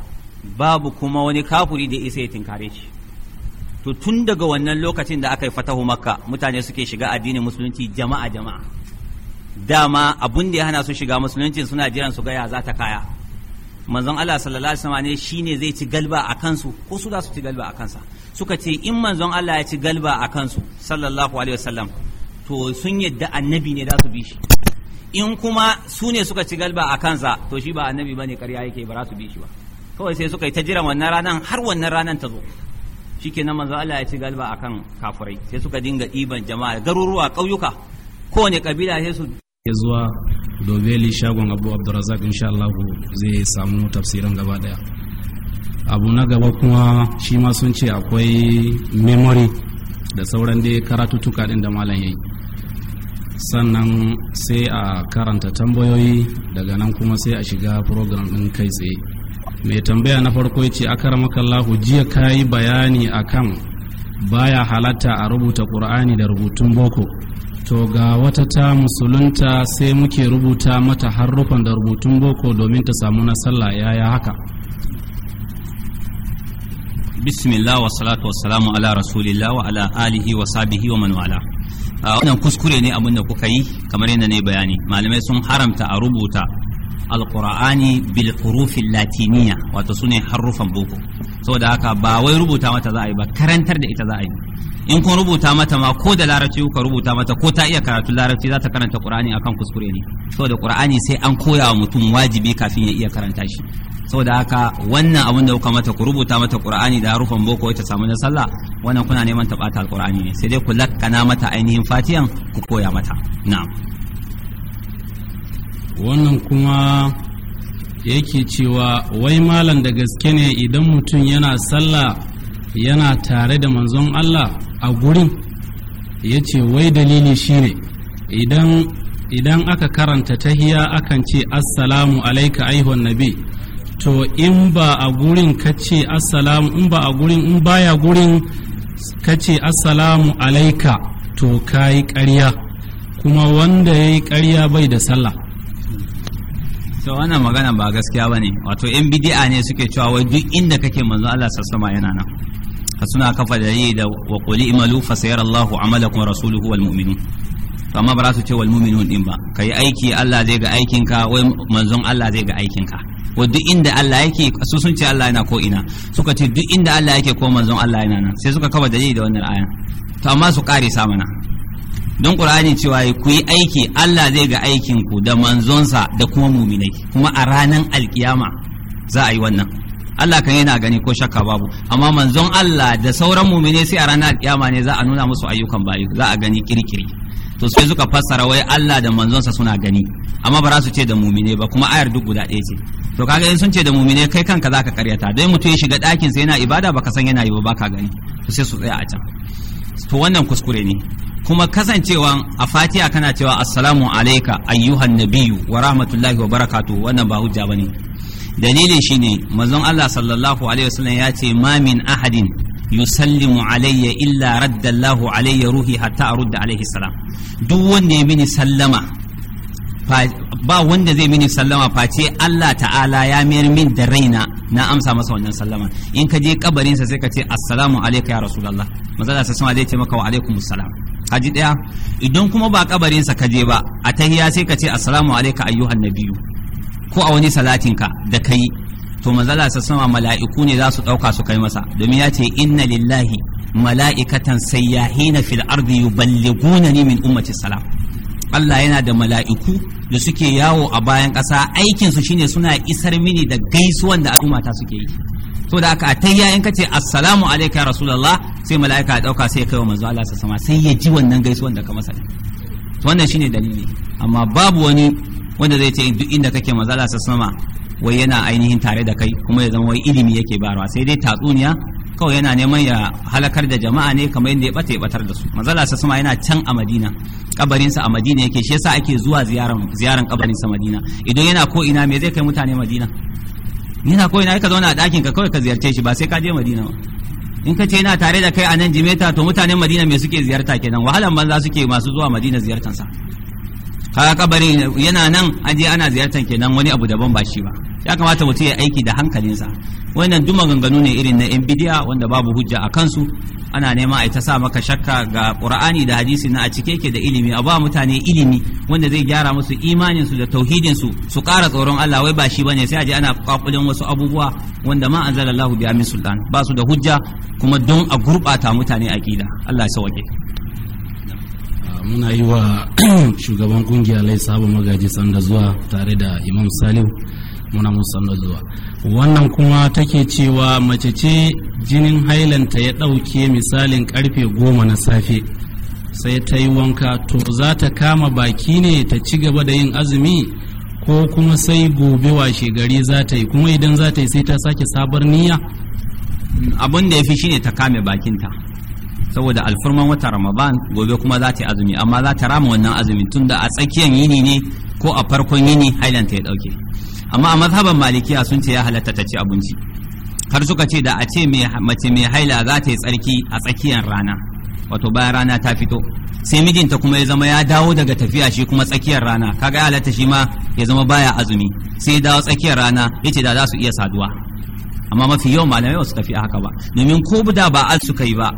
babu kuma wani kafuri da isa ya tinkare shi to tun daga wannan lokacin da aka yi fatahu makka mutane suke shiga addinin musulunci jama'a jama'a dama abun da ya hana su shiga musulunci suna jiran su gaya za ta kaya manzon Allah sallallahu alaihi wasallam ne shine zai ci galba a kansu ko su za su ci galba a kansa suka ce in manzon Allah ya ci galba a kansu sallallahu alaihi wasallam to sun yadda annabi ne za su bi shi in kuma su ne suka ci galba a kansa to shi ba annabi bane ƙarya yake ba za su bi shi ba kawai sai suka yi ta jiran wannan ranan har wannan ranan ta zo shikenan manzon Allah ya ci galba a kan kafurai sai suka dinga ɗiban jama'a garuruwa ƙauyuka kowane kabila sai su ya zuwa dobeli shagon abu abdurazak insha Allah zai samu tafsirin gaba daya abu na gaba kuma shi ma sun ce akwai memory da sauran dai karatuttuka din da malam yayi sannan sai a karanta tambayoyi daga nan kuma sai a shiga program din kai tsaye mai tambaya na farko ce akaramakallahu jiya kayi bayani akan baya halatta a rubuta ƙur'ani da rubutun boko to ga wata ta musulunta sai muke rubuta mata harufan da rubutun boko domin ta samu na sallah yaya haka bismillah wa salatu wa salamu ala rasulillah wa ala alihi wa sabihi wa man wala ah, wannan kuskure ne abin da kuka yi kamar yadda ne bayani malamai sun haramta a rubuta alqur'ani bil hurufin latiniya wato sune harufan boko saboda haka ba wai rubuta mata za a yi ba karantar da ita za a yi in kun rubuta mata ma ko da larabci kuka rubuta mata ko ta iya karatun larabci za ta karanta qur'ani akan kuskure ne da qur'ani sai an koya wa mutum wajibi kafin ya iya karanta shi saboda haka wannan abin da kuka mata ku rubuta mata qur'ani da harufan boko ta samu na sallah wannan kuna neman ta bata alqur'ani ne sai dai ku lakkana mata ainihin fatiyan ku koya mata na'am wannan kuma yake cewa wai malam da gaske ne idan mutum yana sallah yana tare da manzon Allah a gurin ya ce wai dalili shine idan idan aka karanta tahiya akan ce assalamu alaika aihon nabi to in ba a gurin ka ce assalamu in ba a gurin in baya gurin ka ce assalamu alaika to ka yi ƙarya kuma wanda ya yi ƙarya bai da sallah to wannan magana ba gaskiya ba ne wato yan bidi'a ne suke cewa wai duk inda kake manzo Allah sassama yana nan suna kafa dalili da wa quli imalu fa sayarallahu amalakum rasuluhu wal mu'minun to amma ba za su ce wal mu'minun din ba kai aiki Allah zai ga aikin ka wai manzon Allah zai ga aikin ka wa duk inda Allah yake su sun ce Allah yana ko ina suka ce duk inda Allah yake ko manzon Allah yana nan sai suka kafa dalili da wannan ayan to amma su kare sa mana don qur'ani cewa ku yi aiki Allah zai ga aikin ku da manzonsa da kuma mu'minai kuma a ranan alkiyama za a yi wannan Allah kan yana gani ko shakka babu amma manzon Allah da sauran mumine sai a ranar kiyama ne za a nuna musu ayyukan bayi za a gani kirkiri to sai suka fassara wai Allah da manzonsa suna gani amma ba za su ce da mumine ba kuma ayar duk guda ɗaya ce to kaga in sun ce da mumine kai kanka zaka karyata dai mutum ya shiga ɗakin sa yana ibada baka san yana yi ba baka gani to sai su tsaya a can to wannan kuskure ne kuma kasancewa a fatiha kana cewa assalamu alayka ayyuhan nabiyyu wa rahmatullahi wa barakatuh wannan ba hujja bane dalilin shi ne mazan Allah sallallahu alaihi wasallam ya ce ma min ahadin yusallimu alayya illa raddallahu alayya ruhi hatta arudda alayhi salam duk wanda ya mini sallama ba wanda zai mini sallama face Allah ta'ala ya mayar min da raina na amsa masa wannan sallama in ka je kabarinsa sai ka ce assalamu alayka ya rasulullah manzon Allah sallallahu alaihi wasallam zai ce maka wa alaikumus salam haji daya idan kuma ba kabarinsa ka je ba a tahiya sai ka ce assalamu alayka ayyuhan nabiyyu ko a wani salatinka da kai to manzala sa sama mala'iku ne za su ɗauka su kai masa domin ya ce inna lillahi mala'ikatan sayyahina fil ardi ni min ummati salam Allah yana da mala'iku da suke yawo a bayan ƙasa aikin su shine suna isar mini da gaisuwan da al'ummata suke yi to da aka tayya in kace assalamu alayka ya rasulullah sai mala'ika ya ɗauka sai ya kai wa manzo Allah sa sama sai ya ji wannan gaisuwan da ka masa To wannan shine dalili amma babu wani wanda zai ce duk inda kake mazala sa sama wai yana ainihin tare da kai kuma ya zama wai ilimi yake barwa sai dai tatsuniya kawai yana neman ya halakar da jama'a ne kamar yadda ya bata ya batar da su mazala sa sama yana can a madina kabarinsa a madina yake shi yasa ake zuwa ziyaran ziyaran kabarinsa madina idan yana ko ina me zai kai mutane madina yana ko ina ka zauna a ɗakin ka kawai ka ziyarce shi ba sai ka je madina ba in ka ce yana tare da kai a nan jimeta to mutanen madina me suke ziyarta kenan wahalan banza suke masu zuwa madina ziyartansa kaga kabari yana nan an je ana ziyartar kenan wani abu daban ba shi ba ya kamata mutum ya aiki da hankalinsa wannan duk ganganu ne irin na yan wanda babu hujja a kansu ana nema a ta sa maka shakka ga qur'ani da hadisi na a cike ke da ilimi a ba mutane ilimi wanda zai gyara musu imanin su da tauhidin su su ƙara tsoron Allah wai ba shi bane sai a je ana kwakulin wasu abubuwa wanda ma anzalallahu bi amin sultan ba su da hujja kuma don a gurɓata mutane aqida Allah ya sauke muna yi wa shugaban kungiya lai saba magaji sanda zuwa tare da imam salihu muna musu sanda zuwa wannan kuma take cewa mace ce jinin hailanta ya ɗauke misalin karfe goma na safe sai ta yi wanka to za ta kama baki ne ta ci gaba da yin azumi ko kuma sai gobe washe gari za ta yi kuma idan za ta yi sai ta sake sabar niyya abin da ya fi shine ta kame bakinta saboda alfurman wata ramadan gobe kuma za ta azumi amma za ta rama wannan azumin da a tsakiyar yini ne ko a farkon yini hailanta ya dauke amma a mazhaban malikiya sun ce ya halatta ta ci abinci har suka ce da a ce mace mai haila za ta yi tsarki a tsakiyar rana wato bayan rana ta fito sai mijinta kuma ya zama ya dawo daga tafiya shi kuma tsakiyar rana kaga ya halatta shi ma ya zama baya azumi sai ya dawo tsakiyar rana yace da za su iya saduwa amma mafi yawan malamai ba su tafi haka ba domin ko da ba al suka yi ba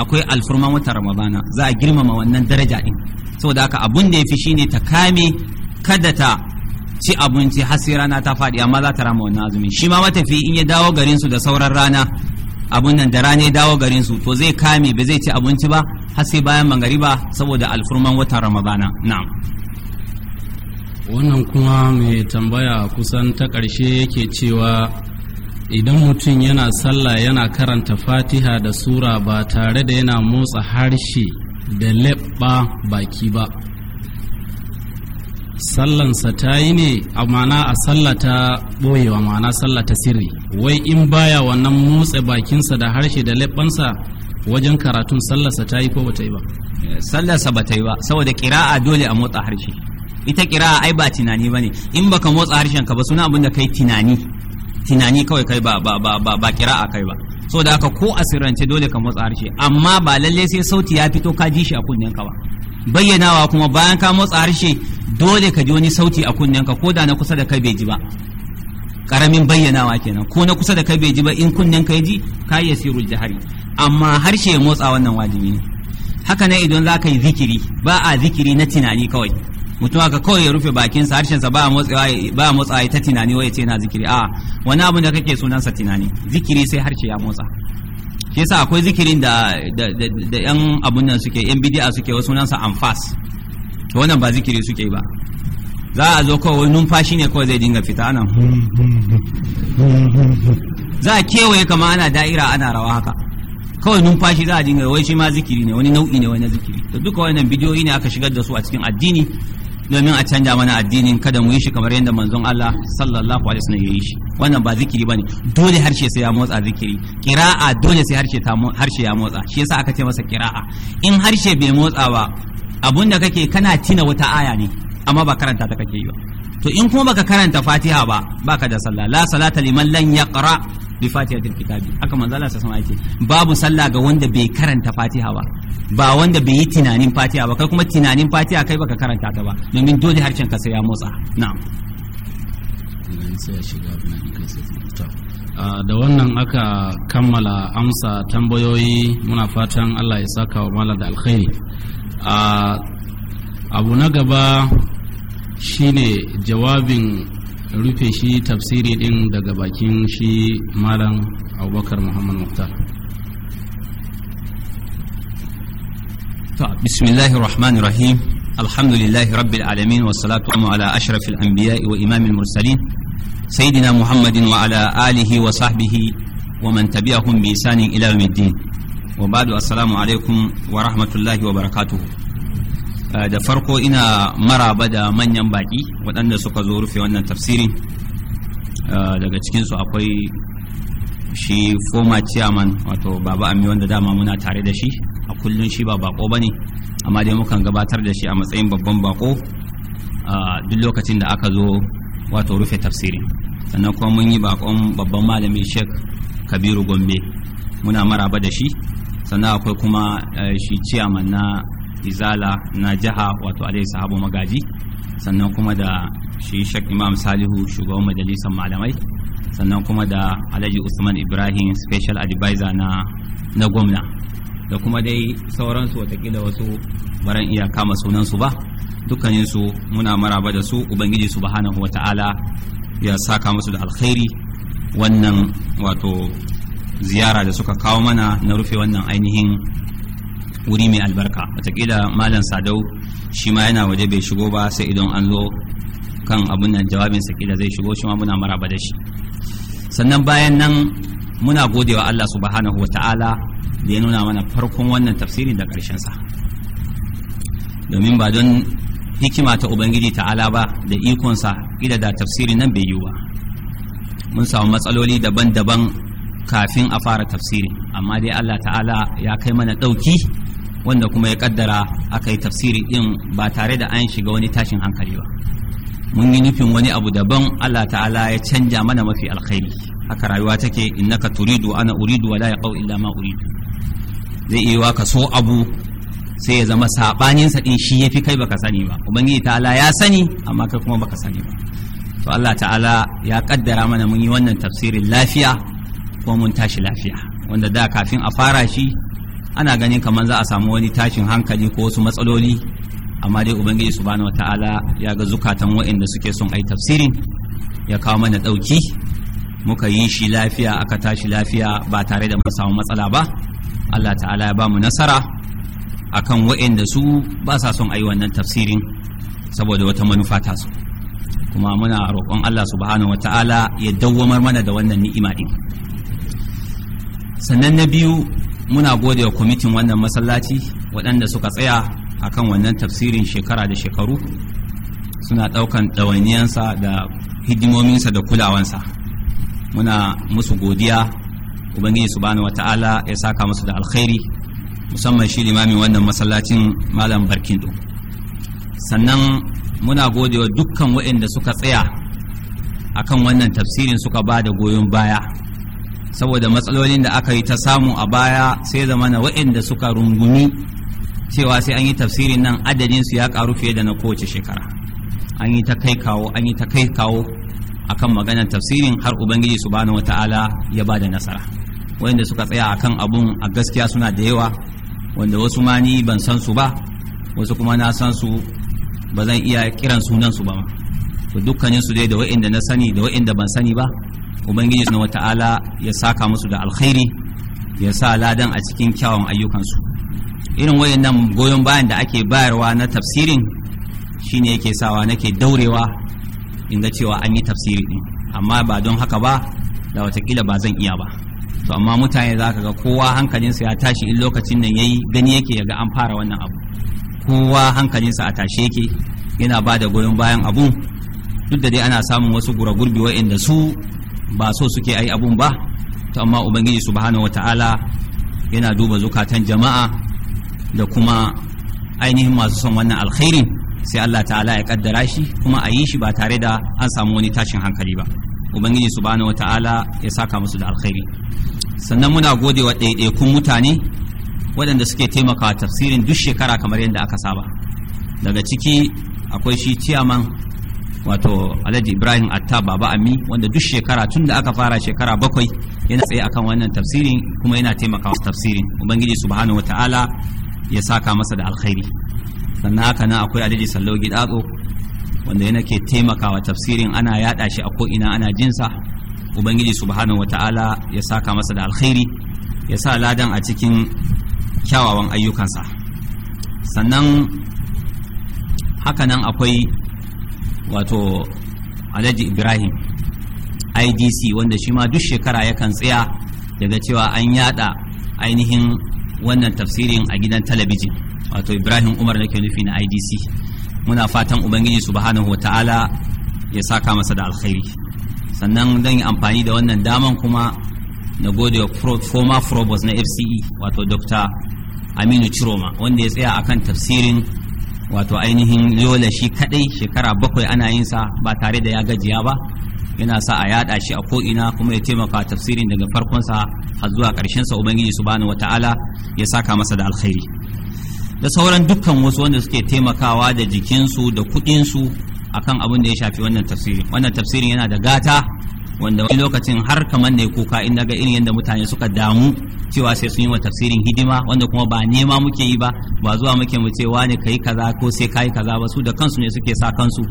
akwai alfurman wata ramadana za a girmama wannan daraja din saboda haka abun da ya fi shine ta kame kada ta ci abinci har sai rana ta faɗi amma za ta rama wannan azumin shi ma matafi in ya dawo garin su da sauran rana abun nan da rana ya dawo garin su to zai kame ba zai ci abinci ba har sai bayan magariba saboda alfurman wata ramadana na'am wannan kuma mai tambaya kusan ta ƙarshe yake cewa idan mutum yana sallah yana karanta fatiha da sura ba tare da yana motsa harshe da leɓɓa baki ba sallansa ta yi ne a mana a sallata ɓoyewa mana sallata sirri wai in baya wannan motsa bakinsa da harshe da leɓɓansa wajen karatun sallarsa ta yi ko ba ta yi ba sallarsa ba ta yi ba saboda kira'a dole a motsa harshe ita kira'a ai ba tunani ba ne in baka motsa harshen ka ba suna abin da kai tunani tunani kawai kai ba ba ba kai ba so da haka ko asirance dole ka motsa harshe amma ba lalle sai sauti ya fito ka ji shi a kunnen ka ba bayyanawa kuma bayan ka motsa harshe dole ka ji wani sauti a kunnen ka. ko da na kusa da kai bai ji ba karamin bayyanawa kenan ko na kusa da kai bai ji ba in kunnen ya ji ka yi sirul jahari amma harshe ya motsa wannan wajibi ne haka ne idan za ka yi zikiri ba a zikiri na tunani kawai mutum aka kawai ya rufe bakinsa sa ba motsawa motsa motsawa ta tunani wai ya ce na zikiri a wani abu da kake sunansa tunani zikiri sai harshe ya motsa shi yasa akwai zikirin da da yan abun nan suke yan bidi'a suke wasu sunansa anfas to wannan ba zikiri suke ba za a zo kawai numfashi ne kawai zai dinga fita nan za a kewaye kama ana da'ira ana rawa haka kawai numfashi za a dinga wai shi ma zikiri ne wani nau'i ne wani zikiri to duka wannan bidiyoyi ne aka shigar da su a cikin addini domin a canja mana addinin kada mu yi shi kamar yadda manzon Allah sallallahu alaihi wasallam ya yi shi wannan ba zikiri bane dole harshe sai ya motsa zikiri kiraa dole sai harshe ta harshe ya motsa shi yasa aka ce masa kiraa in harshe bai motsa ba abunda kake kana tina wata aya ne amma ba karanta ta kake yi ba to in kuma baka karanta fatiha ba baka da sallah la salata liman lan yaqra bi fatihatil kitabi haka manzo Allah sallallahu alaihi wasallam babu sallah ga wanda bai karanta fatiha ba ba wanda bai yi tunanin fatiha ba kai kuma tunanin fatiha kai baka karanta ta ba domin dole harshen ka sai ya motsa na'am sai ah, ya shiga da wannan aka kammala amsa tambayoyi muna fatan Allah ya saka wa malam da alkhairi ah, abu na gaba shine jawabin rufe shi tafsiri din daga bakin shi malam abubakar muhammad muktar بسم الله الرحمن الرحيم الحمد لله رب العالمين والصلاة والسلام على أشرف الأنبياء وإمام المرسلين سيدنا محمد وعلى آله وصحبه ومن تبعهم بإحسان إلى يوم الدين وبعد السلام عليكم ورحمة الله وبركاته Eh, da farko ina maraba da manyan baki waɗanda suka zo rufe wannan tafsirin eh, daga cikinsu akwai shi former chairman wato baba ammi wanda dama muna tare da shi a kullum shi ba bako ba ne amma dai mukan gabatar da shi a matsayin babban bako eh, duk lokacin da aka zo wato rufe tafsirin sannan kuma mun yi bakon babban malami sheikh kabiru gombe muna maraba da shi sannan akwai kuma shi ciyaman na izala na jiha wato alayhi sahabu magaji sannan kuma da shi shak imam salihu shugaban majalisar malamai sannan kuma da alhaji usman ibrahim special advisor na na gwamna da kuma dai sauransu watakila wasu baran iya kama sunansu ba dukkaninsu muna maraba da su ubangiji subhanahu wa ta'ala ya saka musu da alkhairi wannan wato ziyara da suka kawo mana na rufe wannan ainihin wuri mai albarka watakila malam sadau shi ma yana waje bai shigo ba sai idan an zo kan abun nan jawabin sakila zai shigo shi ma muna maraba da shi sannan bayan nan muna godewa Allah subhanahu wa ta'ala da ya nuna mana farkon wannan tafsirin da ƙarshen sa domin ba don hikima ta ubangiji ta'ala ba da ikon sa ƙila da tafsirin nan bai yi ba mun samu matsaloli daban-daban kafin a fara tafsirin amma dai Allah ta'ala ya kai mana ɗauki wanda kuma ya kaddara aka yi tafsiri din ba tare da an shiga wani tashin hankali ba mun yi nufin wani abu daban Allah ta'ala ya canja mana mafi alkhairi haka rayuwa take innaka turidu ana uridu wala yaqau illa ma uridu zai iya ka so abu sai ya zama sabanin sa din shi yafi kai baka sani ba ubangiji ta'ala ya sani amma kai kuma baka sani ba to Allah ta'ala ya kaddara mana mun yi wannan tafsirin lafiya kuma mun tashi lafiya wanda da kafin a fara shi ana ganin kamar za a samu wani tashin hankali ko wasu matsaloli amma dai ubangiji subhanahu wataala ya ga zukatan wa'inda suke son ai tafsirin ya kawo mana ɗauki muka yi shi lafiya aka tashi lafiya ba tare da mu samu matsala ba Allah ta'ala ya ba mu nasara akan wa'inda su ba sa son ayi wannan tafsirin saboda wata manufa ta su kuma muna roƙon Allah subhanahu wataala ya dawwamar mana da wannan ni'ima din sannan na biyu muna gode wa kwamitin wannan masallaci waɗanda suka tsaya a kan wannan tafsirin shekara da shekaru suna ɗaukan ɗawainiyansa da hidimominsa da kulawansa muna musu godiya ubangiji bani wata'ala ya saka musu da alkhairi musamman shi limamin wannan masallacin malam barkindo sannan muna gode wa dukkan waɗanda suka tsaya a kan wannan tafsirin suka ba da goyon baya saboda matsalolin da aka yi ta samu a baya sai zama na waɗanda suka rungumi cewa sai an yi tafsirin nan adadin su ya karu fiye da na kowace shekara an yi ta kai kawo an yi ta kai kawo akan maganar tafsirin har ubangiji subhanahu wata'ala ya ba da nasara wanda suka tsaya akan abun a gaskiya suna da yawa wanda wasu ma ni ban san su ba wasu kuma na san su ba zan iya kiran sunan su ba ma to dukkanin su dai da wa'inda na sani da wa'inda ban sani ba ubangiji na wata'ala ya saka musu da alkhairi ya sa ladan a cikin kyawun ayyukansu irin wayannan goyon bayan da ake bayarwa na tafsirin shine yake sawa nake daurewa inda cewa an yi tafsiri din amma ba don haka ba da watakila ba zan iya ba to amma mutane za ka ga kowa hankalinsa ya tashi in lokacin nan yayi gani yake yaga an fara wannan abu kowa hankalinsa a tashe yake yana ba da goyon bayan abu duk da dai ana samun wasu gura gurbi waɗanda su ba so suke ai abun ba to amma ubangiji subhanahu wata'ala yana duba zukatan jama'a da kuma ainihin masu son wannan alkhairi sai Allah ta'ala ya kaddara shi kuma a yi shi ba tare da an samu wani tashin hankali ba ubangiji subhanahu wata'ala ya saka musu da alkhairi sannan muna gode wa ɗaiɗaikun mutane waɗanda suke taimakawa tafsirin duk shekara kamar yadda aka saba daga ciki akwai shi ciyaman wato alhaji ibrahim atta baba ami wanda duk shekara tun da aka fara shekara bakwai yana tsaye akan wannan tafsirin kuma yana taimakawa tafsirin ubangiji subhanahu wataala ya saka masa da alkhairi sannan haka nan akwai alhaji sallau gidatso wanda yana ke taimakawa tafsirin ana yaɗa shi a ko'ina ana jinsa ubangiji subhanahu wataala ya saka masa da alkhairi ya sa ladan a cikin kyawawan ayyukansa sannan haka nan akwai wato alhaji ibrahim idc wanda shi ma duk shekara yakan tsaya daga cewa an yada ainihin wannan tafsirin a gidan talabijin wato ibrahim umar nake nufi na idc muna fatan ubangiji subhanahu wa ta'ala ya saka masa da alkhairi sannan zan yi amfani da wannan daman kuma na gode wa former probos na fce wato dr aminu chiroma wanda ya tsaya akan tafsirin wato ainihin yola shi kadai shekara bakwai ana yin sa ba tare da ya gajiya ba yana sa a yada shi a ko'ina kuma ya taimaka tafsirin daga farkonsa har zuwa karshen sa ubangiji subhanahu wata'ala ya saka masa da alkhairi da sauran dukkan wasu wanda suke taimakawa da jikinsu da su akan abin da ya shafi wannan tafsirin wannan tafsirin yana da gata wanda wani lokacin har kamar ne kuka in ga irin yadda mutane suka damu cewa sai sun yi wa tafsirin hidima wanda kuma ba nema muke yi ba ba zuwa muke mu ce ne kai kaza ko sai kai kaza ba su da kansu ne suke sa kansu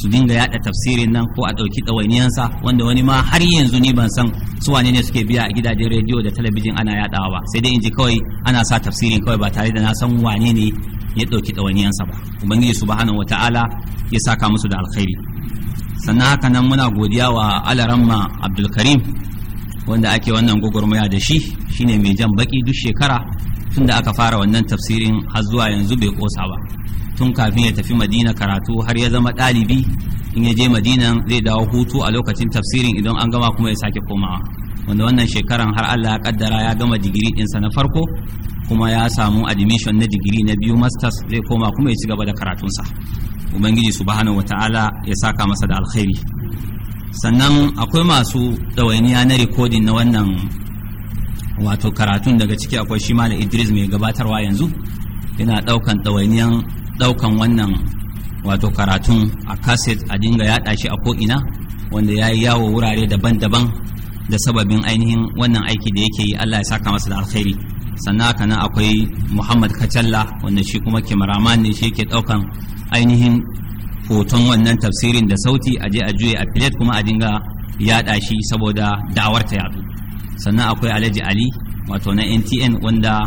su dinga yada tafsirin nan ko a ɗauki dawainiyansa wanda wani ma har yanzu ni ban san su wane ne suke biya a gidajen rediyo da talabijin ana yadawa ba sai dai in ji kawai ana sa tafsirin kawai ba tare da na san wane ne ya ɗauki dawainiyansa ba ubangiji subhanahu wata'ala ya saka musu da alkhairi sannan haka nan muna godiya wa alaramma abdulkarim wanda ake wannan gwagwarmaya da shi shine mai jan baki duk shekara tun da aka fara wannan tafsirin har zuwa yanzu bai kosa ba tun kafin ya tafi madina karatu har ya zama ɗalibi in ya je madinan zai dawo hutu a lokacin tafsirin idan an gama kuma ya sake komawa wanda wannan shekaran har Allah ya kaddara ya gama digiri ɗinsa na farko kuma ya samu admission na digiri na biyu masters zai koma kuma ya ci gaba da karatunsa ubangiji subhanahu wata'ala ya saka masa da alkhairi sannan akwai masu ɗawainiya na rikodin na wannan wato karatun daga ciki akwai shi malam idris mai gabatarwa yanzu yana ɗaukan ɗawainiyan ɗaukan wannan wato karatun a kaset a dinga yaɗa shi a ko'ina wanda ya yi yawo wurare daban-daban da sababin ainihin wannan aiki da yake yi Allah ya saka masa da alkhairi sannan haka nan akwai Muhammad Kacalla wanda shi kuma kimaraman ne shi yake daukan ainihin hoton wannan tafsirin da sauti a je a juye a plate kuma a dinga yaɗa shi saboda da'awar ta yadu sannan akwai Alhaji Ali wato na NTN wanda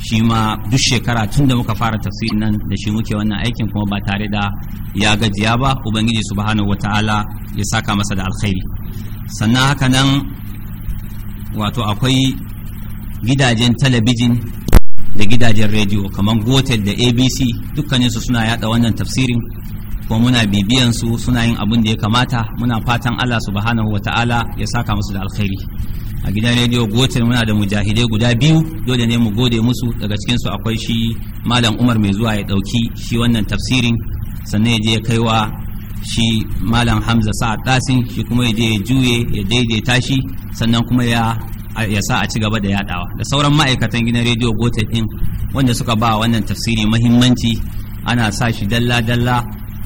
shi ma duk shekara tun da muka fara tafsirin nan da shi muke wannan aikin kuma ba tare da ya gajiya ba ubangiji subhanahu wataala ya saka masa da alkhairi sannan haka nan wato akwai gidajen talabijin da gidajen rediyo kamar gotel da abc dukkaninsu suna yada wannan tafsirin kuma muna bibiyan su suna yin abin da ya kamata muna fatan allah subhanahu wa ta'ala ya saka musu da alkhairi a gidan rediyo gotel muna da mujahidai guda biyu dole ne mu gode musu daga cikin su akwai shi malam umar mai zuwa ya ɗauki shi wannan tafsirin sannan ya je ya kaiwa shi malam hamza sa ɗasin shi kuma ya je ya juye ya daidaita shi sannan kuma ya sa a ci gaba da yaɗawa. da sauran ma'aikatan gidan rediyo gote din wanda suka ba wannan tafsiri mahimmanci ana sa shi dalla dalla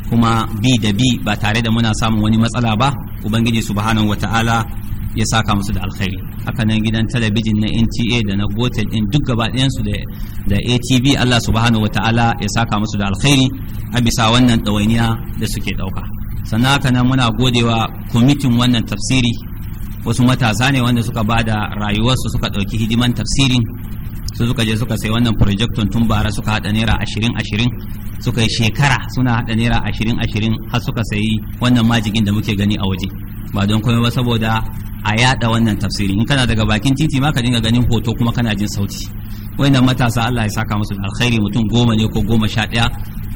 kuma bi da bi ba tare da muna samun wani matsala ba ubangiji subhanahu wataala ya saka musu da alkhairi haka nan gidan talabijin na NTA da na Gotel din duk gaba ɗayansu da da ATV Allah subhanahu wataala ya saka musu da alkhairi a bisa wannan ɗawainiya da suke ɗauka sannan haka nan muna godewa kwamitin wannan tafsiri wasu matasa ne wanda suka ba da rayuwarsu suka ɗauki hidiman tafsirin su suka je suka sai wannan projecton tun bara suka haɗa naira ashirin ashirin suka yi shekara suna haɗa naira ashirin ashirin har suka sayi wannan majigin da muke gani a waje ba don komai ba saboda a yada wannan tafsiri in kana daga bakin titi ma ka dinga ganin hoto kuma kana jin sauti wayannan matasa Allah ya saka musu alkhairi mutum goma ne ko goma sha ɗaya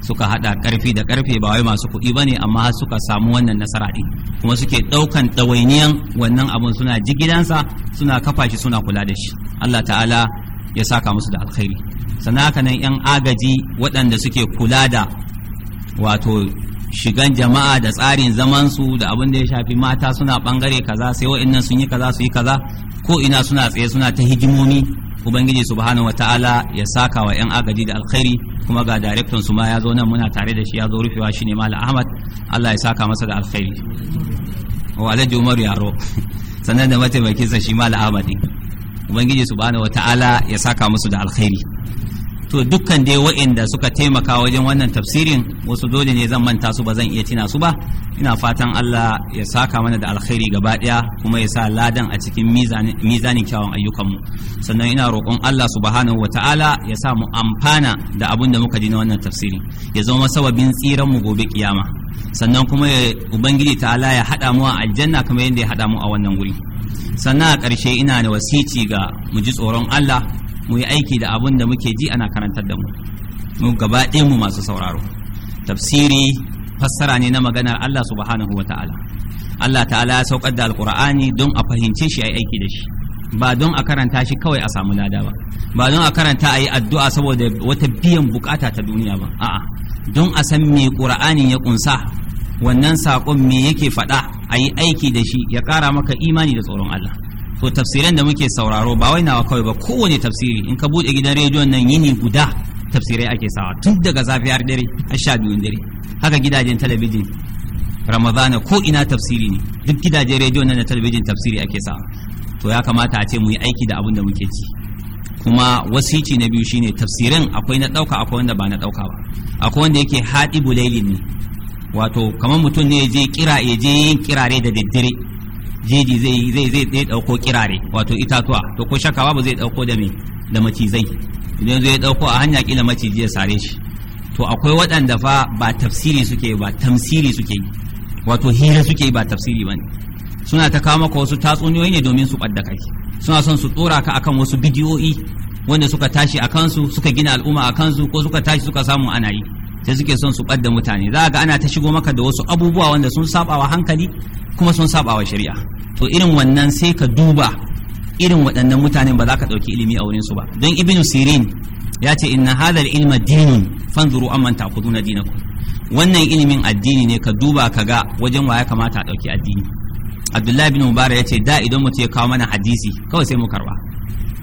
suka hada karfi da karfe ba wai masu kuɗi bane amma har suka samu wannan nasara din kuma suke ɗaukan ɗawainiyan wannan abun suna ji sa suna kafa shi suna kula da shi Allah ta'ala ya saka musu da alkhairi sannan haka nan yan agaji waɗanda suke kula da wato shigan jama'a da tsarin zamansu da abin da ya shafi mata suna bangare kaza sai wa'annan sun yi kaza su yi kaza ko ina suna tsaye suna ta hijimomi ubangiji subhanahu wataala ya saka wa yan agaji da alkhairi kuma ga darektan su ma ya zo nan muna tare da shi ya zo rufewa ne malam ahmad allah ya saka masa da alkhairi wa alhaji umar yaro sannan da mataimakinsa shi malam ahmad ubangiji subhanahu wataala ya saka musu da alkhairi to dukkan dai wa'inda suka taimaka wajen wannan tafsirin wasu dole ne zan manta su ba zan iya tina su ba ina fatan Allah ya saka mana da alkhairi gaba daya kuma ya sa ladan a cikin mizanin kyawun ayyukanmu sannan ina roƙon Allah subhanahu wataala ya sa mu amfana da abin da muka ji na wannan tafsirin ya zama sababin tsiran mu gobe kiyama sannan kuma ya ubangiji ta'ala ya haɗa mu a aljanna kamar yadda ya haɗa mu a wannan guri sannan a ƙarshe ina da wasici ga mu ji tsoron Allah mu yi aiki da abun da muke ji ana karantar da mu mu gaba mu masu sauraro tafsiri fassara ne na maganar Allah subhanahu wata'ala Allah ta'ala ya saukar da alkur'ani don a fahimce shi a yi aiki da shi ba don a karanta shi kawai a samu lada ba ba don a karanta a yi addu'a saboda wata biyan bukata ta duniya ba a'a don a san me ƙur'ani ya kunsa wannan saƙon me yake faɗa a yi aiki da shi ya ƙara maka imani da tsoron Allah to tafsiran da muke sauraro ba wai nawa kawai ba kowane tafsiri in ka bude gidan rediyon nan yini guda tafsirai ake sawa tun daga zafiyar har dare har sha biyun dare haka gidajen talabijin ramadana ko ina tafsiri ne duk gidajen rediyon nan da talabijin tafsiri ake sawa to ya kamata a ce mu yi aiki da abin da muke ci kuma wasici na biyu shine tafsirin akwai na ɗauka akwai wanda ba na ɗauka ba akwai wanda yake haɗi bulailin ne wato kamar mutum ne ya je kira je yin kirare da daddare jeji zai zai zai zai dauko kirare wato itatuwa to ko shaka ba zai dauko da me da macizai idan zai dauko a hanya kila maciji ya sare shi to akwai waɗanda fa ba tafsiri suke ba tamsiri suke wato hira suke ba tafsiri ba ne suna ta kawo maka wasu tatsuniyoyi ne domin su ɓadda kai suna son su tsora ka akan wasu bidiyo'i wanda suka tashi a kansu suka gina al'umma a kansu ko suka tashi suka samu ana yi sai suke son su ɓadda mutane za ga ana ta shigo maka da wasu abubuwa wanda sun wa hankali kuma sun wa shari'a to irin wannan sai ka duba irin waɗannan mutanen ba za ka ɗauki ilimi a wurinsu ba don Ibn sirin ya ce inna hadal ilma dini fanzuru amman ta'khuduna dinakum wannan ilimin addini ne ka duba ka ga wajen wa ya kamata a ɗauki addini abdullahi bin mubarak ya ce da idan mutum ya kawo mana hadisi kawai sai mu karba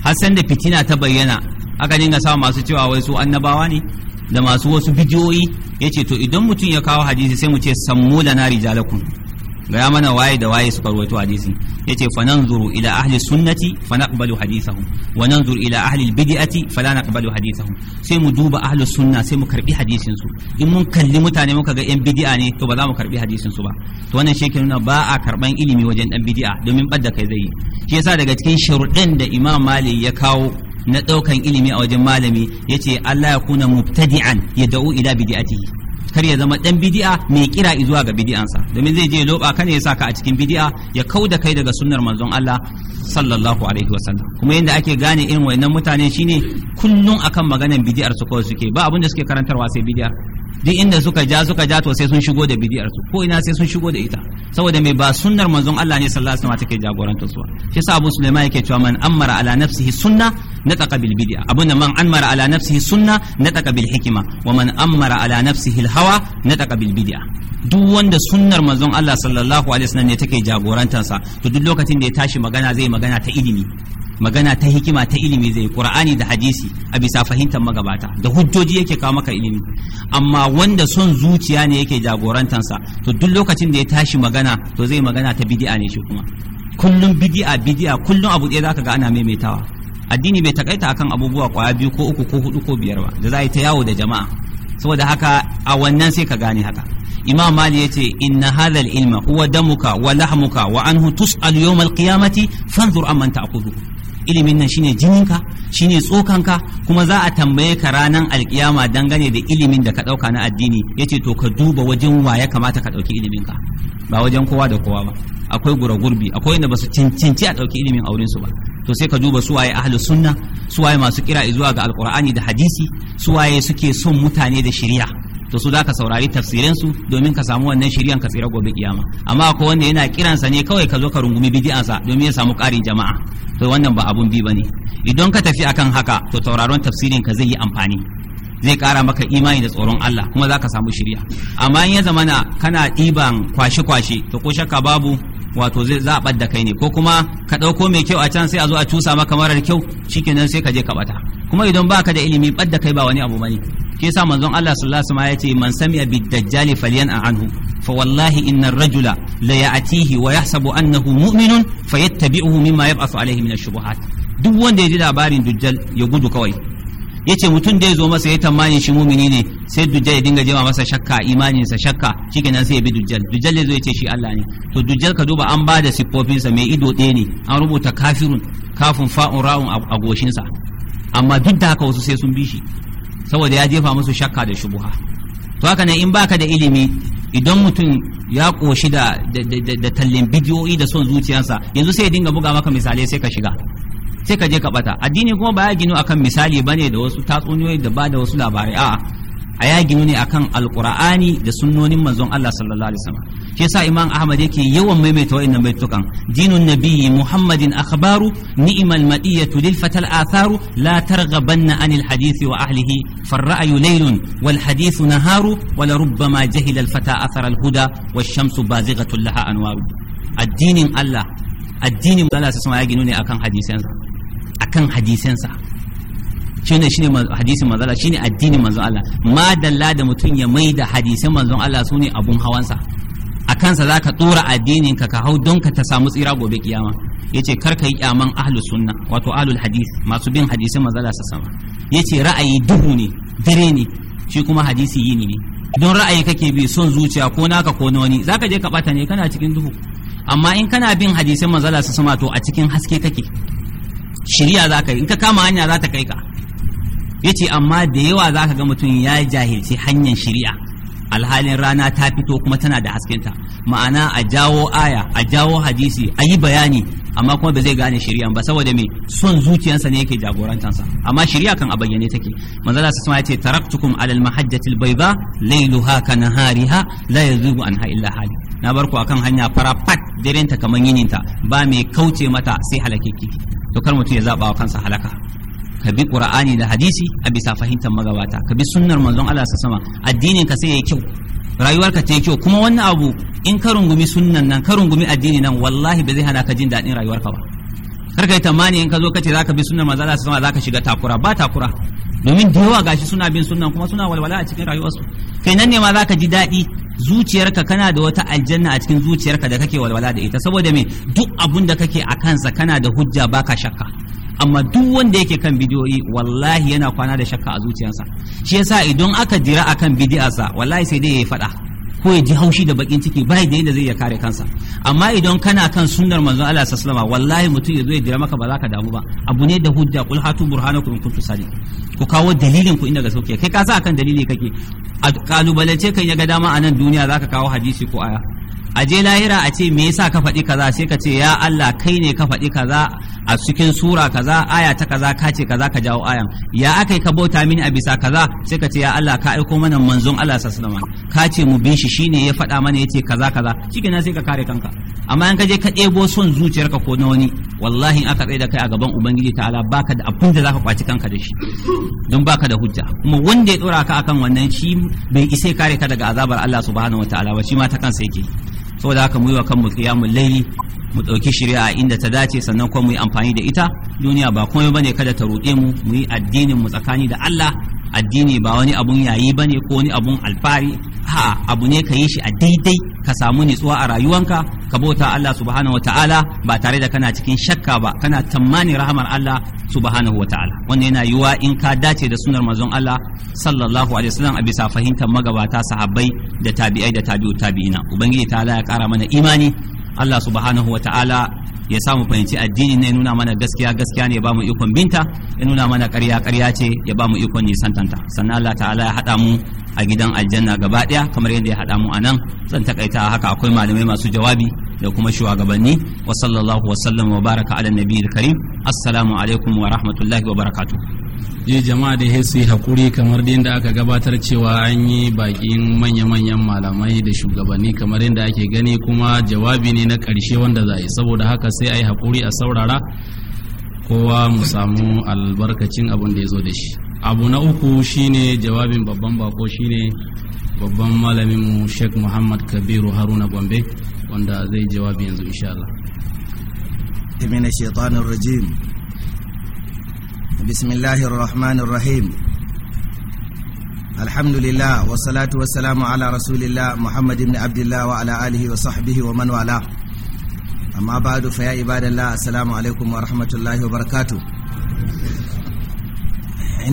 har san da fitina ta bayyana aka dinga sawa masu cewa wai su annabawa ne da masu wasu bidiyoyi ya ce to idan mutum ya kawo hadisi sai mu ce sammu da na rijalakum gaya mana waye da waye suka ruwaito hadisi ya ce fa zuru ila ahli sunnati fa naqbalu hadithahum wa nanzuru ila ahli bid'ati fa la naqbalu hadithahum sai mu duba ahli sunna sai mu karbi hadisin in mun kalli mutane muka ga yan bid'a ne to ba za mu karbi hadisin ba to wannan shi nuna ba a karban ilimi wajen ɗan bid'a domin badda kai zai yi shi yasa daga cikin sharuɗin da Imam Malik ya kawo na ɗaukan ilimi a wajen malami ce Allah ya kuna mubtadi'an ya da'u ila bid'atihi kar ya zama dan bid'a mai kira zuwa ga sa domin zai je loba kan ya saka a cikin bid'a ya kauda kai daga sunnar manzon Allah sallallahu alaihi wasallam kuma yadda ake gane irin wayannan mutane shine kullun akan maganar bid'ar su kawai suke ba abin da suke karantarwa sai bid'ar duk inda suka ja suka ja to sai sun shigo da bidiyar su ko ina sai sun shigo da ita saboda mai ba sunnar manzon Allah ne sallallahu alaihi wasallam take jagorantar su shi sa Abu Sulaiman yake cewa man amara ala nafsihi sunna nataqa bil bid'a abunda man amara ala nafsihi sunna nataqa bil hikima wa man amara ala nafsihi al hawa nataqa bil bid'a duk wanda sunnar manzon Allah sallallahu alaihi wasallam ne take jagorantar sa to duk lokacin da ya tashi magana zai magana ta ilimi magana ta hikima ta ilimi zai qur'ani da hadisi a bisa fahimtar magabata da hujjoji yake kawo maka ilimi amma wanda son zuciya ne yake jagorantansa to duk lokacin da ya tashi magana to zai magana ta bidi'a ne shi kuma kullum bidi'a bid'a kullum abu ɗaya zaka ga ana maimaitawa addini bai takaita akan abubuwa kwaya biyu ko uku ko hudu ko biyar ba da za a yi ta yawo da jama'a saboda haka a wannan sai ka gane haka imam mali ya ce inna hadhal ilma huwa damuka wa lahmuka wa anhu tus'al yawm al-qiyamati fanzur amman ta'khudhu ilimin nan shine jininka shine ka kuma za a tambaye ka ranar alkiyama dangane da ilimin da ka dauka na addini yace to ka duba wajen wa ya kamata ka dauki ilimin ka ba wajen kowa da kowa ba akwai gura akwai inda basu cincinci a dauki ilimin auren su ba to sai ka duba suwaye waye ahlu sunna suwaye masu kira zuwa ga alqur'ani da hadisi suwaye suke son mutane da shari'a to su zaka saurari tafsirin su domin ka samu wannan shiriyan ka tsira gobe kiyama amma akwai wanda yana kiransa ne kawai ka zo ka rungumi sa domin ya samu ƙarin jama'a to wannan ba abun bi bane idan ka tafi akan haka to tauraron tafsirin ka zai yi amfani zai kara maka imani da tsoron Allah kuma za samu shirya amma in ya zamana kana ɗiban kwashe-kwashe to ko shakka babu wato zai zabar da kai ne ko kuma ka ɗauko mai kyau a can sai a zo a cusa maka marar kyau shikenan sai ka je ka bata kuma idan baka da ilimi ɓad da kai ba wani abu bane ke yasa manzon Allah sallallahu alaihi wasallam ya ce man sami'a bid dajjal a anhu fa wallahi inna rajula la ya'tihi wa yahsabu annahu mu'minun fayattabi'uhu mimma yab'athu alaihi min ash-shubuhat duk wanda ya ji labarin dajjal ya gudu kawai yace mutum da ya zo masa ya tamanin shi mumini ne sai dujjal ya dinga jima masa shakka sa shakka shikenan sai ya bi dujjal dujjal ya zo ya ce shi Allah ne to dujjal ka duba an ba da siffofinsa mai ido ɗaya ne an rubuta kafirun kafin fa'un ra'un a goshinsa amma duk da haka wasu sai sun bi shi saboda ya jefa musu shakka da shubuha to haka ne in baka da ilimi idan mutum ya koshi da da tallin bidiyoyi da son zuciyarsa yanzu sai ya dinga buga maka misalai sai ka shiga sai ka je ka bata addini kuma ba ya ginu akan misali bane da wasu tatsuniyoyi da ba da wasu labarai a'a a ya ginu ne akan alqur'ani da sunnonin manzon Allah sallallahu alaihi wasallam shi yasa imam ahmad yake yawan maimaita wa'annan baitukan dinun nabiyyi muhammadin akhbaru ni'mal madiyatu lil fatal atharu la targhabanna anil hadithi wa ahlihi farra'yu laylun wal hadithu naharu wa rubbama jahila al fata athara al huda wash-shamsu bazighatun laha anwaru addinin Allah addinin Allah sallallahu alaihi wasallam ya ginu ne akan hadisansa akan hadisansa shine shine hadisin manzon Allah shine addinin manzon Allah ma dalla da mutum ya maida hadisin manzon Allah sune abun hawansa a kansa za ka tsora addinin ka ka hau don ka ta samu tsira gobe kiyama yace kar ka yi kyaman ahlus sunna wato ahlul hadis masu bin hadisin manzon Allah sama yace ra'ayi duhu ne dare ne shi kuma hadisi yini ne don ra'ayi kake bi son zuciya ko naka ko na wani zaka je ka bata ne kana cikin duhu amma in kana bin hadisin manzon Allah sama to a cikin haske kake shiriya zaka yi in ka kama hanya za ta kai ka yace amma da yawa zaka ga mutum ya jahilci hanyar shari'a alhalin rana ta fito kuma tana da haskenta ma'ana a jawo aya a jawo hadisi a yi bayani amma kuma ba zai gane shari'a ba saboda mai son zuciyarsa ne yake jagorantansa amma shari'a kan a bayyane take manzala su sama yace taraktukum alal mahajjatil bayda layluha ka nahariha la yazubu anha illa hali na bar ku akan hanya fara pat direnta kaman yininta ba mai kauce mata sai halakeki to kar mutum ya zaba kansa halaka ka bi qur'ani da hadisi a bisa fahimtar magabata ka bi sunnar manzon Allah sa sama addinin ka sai yayi kyau rayuwarka ta yi kyau kuma wannan abu in ka rungumi sunnan nan ka rungumi addini nan wallahi ba zai hana ka jin daɗin rayuwarka ba kar ka yi tamani in ka zo kace zaka bi sunnar manzon Allah sa sama zaka shiga takura ba takura domin da yawa gashi suna bin sunnan kuma suna walwala a cikin rayuwarsu kai nan ne ma zaka ji daɗi zuciyarka kana da wata aljanna a cikin zuciyarka da kake walwala da ita saboda me duk abun da kake a kansa kana da hujja baka shakka amma duk wanda yake kan bidiyoyi wallahi yana kwana da shakka a zuciyarsa shi yasa idan aka jira akan bidiyarsa wallahi sai dai ya faɗa ko ya ji haushi da bakin ciki bai da yadda zai ya kare kansa amma idan kana kan sunnar manzon Allah sallallahu alaihi wallahi mutum ya zo ya jira maka ba za ka damu ba abu ne da hujja kul hatu burhanakum in kuntum sadiq ku kawo dalilin ku inda ga sauke kai ka sa akan dalili kake kalubalance kan ya ga dama a nan duniya zaka kawo hadisi ko aya a je lahira a ce me yasa ka faɗi kaza sai ka ce ya Allah kai ne ka faɗi kaza a cikin sura kaza aya ta kaza ka ce kaza ka jawo ayan ya akai ka bauta mini a bisa kaza sai ka ce ya Allah ka aiko mana manzon Allah sallallahu alaihi wasallam ka ce mu bin shi shine ya faɗa mana yace kaza kaza shikenan sai ka kare kanka amma in ka je ka ɗebo son zuciyarka ko na wani wallahi in aka tsaye da kai a gaban ubangiji ta'ala baka da abin da zaka kwaci kanka da shi don baka da hujja kuma wanda ya tsora ka akan wannan shi bai isa kare ka daga azabar Allah subhanahu wataala ba shi ma ta kansa yake saboda haka mu yi wa kanmu qiyamul layli mu ɗauki shari'a inda ta dace sannan kuma mu yi amfani da ita duniya ba komai bane kada ta ruɗe mu mu yi addinin mu tsakani da Allah addini ba wani abun yayi ne ko wani abun alfari ha abu ne ka yi shi a daidai ka samu nitsuwa a rayuwanka ka bauta Allah subhanahu wataala ba tare da kana cikin shakka ba kana tsammanin rahamar Allah subhanahu wataala wannan yana yiwuwa in ka dace da sunar manzon Allah sallallahu alaihi wasallam a bisa fahimtar magabata sahabbai da tabi'ai da tabi'u tabi'ina ubangiji ta Allah ya kara mana imani Allah subhanahu ya samu fahimci addini ne nuna mana gaskiya gaskiya ne ya bamu ikon binta ya nuna mana ƙarya ƙarya ce ya bamu ikon nisantanta sannan Allah ta'ala ya haɗa mu a gidan aljanna gaba ɗaya kamar yadda ya haɗa mu a nan zan takaita haka akwai malamai masu jawabi da kuma shugabanni wa sallallahu wa sallam wa baraka ala nabiyil karim assalamu alaikum wa rahmatullahi wa barakatuh je jama'a da su yi haƙuri kamar da aka gabatar cewa an yi bakin manya-manyan malamai da shugabanni kamar yadda ake gani kuma jawabi ne na ƙarshe wanda za a yi saboda haka sai a yi haƙuri a saurara kowa mu samu albarkacin abin da ya zo da shi abu na uku shine jawabin babban bako shine babban malamin mu sheikh muhammad kabiru haruna gombe wanda zai jawabi yanzu insha Allah. بسم الله الرحمن الرحيم الحمد لله والصلاة والسلام على رسول الله محمد بن عبد الله وعلى آله وصحبه ومن والاه أما بعد فيا عباد الله السلام عليكم ورحمة الله وبركاته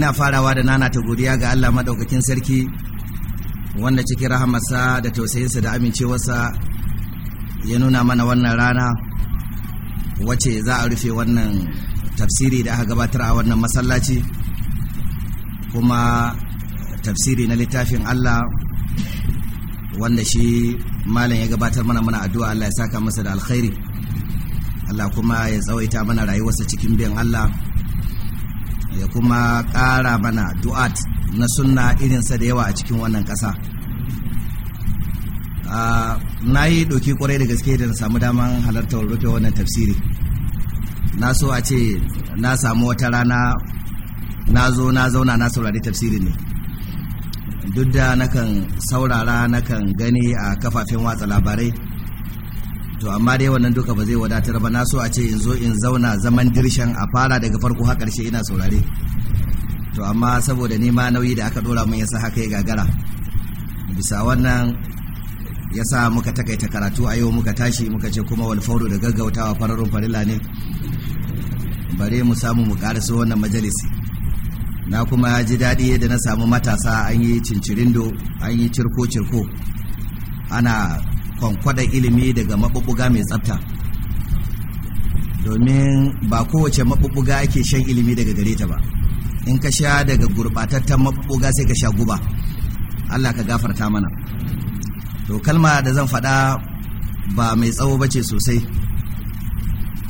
ina farawa da nana ta godiya ga Allah madaukakin sarki wanda cikin rahamarsa da tausayinsa أمين amincewarsa ya nuna mana wannan rana wacce za a rufe wannan tafsiri da aka gabatar a wannan masallaci kuma tafsiri na littafin Allah wanda shi malam ya gabatar mana mana addu'a Allah ya saka masa da alkhairi Allah kuma ya tsawaita mana rayuwarsa cikin bin Allah ya kuma ƙara mana du'at na sunna irin sa da yawa a cikin wannan ƙasa ah, na yi ɗauki ƙwarai da gaske da na samu damar halartar rufe wannan tafsiri na so a ce na samu wata rana na zo na zauna na saurari tafsiri ne duk da nakan saurara nakan gani a kafafen watsa labarai to amma dai wannan duka ba zai wadatar ba na so a ce in zo in zauna zaman dirshan a fara daga farko har karshe ina saurare to amma saboda nema nauyi da aka dora mun yasa haka ya gagara bisa wannan yasa muka takaita karatu a yau muka tashi muka ce kuma wani fauro da gaggautawa fararun farilla ne bare mu samu mu karasa wannan majalisi na kuma ji daɗi da na samu matasa an yi cincirindo an yi cirko-cirko ana kwankwada ilimi daga maɓuɓɓuga mai tsafta domin ba kowace maɓuɓɓuga ake shan ilimi daga gare ta ba in ka sha daga gurɓatattan maɓuɓɓuga sai ka sha guba allah ka gafarta mana to kalma da zan faɗa ba mai tsawo ba ce sosai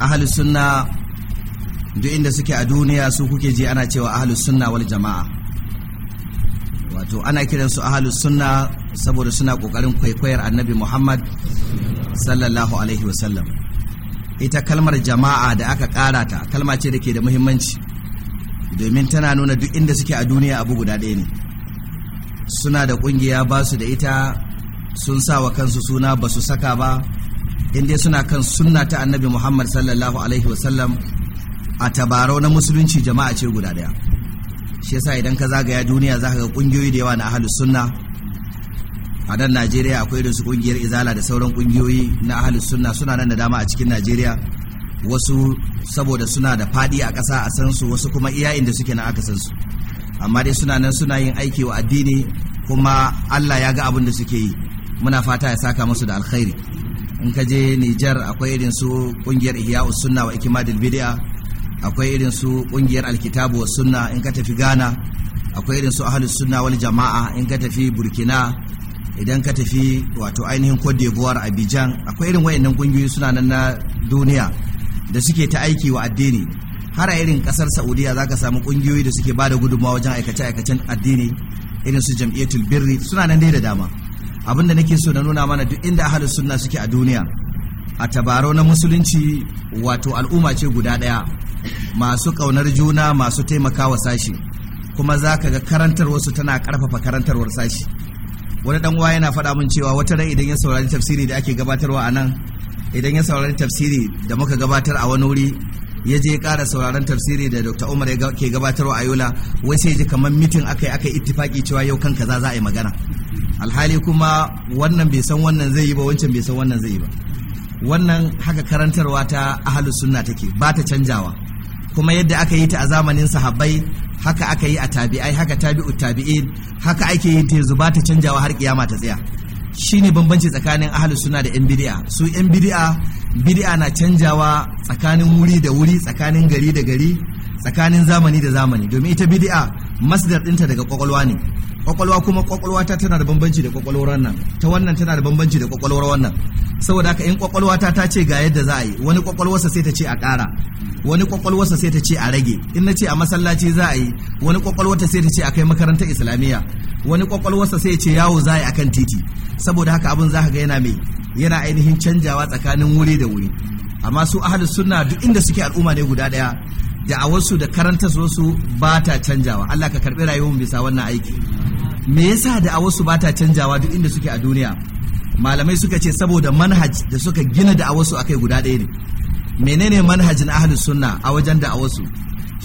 ahalussunna sunna duk inda suke a duniya su kuke ji ana cewa ahlus sunna wal jama'a wato ana kiran su ahlus sunna saboda suna kokarin kwaikwayar annabi Muhammad sallallahu alaihi wasallam ita kalmar jama'a da aka kara ta kalma ce da ke da muhimmanci domin tana nuna duk inda suke a duniya abu guda ɗaya ne suna da ƙungiya ba su da ita sun sa wa kansu suna ba su saka ba inda suna kan sunna ta annabi muhammad sallallahu alaihi wasallam a tabarau na musulunci jama'a ce guda ɗaya shi yasa idan ka zagaya duniya za ka ga kungiyoyi da yawa na ahalus sunna a nan najeriya akwai da su kungiyar izala da sauran kungiyoyi na ahalus sunna suna nan da dama a cikin najeriya wasu saboda suna da faɗi a ƙasa a san su wasu kuma iyayen da suke na aka san su amma dai suna nan suna yin aiki wa addini kuma allah ya ga abin da suke yi muna fata ya saka musu da alkhairi in ka je nijar akwai irin su kungiyar ihya'us sunna wa ikimadul bid'a akwai irin su kungiyar alkitabu sunna in ka tafi ghana akwai irin su ahalus sunna wal jama'a in ka tafi burkina idan ka tafi wato ainihin cote d'ivoire abidjan akwai irin wayannan kungiyoyi suna nan na duniya da suke ta aiki wa addini har a irin kasar saudiya zaka samu kungiyoyi da suke bada gudunmawa wajen aikace aikacen addini irin su jam'iyyatul birri suna nan dai da dama abin da nake so na nuna mana duk inda ahalus sunna suke a duniya a tabaro na musulunci wato al'umma ce guda ɗaya masu ƙaunar juna masu taimakawa sashi kuma za ka ga karantar wasu tana ƙarfafa karantarwar sashi wani ɗan uwa yana faɗa min cewa wata rai idan ya saurari tafsiri da ake gabatarwa a nan idan ya saurari tafsiri da muka gabatar a wani wuri ya je ƙara sauraron tafsiri da dr umar ke gabatarwa a yola wai sai ji kamar mitin aka yi aka ittifaki cewa yau kan kaza za a yi magana alhali kuma wannan bai san wannan zai yi ba wancan bai san wannan zai yi ba wannan haka karantarwa ta ahalus sunna take ba ta canjawa kuma yadda aka yi ta a zamanin sahabbai haka aka yi a tabi'ai haka tabi'u tabi'in haka ake yi ta yanzu ba ta canjawa har kiyama ta tsaya shine bambanci tsakanin ahalus sunna da yan bid'a su yan bid'a bid'a na canjawa tsakanin wuri da wuri tsakanin gari da gari tsakanin zamani da zamani domin ita bid'a masdar ɗinta daga kwakwalwa ne kwakwalwa kuma kwakwalwa ta tana da bambanci da kwakwalwar wannan ta wannan tana da bambanci da kwakwalwar wannan saboda haka in kwakwalwa ta ta ce ga yadda za a yi wani kwakwalwarsa sai ta ce a ƙara wani kwakwalwarsa sai ta ce a rage in na ce a masallaci za a yi wani kwakwalwarta sai ta ce a kai makaranta islamiyya wani kwakwalwarsa sai ce yawo za a yi akan titi saboda haka abin za ka ga yana mai yana ainihin canjawa tsakanin wuri da wuri amma su ahalus sunna duk inda suke al'umma ne guda daya wasu da karanta wasu ba ta canjawa Allah ka karɓi rayuwar bisa wannan aiki me yasa da'awarsu ba ta canjawa duk inda suke a duniya malamai suka ce saboda manhaj da suka gina da'awarsu akai guda ɗaya ne menene manhajin ahli sunna a wajen da'awarsu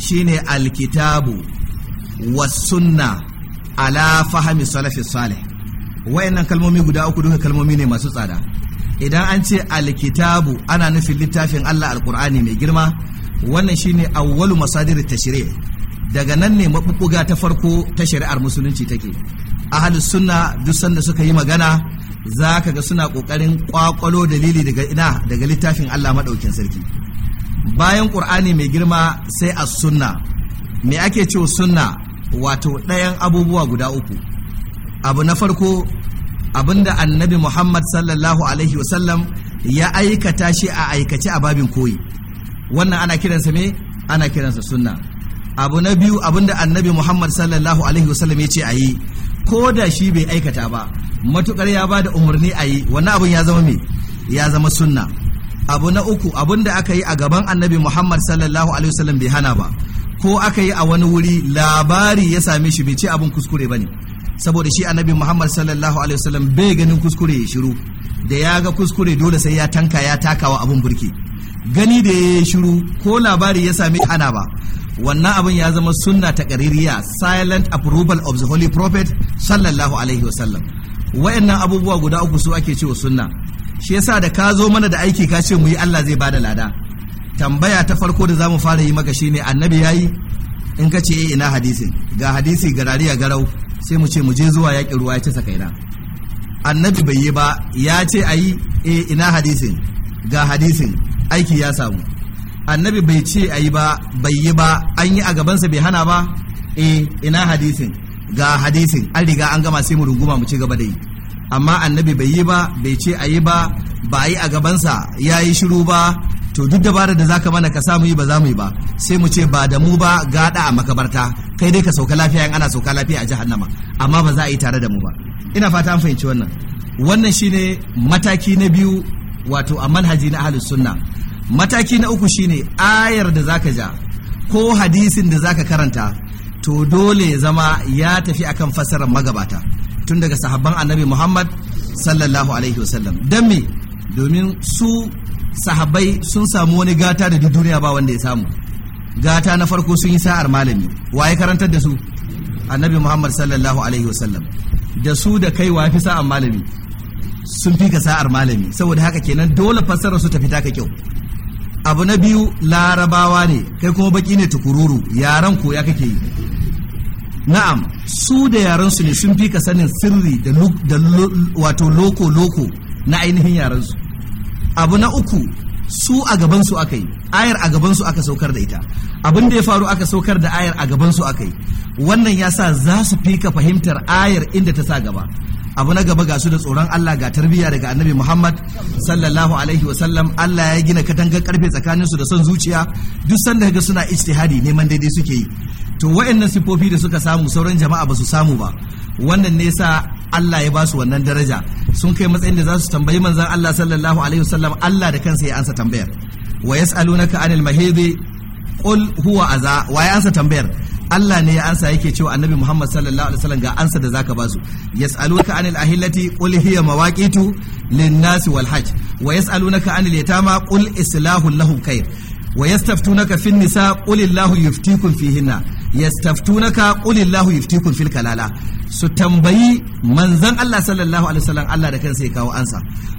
shine alkitabu was sunna ala fahmi salafi salih wayannan kalmomi guda uku duka kalmomi ne masu tsada idan an ce alkitabu ana nufin littafin Allah alqur'ani mai girma wannan shine awwalu masadir tashri' daga nan ne mabubuga ta farko ta shari'ar musulunci take ahli sunna duk sanda suka yi magana za ka ga suna ƙoƙarin ƙwaƙwalo dalili daga ina daga littafin Allah maɗaukin sarki bayan ƙur'ani mai girma sai a sunna me ake cewa sunna wato ɗayan abubuwa guda uku abu na farko abinda annabi muhammad sallallahu alaihi wasallam ya aikata shi a aikace a babin koyi wannan ana kiransa me ana kiransa sunna abu na biyu abinda annabi muhammad sallallahu alaihi wasallam ya ce a yi ko da shi bai aikata ba matukar ya ba da umarni a yi wannan abun ya zama me ya zama sunna abu na uku abinda aka yi a gaban annabi muhammad sallallahu alaihi wasallam bai hana ba ko aka yi a wani wuri labari ya same shi bai ce abin kuskure ba ne saboda shi annabi muhammad sallallahu alaihi wasallam bai ganin kuskure ya shiru da ya ga kuskure dole sai ya tanka ya takawa abin burki gani da ya shiru ko labari ya sami ana ba wannan abin ya zama sunna ta ƙaririya silent approval of the holy prophet sallallahu alaihi wasallam wayannan abubuwa guda uku su ake cewa sunna shi yasa da ka zo mana da aiki ka ce mu yi Allah zai bada lada tambaya ta farko da zamu fara yi maka shine annabi yayi in ka ce eh, ina hadisin ga hadisi garariya garau sai mu ce mu je zuwa yaƙin ruwa ya ce sakaina annabi bai yi ba ya ce ayi eh ina hadisin ga hadisin aiki ya samu annabi bai ce a yi ba bai yi ba an yi a gabansa bai hana ba e ina hadisin ga hadisin an riga an gama sai mu runguma mu ci gaba da yi amma annabi bai yi ba bai ce a yi ba ba yi a gabansa ya yi shiru ba to duk dabarar da zaka mana ka samu yi ba za mu yi ba sai mu ce ba da mu ba gada a makabarta kai dai ka sauka lafiya in ana sauka lafiya a nama amma ba za a yi tare da mu ba ina fata an fahimci wannan wannan shine mataki na biyu wato a manhaji na ahlus sunna mataki na uku shine ayar da zaka ja ko hadisin da zaka karanta to dole ya zama ya tafi akan fasarar magabata tun daga sahabban annabi Muhammad sallallahu alaihi wasallam Don me domin su sahabai sun samu wani gata da duniya ba wanda ya samu gata na farko sun yi sa'ar malami waye karantar da su annabi Muhammad sallallahu alaihi wasallam da su da kai wa fi malami sun fi sa'ar malami saboda haka kenan dole fassarar su tafi ka kyau abu na biyu larabawa ne kai kuma baki ne tukururu yaran koya kake yi na'am su da yaran su ne sun fi ka sanin sirri da wato loko loko na ainihin yaran su abu na uku su a gaban su aka yi ayar a gaban su aka saukar da ita abin da ya faru aka saukar da ayar a gaban su aka yi wannan ya sa za su fi ka fahimtar ayar inda ta sa gaba abu na gaba ga su da tsoron Allah ga tarbiyya daga annabi Muhammad sallallahu alaihi wa sallam Allah ya gina katangar karfe tsakanin su da son zuciya duk sanda ga suna ijtihadi neman daidai suke yi to wayannan sifofi da suka samu sauran jama'a ba su samu ba wannan ne yasa Allah ya ba su wannan daraja sun kai matsayin da za su tambayi manzon Allah sallallahu alaihi wa sallam Allah da kansa ya ansa tambayar wa yas'alunaka anil mahidi qul huwa aza wa ya ansa tambayar Allah ne ya ansa yake cewa annabi Muhammad sallallahu alaihi wasallam ga ansa da zaka basu yas'aluka anil ahillati qul hiya mawaqitu lin-nasi wal hajj wa yas'alunaka anil yatama qul islahu lahum khair wa yastaftunaka fin nisa qul Allahu yuftikum fihinna yastaftunaka qulillahu yuftikum fil kalala su tambayi manzon Allah sallallahu alaihi wasallam Allah da kansa ya kawo ansa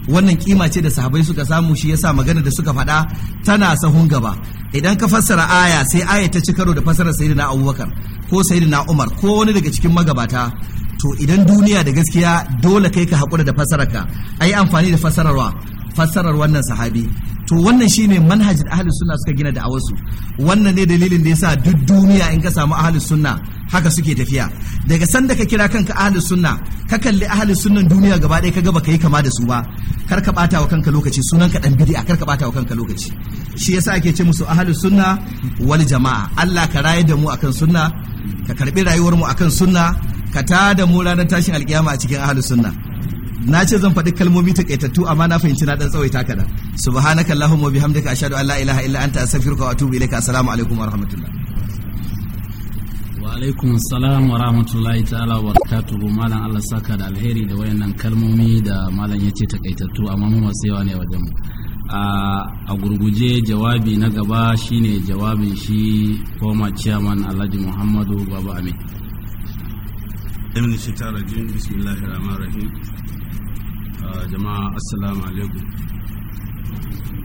wannan kima ce da sahabbai suka samu shi yasa magana da suka faɗa tana sahun gaba idan ka fassara aya sai aya ta ci karo da fassarar sayyidina Abubakar ko sayyidina Umar ko wani daga cikin magabata to idan duniya da gaskiya dole kai ka haƙura da fassararka ai amfani da fassararwa fassarar wannan sahabi to wannan shine manhajin ahli sunna suka gina awasu wannan ne dalilin da yasa duk duniya in ka samu ahli sunna haka suke tafiya daga sanda ka kira kanka ahli sunna ka kalli ahli sunnan duniya gaba ɗaya ka ga baka yi kama da su ba kar ka bata wa kanka lokaci sunan ka dan bid'a kar ka bata wa kanka lokaci shi yasa ake ce musu ahli sunna wal jama'a Allah ka raye da mu akan sunna ka karbi rayuwar mu akan sunna ka tada mu ranar tashin alkiyama a cikin ahli sunna na ce zan faɗi kalmomi takaitattu amma na fahimci na ɗan dan tsawaita kaɗan subhanaka allahumma bihamdika ashhadu an la ilaha illa anta astaghfiruka wa atubu ilaika assalamu alaikum wa rahmatullah wa alaikum assalam wa rahmatullahi ta'ala wa barakatuhu malam Allah saka da alheri da wayannan kalmomi da malam ya ce takaitattu amma mu masu yawa ne wajen mu a gurguje jawabi na gaba shine jawabin shi former chairman Alhaji Muhammadu Baba Amin. Ibn Uh, jama'a assalamu alaikum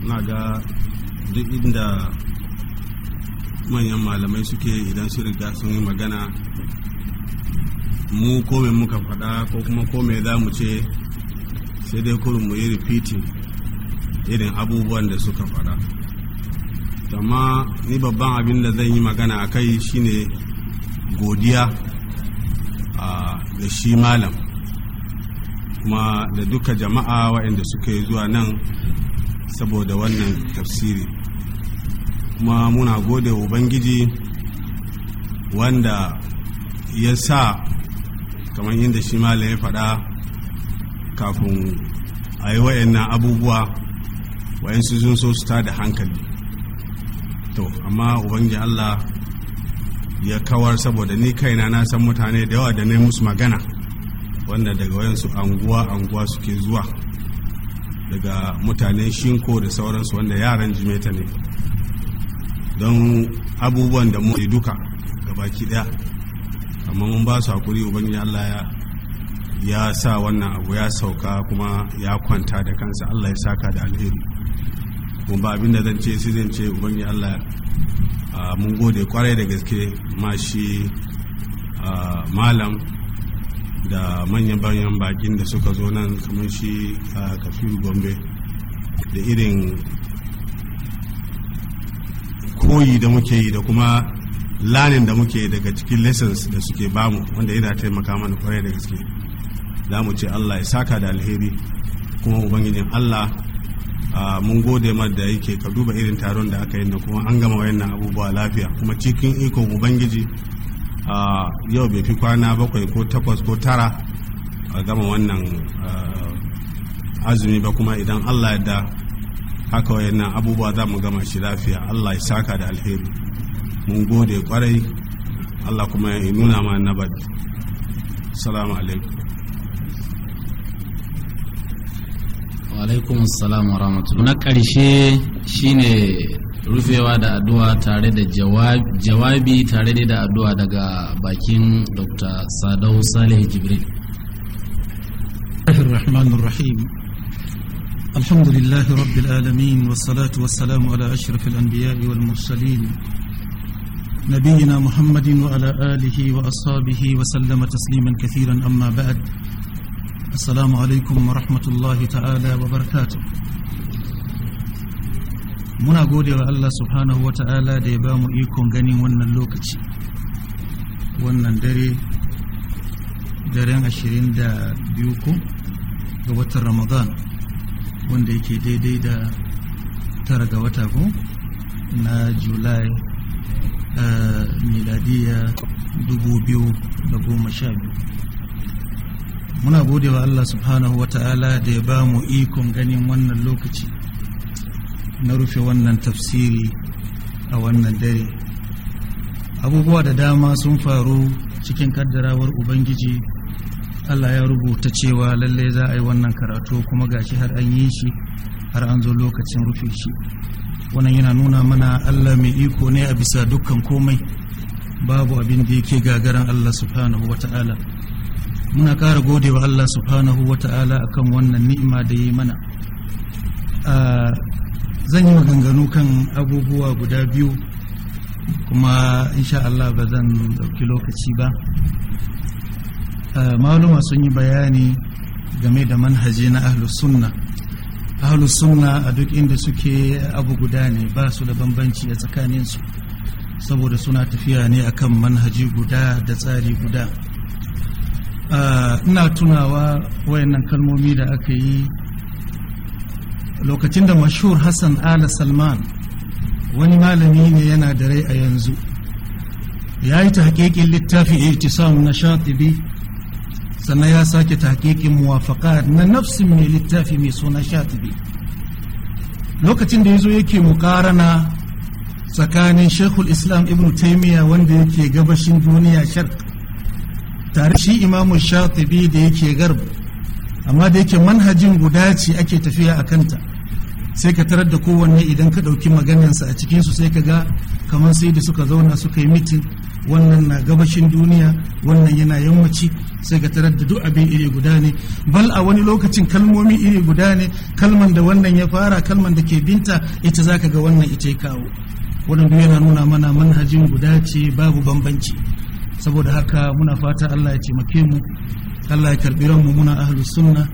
na ga duk inda manyan malamai suke idan su riga sun yi magana mu kome muka faɗa ko kuma kome za mu ce sai dai kurin mu yi repeating irin abubuwan da suka faɗa amma ni babban abin da zan yi magana a kai shine godiya da uh, shi malam kuma da duka jama'a waɗanda suka yi zuwa nan saboda wannan tafsiri kuma muna gode ubangiji wanda ya sa kamar inda shi ma ya faɗa kafin a yi waɗannan abubuwa waɗansu sun so su da hankali to amma ubangiji allah ya kawar saboda ni kaina na san mutane da yawa da na musu magana wanda daga wayansu anguwa-anguwa suke zuwa daga mutanen shinko da sauransu wanda yaran jimeta ne don abubuwan da mu duka baki daya amma mun ba su hakuri ubangiji allah ya sa wannan abu ya sauka kuma ya kwanta da kansa allah ya saka da alheri kuma ba abin da zan ce sai zan ce ubangiji allah ah, mun gode kwarai da gaske ma shi ah, malam da manyan bayan bakin da suka zo nan kamar shi a kafiru gombe da irin koyi da muke yi da kuma lanin da muke daga cikin lessons da suke bamu wanda yana taimaka mana kwarai da gaske za mu ce allah ya saka da alheri kuma ubangijin allah mun gode mar da yake ka duba irin taron da aka yi da kuma an gama wayannan abubuwa lafiya kuma cikin ikon ubangiji Ah, yau bai fi kwana bakwai ko takwas ko tara a gama wannan ah, azumi ba kuma idan allah da haka wayannan abubuwa za mu gama shi lafiya allah ya saka da alheri mun gode kwarai allah kuma ya nuna ma na bad salamu alaikum alaikum salamu wa rahmatullahi na karshe shine rufewa da addu'a tare da jawabi tare da addu'a daga bakin dr sadau salih jibril الحمد لله رب العالمين والصلاة والسلام على أشرف الأنبياء والمرسلين نبينا محمد وعلى آله وأصحابه وسلم تسليما كثيرا أما بعد السلام عليكم ورحمة الله تعالى وبركاته muna gode wa Allah subhanahu wa ta'ala da ya ba mu ikon ganin wannan lokaci wannan dare daren ashirin da biyu ko ga watan ramadan wanda yake daidai da tara ga wata ko na july eh, miladiya dubu goma sha biyu muna gode wa Allah subhanahu wa ta'ala da ya ba mu ikon ganin wannan lokaci na rufe wannan tafsiri a wannan dare abubuwa da dama sun faru cikin kaddarawar ubangiji allah ya rubuta cewa lallai za a yi wannan karatu kuma ga shi har an yi shi har an zo lokacin rufe shi wannan yana nuna mana allah mai iko ne a bisa dukkan komai babu abin da yake gagaran allah subhanahu wata'ala muna kara gode wa allah subhanahu wata'ala akan wannan ni'ima da ya yi mana ah, zan yi maganganu kan abubuwa guda biyu kuma insha Allah ba zan ɗauki lokaci ba eh, maluma sun yi bayani game da manhaji na ahlus sunna ahlus sunna a duk inda suke abu guda ne ba su da bambanci a tsakaninsu saboda suna tafiya ne akan manhaji guda da tsari guda eh, ina tunawa wayannan kalmomi da aka yi lokacin da mashur hassan ala salman wani malami ne yana da rai a yanzu ya yi ta hakikin littafi ihtisam na shatibi sannan ya sake ta hakikin muwafaka na nafsin mai littafi mai suna shatibi lokacin da ya zo yake mukarana tsakanin shekul islam ibn taimiyya wanda yake gabashin duniya shark tare shi imamu shatibi da yake Garba, amma da yake manhajin guda ce ake tafiya a kanta sai ka tarar da kowanne idan ka ɗauki sa a cikinsu sai ka ga kamar sai da suka zauna suka yi miti wannan na gabashin duniya wannan yana yammaci sai ka tarar da duk abin iri guda ne bal a wani lokacin kalmomi iri guda ne kalman da wannan ya fara kalman da ke binta ita zaka ga wannan ita ya kawo wannan yana nuna mana manhajin guda ce babu bambanci saboda haka muna fata Allah ya taimake mu Allah ya karbi mu muna ahlus sunna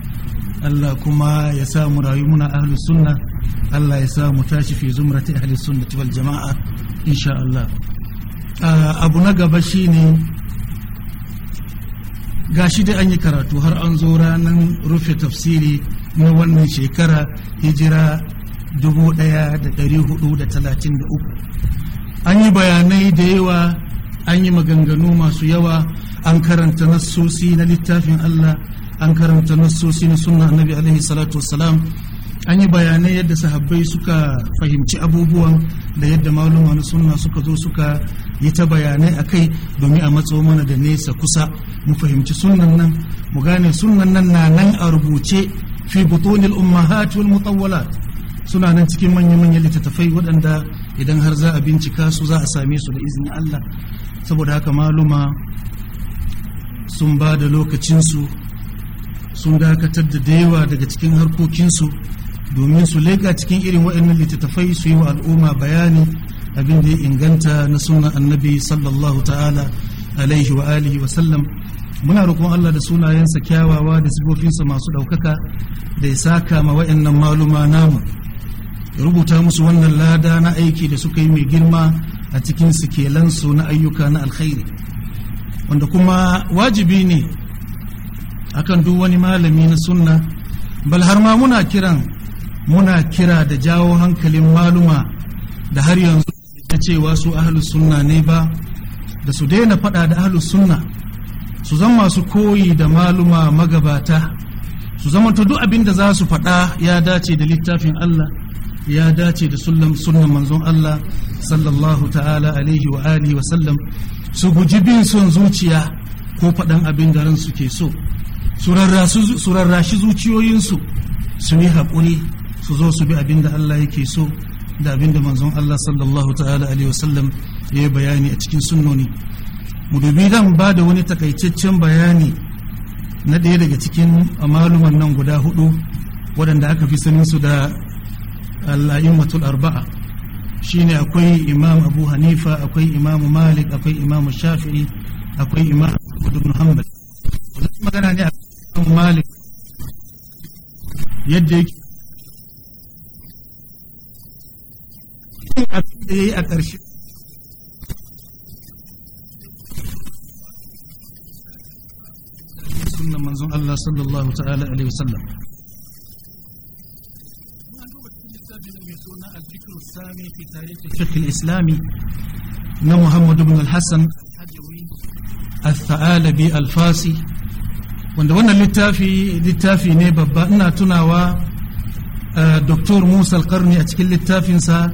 Allah kuma ya sa mu rayu muna ahlus sunna Allah ya sa mu tashi fi zumrati ahlus sunnati wal jama'a insha Allah ah, abu na gaba shine gashi dai an yi karatu har an zo ranar rufe tafsiri na wannan shekara hijira 1433 an yi bayanai da yawa an yi maganganu masu yawa an karanta nassosi na littafin Allah an karanta nassosi na suna annabi alaihi salatu wasalam an yi bayanai yadda sahabbai suka fahimci abubuwan da yadda maluma na sunna suka zo suka yi ta bayanai a kai domin a matso mana da nesa kusa mu fahimci sunan nan mu gane sunan nan na nan a rubuce fi butunil ummahat wal mutawwalat suna nan cikin manya-manyan littattafai waɗanda idan har za a bincika su za a same su da izinin Allah saboda haka maluma sun ba da lokacinsu sun dakatar da yawa daga cikin harkokinsu domin su leƙa cikin irin waɗannan littattafai su yi wa al'umma bayani abin da ya inganta na sunan annabi sallallahu ta'ala alaihi wa alihi wa sallam muna roƙon Allah da sunayensa kyawawa da sifofinsa masu ɗaukaka da ya saka ma waɗannan maluma namu rubuta musu wannan lada na aiki da suka yi mai girma a cikin sikelansu na ayyuka na alkhairi wanda kuma wajibi ne akan duk wani malami na sunna bal har ma muna kiran muna kira da jawo hankalin maluma da har yanzu ta cewa su ahlus sunna ne ba da su daina faɗa da ahlus sunna su zama masu koyi da maluma magabata su zama to duk abin da za su faɗa ya dace da littafin Allah ya dace da sunnan manzon Allah sallallahu ta'ala alaihi wa alihi wa sallam su guji bin son zuciya ko faɗan abin da ransu ke so su rarrashi zuciyoyinsu su yi haƙuri su zo su bi abin da Allah yake so da abin da manzon Allah sallallahu ta'ala alaihi wasallam ya yi bayani a cikin sunnoni mu dubi zan ba da wani takaitaccen bayani na ɗaya daga cikin amalu nan guda hudu waɗanda aka fi sanin su da al'a'immatul arba'a shine akwai imam abu hanifa akwai imam malik akwai imam shafi'i akwai imam abu hanbal magana ne a مالك يدك اي اترش سنة من الله صلى الله تعالى عليه وسلم الذكر السامي في تاريخ الفقه الإسلامي ان محمد بن الحسن الثعالبي الفاسي wanda wannan littafi littafi ne babba ina tunawa eh, Dr. Musa Alkarni a cikin littafinsa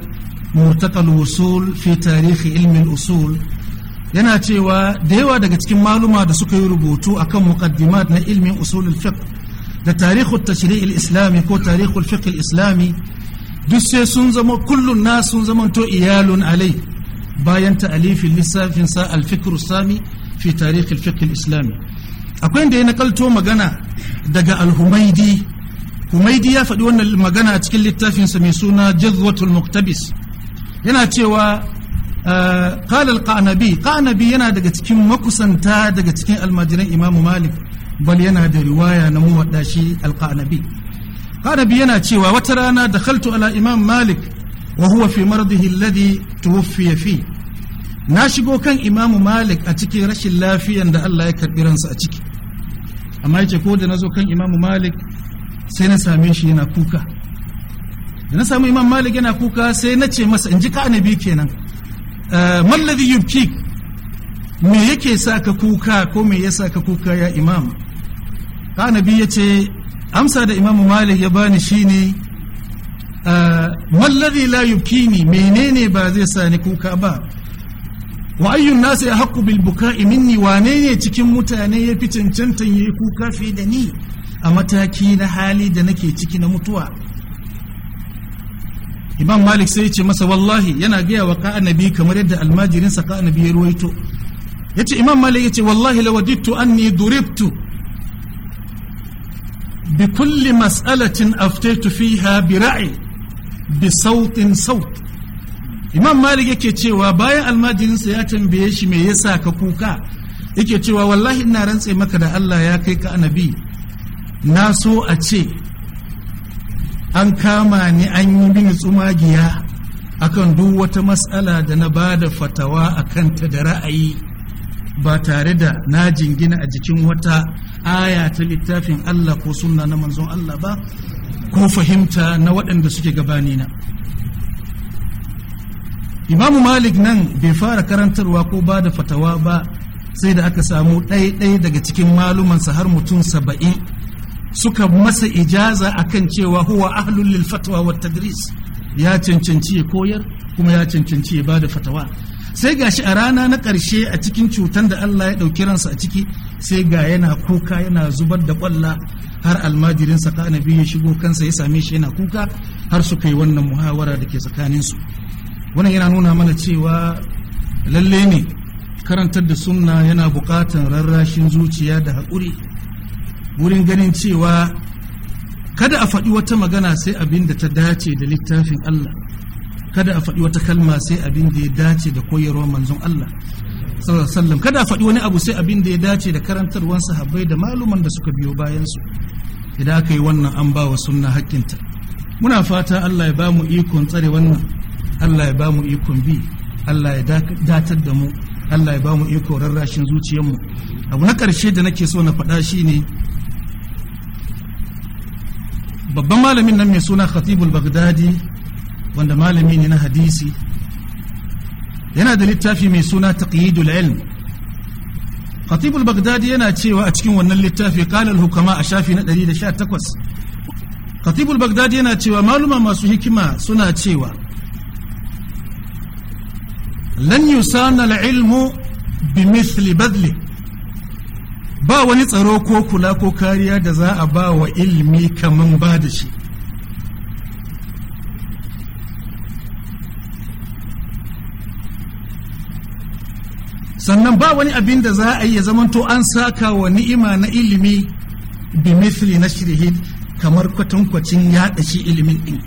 Murtakal Wusul fi tarihi ilmin usul yana cewa da yawa daga cikin maluma da suka yi rubutu akan muqaddimat na ilmin usul fiqh da tarihu tashri'il islami ko tarihul fiqh islami duk sai sun zama kullun na sun zama to iyalun alai bayan ta'alifin lissafin sa al-fikr sami fi tarihil fiqh islami akwai da ya nakalto magana daga al-humaidi humaidi ya faɗi wannan magana a cikin littafinsa mai suna jazwatul muktabis yana cewa eh, qala al-qanabi qanabi yana daga cikin makusanta daga cikin almajiran imamu malik bal yana da riwaya na muwadda shi al-qanabi qanabi yana cewa wata rana dakhaltu ala imam malik wa huwa fi mardihi alladhi tuwaffiya fi na shigo kan imamu malik a cikin rashin lafiyan da Allah ya karbi ransa a ciki amma yace ko da nazo kan imamu malik sai na same shi yana kuka da na samu imam malik yana kuka sai na ce masa in ji ka kenan eh, mallabi yubki me yake sa ka kuka ko me yasa ka kuka ya imam ka annabi ce amsa da imam malik ya bani shine eh, mallabi la yubkini menene ba zai sa ni kuka ba wa ayyun nasu ya haƙƙu bil buka'i minni wane ne cikin mutane ya fi cancantan ya yi kuka fi da ni a mataki na hali da nake ciki na mutuwa imam malik sai ce masa wallahi yana gaya wa ka annabi kamar yadda almajirinsa ka annabi ya ruwaito ya ce imam malik yace ce wallahi lawadittu anni duribtu bi kulli mas'alatin aftaitu fiha bi ra'i bi sautin saut imam malik yake cewa bayan almajirinsa ya tambaye shi me yasa ka kuka yake cewa wallahi ina rantse maka da allah ya kai ka annabi na so a ce an kama ni an yi mini tsumagiya akan duk wata matsala da na ba da fatawa a kanta da ra'ayi ba tare da na jingina a jikin wata aya ta littafin Allah ko sunna na manzon Allah ba ko fahimta na waɗanda suke gabanina imamu malik nan bai fara karantarwa ko ba da fatawa ba sai da aka samu ɗaya-ɗaya daga cikin malumansa har mutum saba'in suka masa ijaza a kan cewa huwa ahlul lil fatawa wa tadris ya cancanci ya koyar kuma ya cancanci ya ba da fatawa sai gashi a rana na ƙarshe a cikin cutan da Allah ya ɗauki ransa a ciki sai ga yana kuka yana zubar da ƙwalla har almajirinsa ka ya shigo kansa ya same shi yana kuka har suka yi wannan muhawara da ke tsakaninsu wannan yana nuna mana cewa lalle ne karantar da sunna yana buƙatar rarrashin zuciya da haƙuri wurin ganin cewa kada a faɗi wata magana sai abin da ta dace da littafin Allah kada a faɗi wata kalma sai abin da ya dace da koyarwar manzon Allah sallallahu kada a faɗi wani abu sai abin da ya dace da karantarwar sahabbai da maluman da suka biyo bayan su idan aka yi wannan an ba wa sunna hakkinta muna fata Allah ya ba mu ikon tsare wannan Allah ya ba mu ikon bi Allah ya datar da mu Allah ya ba mu ikon rarrashin zuciyarmu abu na ƙarshe da nake so na faɗa shi ne babban malamin nan mai suna khatibul wanda malami ne na hadisi yana da littafi mai suna taqyidul ilm khatibul yana cewa a cikin wannan littafi qala hukama a shafi na 118 khatibul baghdadi yana cewa maluma masu hikima suna cewa lan yusana al’ilmu ilmu bimithli badli ba wani tsaro ko kula ko kariya da za a ba wa ilimi kaman ba da shi sannan ba wani abin da za a yi ya zamanto an saka wa ni'ima na ilimi bimithli na shirhi kamar kwatankwacin yaɗa shi ilimin ɗin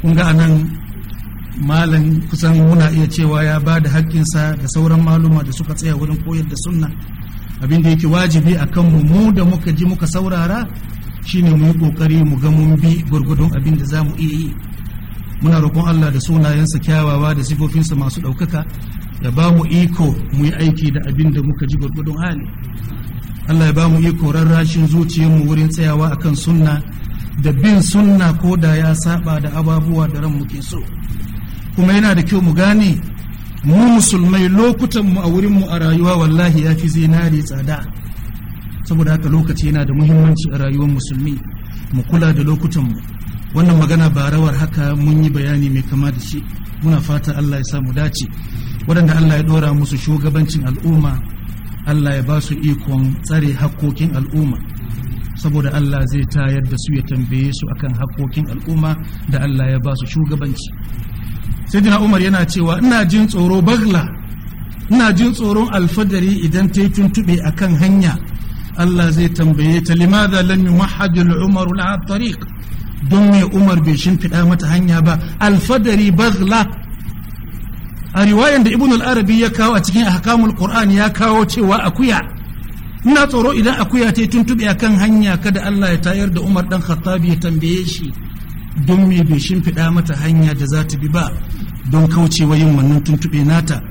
kun ga anan malam kusan muna iya cewa ya ba da haƙƙinsa da sauran maluma da suka tsaya wurin koyar da sunna abin da yake wajibi a kanmu mu da muka ji muka saurara shine mu yi ƙoƙari mu ga mun bi gwargwadon abin da za mu iya yi muna roƙon Allah da sunayensa kyawawa da sifofinsa masu ɗaukaka ya ba mu iko mu yi aiki da abin da muka ji gwargwadon hali Allah ya ba mu iko rarrashin zuciyarmu wurin tsayawa akan sunna da bin sunna ko da ya saba da ababuwa da ran muke so kuma yana da kyau mu gane mu musulmai lokutanmu a wurin mu a rayuwa wallahi ya fi zinari tsada saboda haka lokaci yana da muhimmanci a rayuwar musulmi mu kula da lokutanmu wannan magana ba rawar haka mun yi bayani mai kama da shi muna fata allah ya sa mu dace waɗanda allah ya ɗora musu shugabancin al'umma allah ya ba su ikon tsare hakkokin al'umma saboda allah zai tayar da su ya tambaye su akan hakkokin al'umma da allah ya ba su shugabanci sayyidina umar yana cewa ina jin tsoro bagla ina jin tsoron alfadari idan ta yi tuntuɓe a kan hanya allah zai tambaye ta limadha lam yuwahhadu mahajjul umaru na tariq don mai umar bai fiɗa mata hanya ba alfadari bagla a riwayan da ibn al-arabi ya kawo a cikin ahkamul qur'an ya kawo cewa akuya ina tsoro idan akuya ta yi tuntuɓe a kan hanya kada allah ya tayar da umar dan khattabi ya tambaye shi don me bai shimfiɗa mata hanya da za ta bi ba don kaucewa yin wannan tuntuɓe nata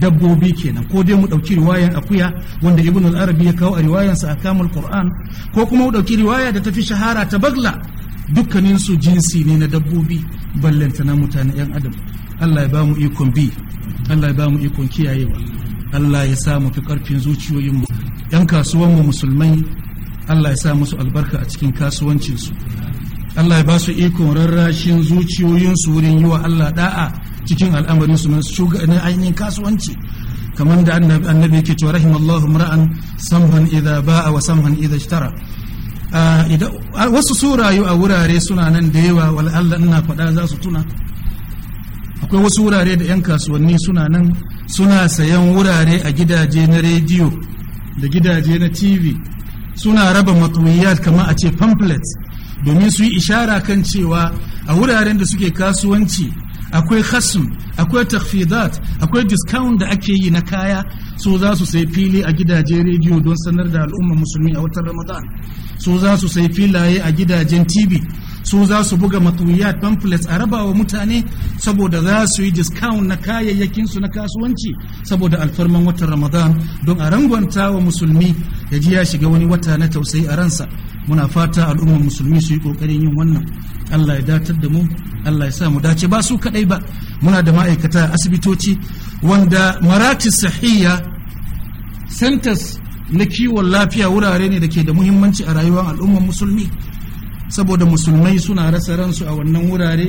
dabbobi kenan ko dai mu ɗauki riwayan akuya wanda ibn al-arabi ya kawo a riwayansa a kamul qur'an ko kuma mu ɗauki riwaya da ta fi shahara ta bagla dukkanin su jinsi ne na dabbobi ballanta na mutane yan adam Allah ya ba mu ikon bi Allah ya ba mu ikon kiyayewa Allah ya sa mu fi karfin mu. yan kasuwan mu musulmai Allah ya sa musu albarka a cikin kasuwancinsu Allah ya ba su ikon rarrashin zuciyoyinsu wurin yi wa Allah da'a cikin al'amarin su na shugabannin ainihin kasuwanci kamar da annabi yake cewa rahimallahu mar'an samhan idza ba'a wa samhan idza ishtara wasu surayu a wurare suna nan da yawa wal Allah ina faɗa za su tuna akwai wasu wurare da 'yan kasuwanni suna nan suna sayan wurare a gidaje na rediyo da gidaje na tv suna raba matwiyat kamar a ce pamphlets domin su yi ishara kan cewa a wuraren da suke kasuwanci akwai khasm akwai takfidat akwai discount da ake yi na kaya so za su sai fili a gidajen rediyo don sanar da al'umma musulmi a watan ramadan so za su sai filaye a gidajen tv su za su buga matwiyat pamphlets a raba wa mutane saboda za su yi discount na kayayyakinsu na kasuwanci saboda alfarman watan ramadan don a rangwanta wa musulmi ya ji ya shiga wani wata na tausayi a ransa muna fata al'ummar musulmi su yi kokarin yin wannan allah ya datar da mu allah ya sa mu dace ba su kadai ba muna da ma'aikata asibitoci wanda maratis sahiya centers na kiwon lafiya wurare ne da ke da muhimmanci a rayuwar al'ummar musulmi saboda musulmai suna rasa ransu a wannan wurare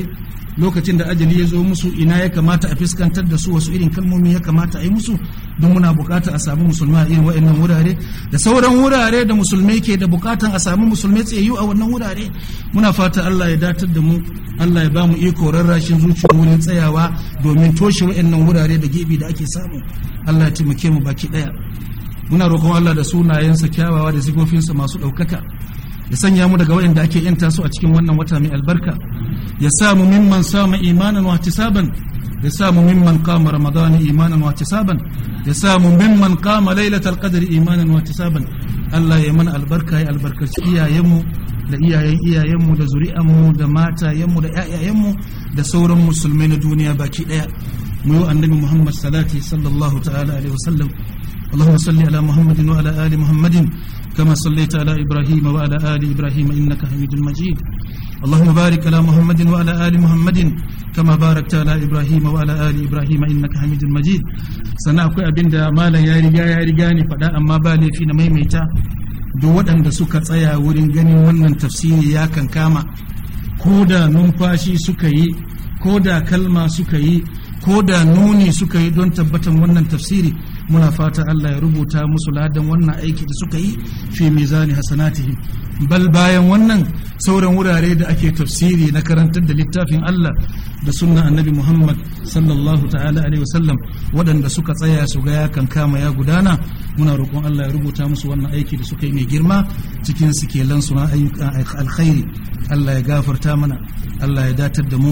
lokacin da ajali ya zo musu ina ya kamata a fuskantar da su wasu irin kalmomi ya kamata a yi musu don muna bukata a samu musulma a irin wa'annan wurare da sauran wurare da musulmai ke da bukatan a samu musulmai tsayayyu a wannan wurare muna fata Allah ya datar da mu Allah ya ba mu iko rarrashin zuciya wurin tsayawa domin toshe wa'annan wurare da gibi da ake samu Allah ya taimake mu baki daya muna roƙon Allah da sunayensa kyawawa da sifofinsa masu ɗaukaka ya sanya mu daga waɗanda ake yanta taso a cikin wannan wata mai albarka ya sa mu mimman sama imanan wa tisaban ya sa mu mimman kama ramadani imanan wa tisaban ya sa mu mimman kama lailatul qadri imanan wa tisaban Allah ya mana albarka ya albarkaci iyayenmu da iyayen iyayenmu da zuri'anmu da matayenmu da ƴaƴayenmu da sauran musulmai na duniya baki ɗaya mu yi annabi Muhammad salati sallallahu ta'ala alaihi wasallam اللهم صل على محمد وعلى آل محمد كما صليت على إبراهيم وعلى آل إبراهيم إنك حميد مجيد اللهم بارك على محمد وعلى آل محمد كما باركت على إبراهيم وعلى آل إبراهيم إنك حميد مجيد سنة أكو أبين دا مالا يا رجاء يا رجاني فدا أما بالي في نمي ميتا duk waɗanda suka tsaya wurin ganin wannan tafsiri ya kan kama ko da numfashi suka yi ko da kalma suka yi ko da nuni muna fata Allah ya rubuta musu ladan wannan aiki da suka yi fi mizani hasanatihim bal bayan wannan sauran wurare da ake tafsiri na karantar da littafin Allah da sunna annabi Muhammad sallallahu ta'ala alaihi wasallam waɗanda suka tsaya su ga ya kankama ya gudana muna roƙon Allah ya rubuta musu wannan aiki da suka yi mai girma cikin su kelan su na ayyukan alkhairi Allah ya gafarta mana Allah ya datar da mu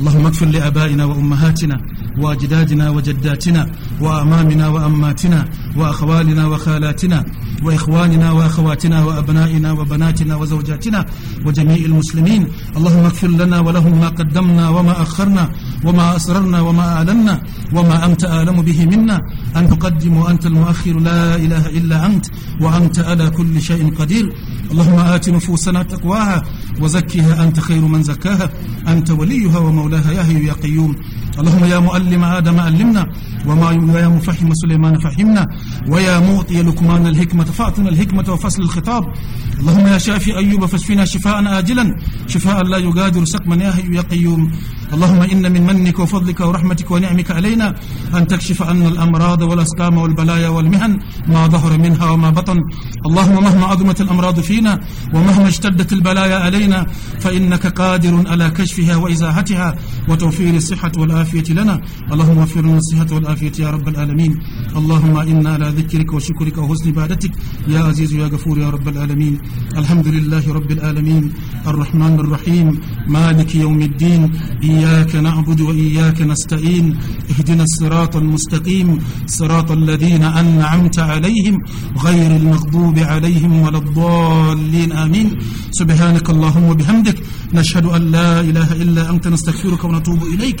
اللهم اغفر لآبائنا وأمهاتنا وأجدادنا وجداتنا وأمامنا وأماتنا وأخوالنا وخالاتنا وإخواننا وأخواتنا وأبنائنا وبناتنا وزوجاتنا وجميع المسلمين اللهم اغفر لنا ولهم ما قدمنا وما أخرنا وما أسررنا وما أعلنا وما أنت أعلم به منا أن تقدم وأنت المؤخر لا إله إلا أنت وأنت على كل شيء قدير اللهم آت نفوسنا تقواها وزكها أنت خير من زكاها أنت وليها ومولاها مولاها يا هي يا قيوم اللهم يا مؤلم آدم علمنا وما يا مفهم سليمان فهمنا ويا معطي لقمان الحكمة فأعطنا الحكمة وفصل الخطاب اللهم يا شافي أيوب فاشفنا شفاء آجلا شفاء لا يغادر سقما يا حي يا قيوم اللهم إن من منك وفضلك ورحمتك ونعمك علينا أن تكشف عنا الأمراض والأسقام والبلايا والمهن ما ظهر منها وما بطن اللهم مهما عظمت الأمراض فينا ومهما اشتدت البلايا علينا فإنك قادر على كشفها وإزاحتها وتوفير الصحة والآخرة والعافية لنا اللهم اغفر لنا الصحة والعافية يا رب العالمين اللهم إنا على ذكرك وشكرك وحسن عبادتك يا عزيز يا غفور يا رب العالمين الحمد لله رب العالمين الرحمن الرحيم مالك يوم الدين إياك نعبد وإياك نستعين اهدنا الصراط المستقيم صراط الذين أنعمت عليهم غير المغضوب عليهم ولا الضالين آمين سبحانك اللهم وبحمدك نشهد أن لا إله إلا أنت نستغفرك ونتوب إليك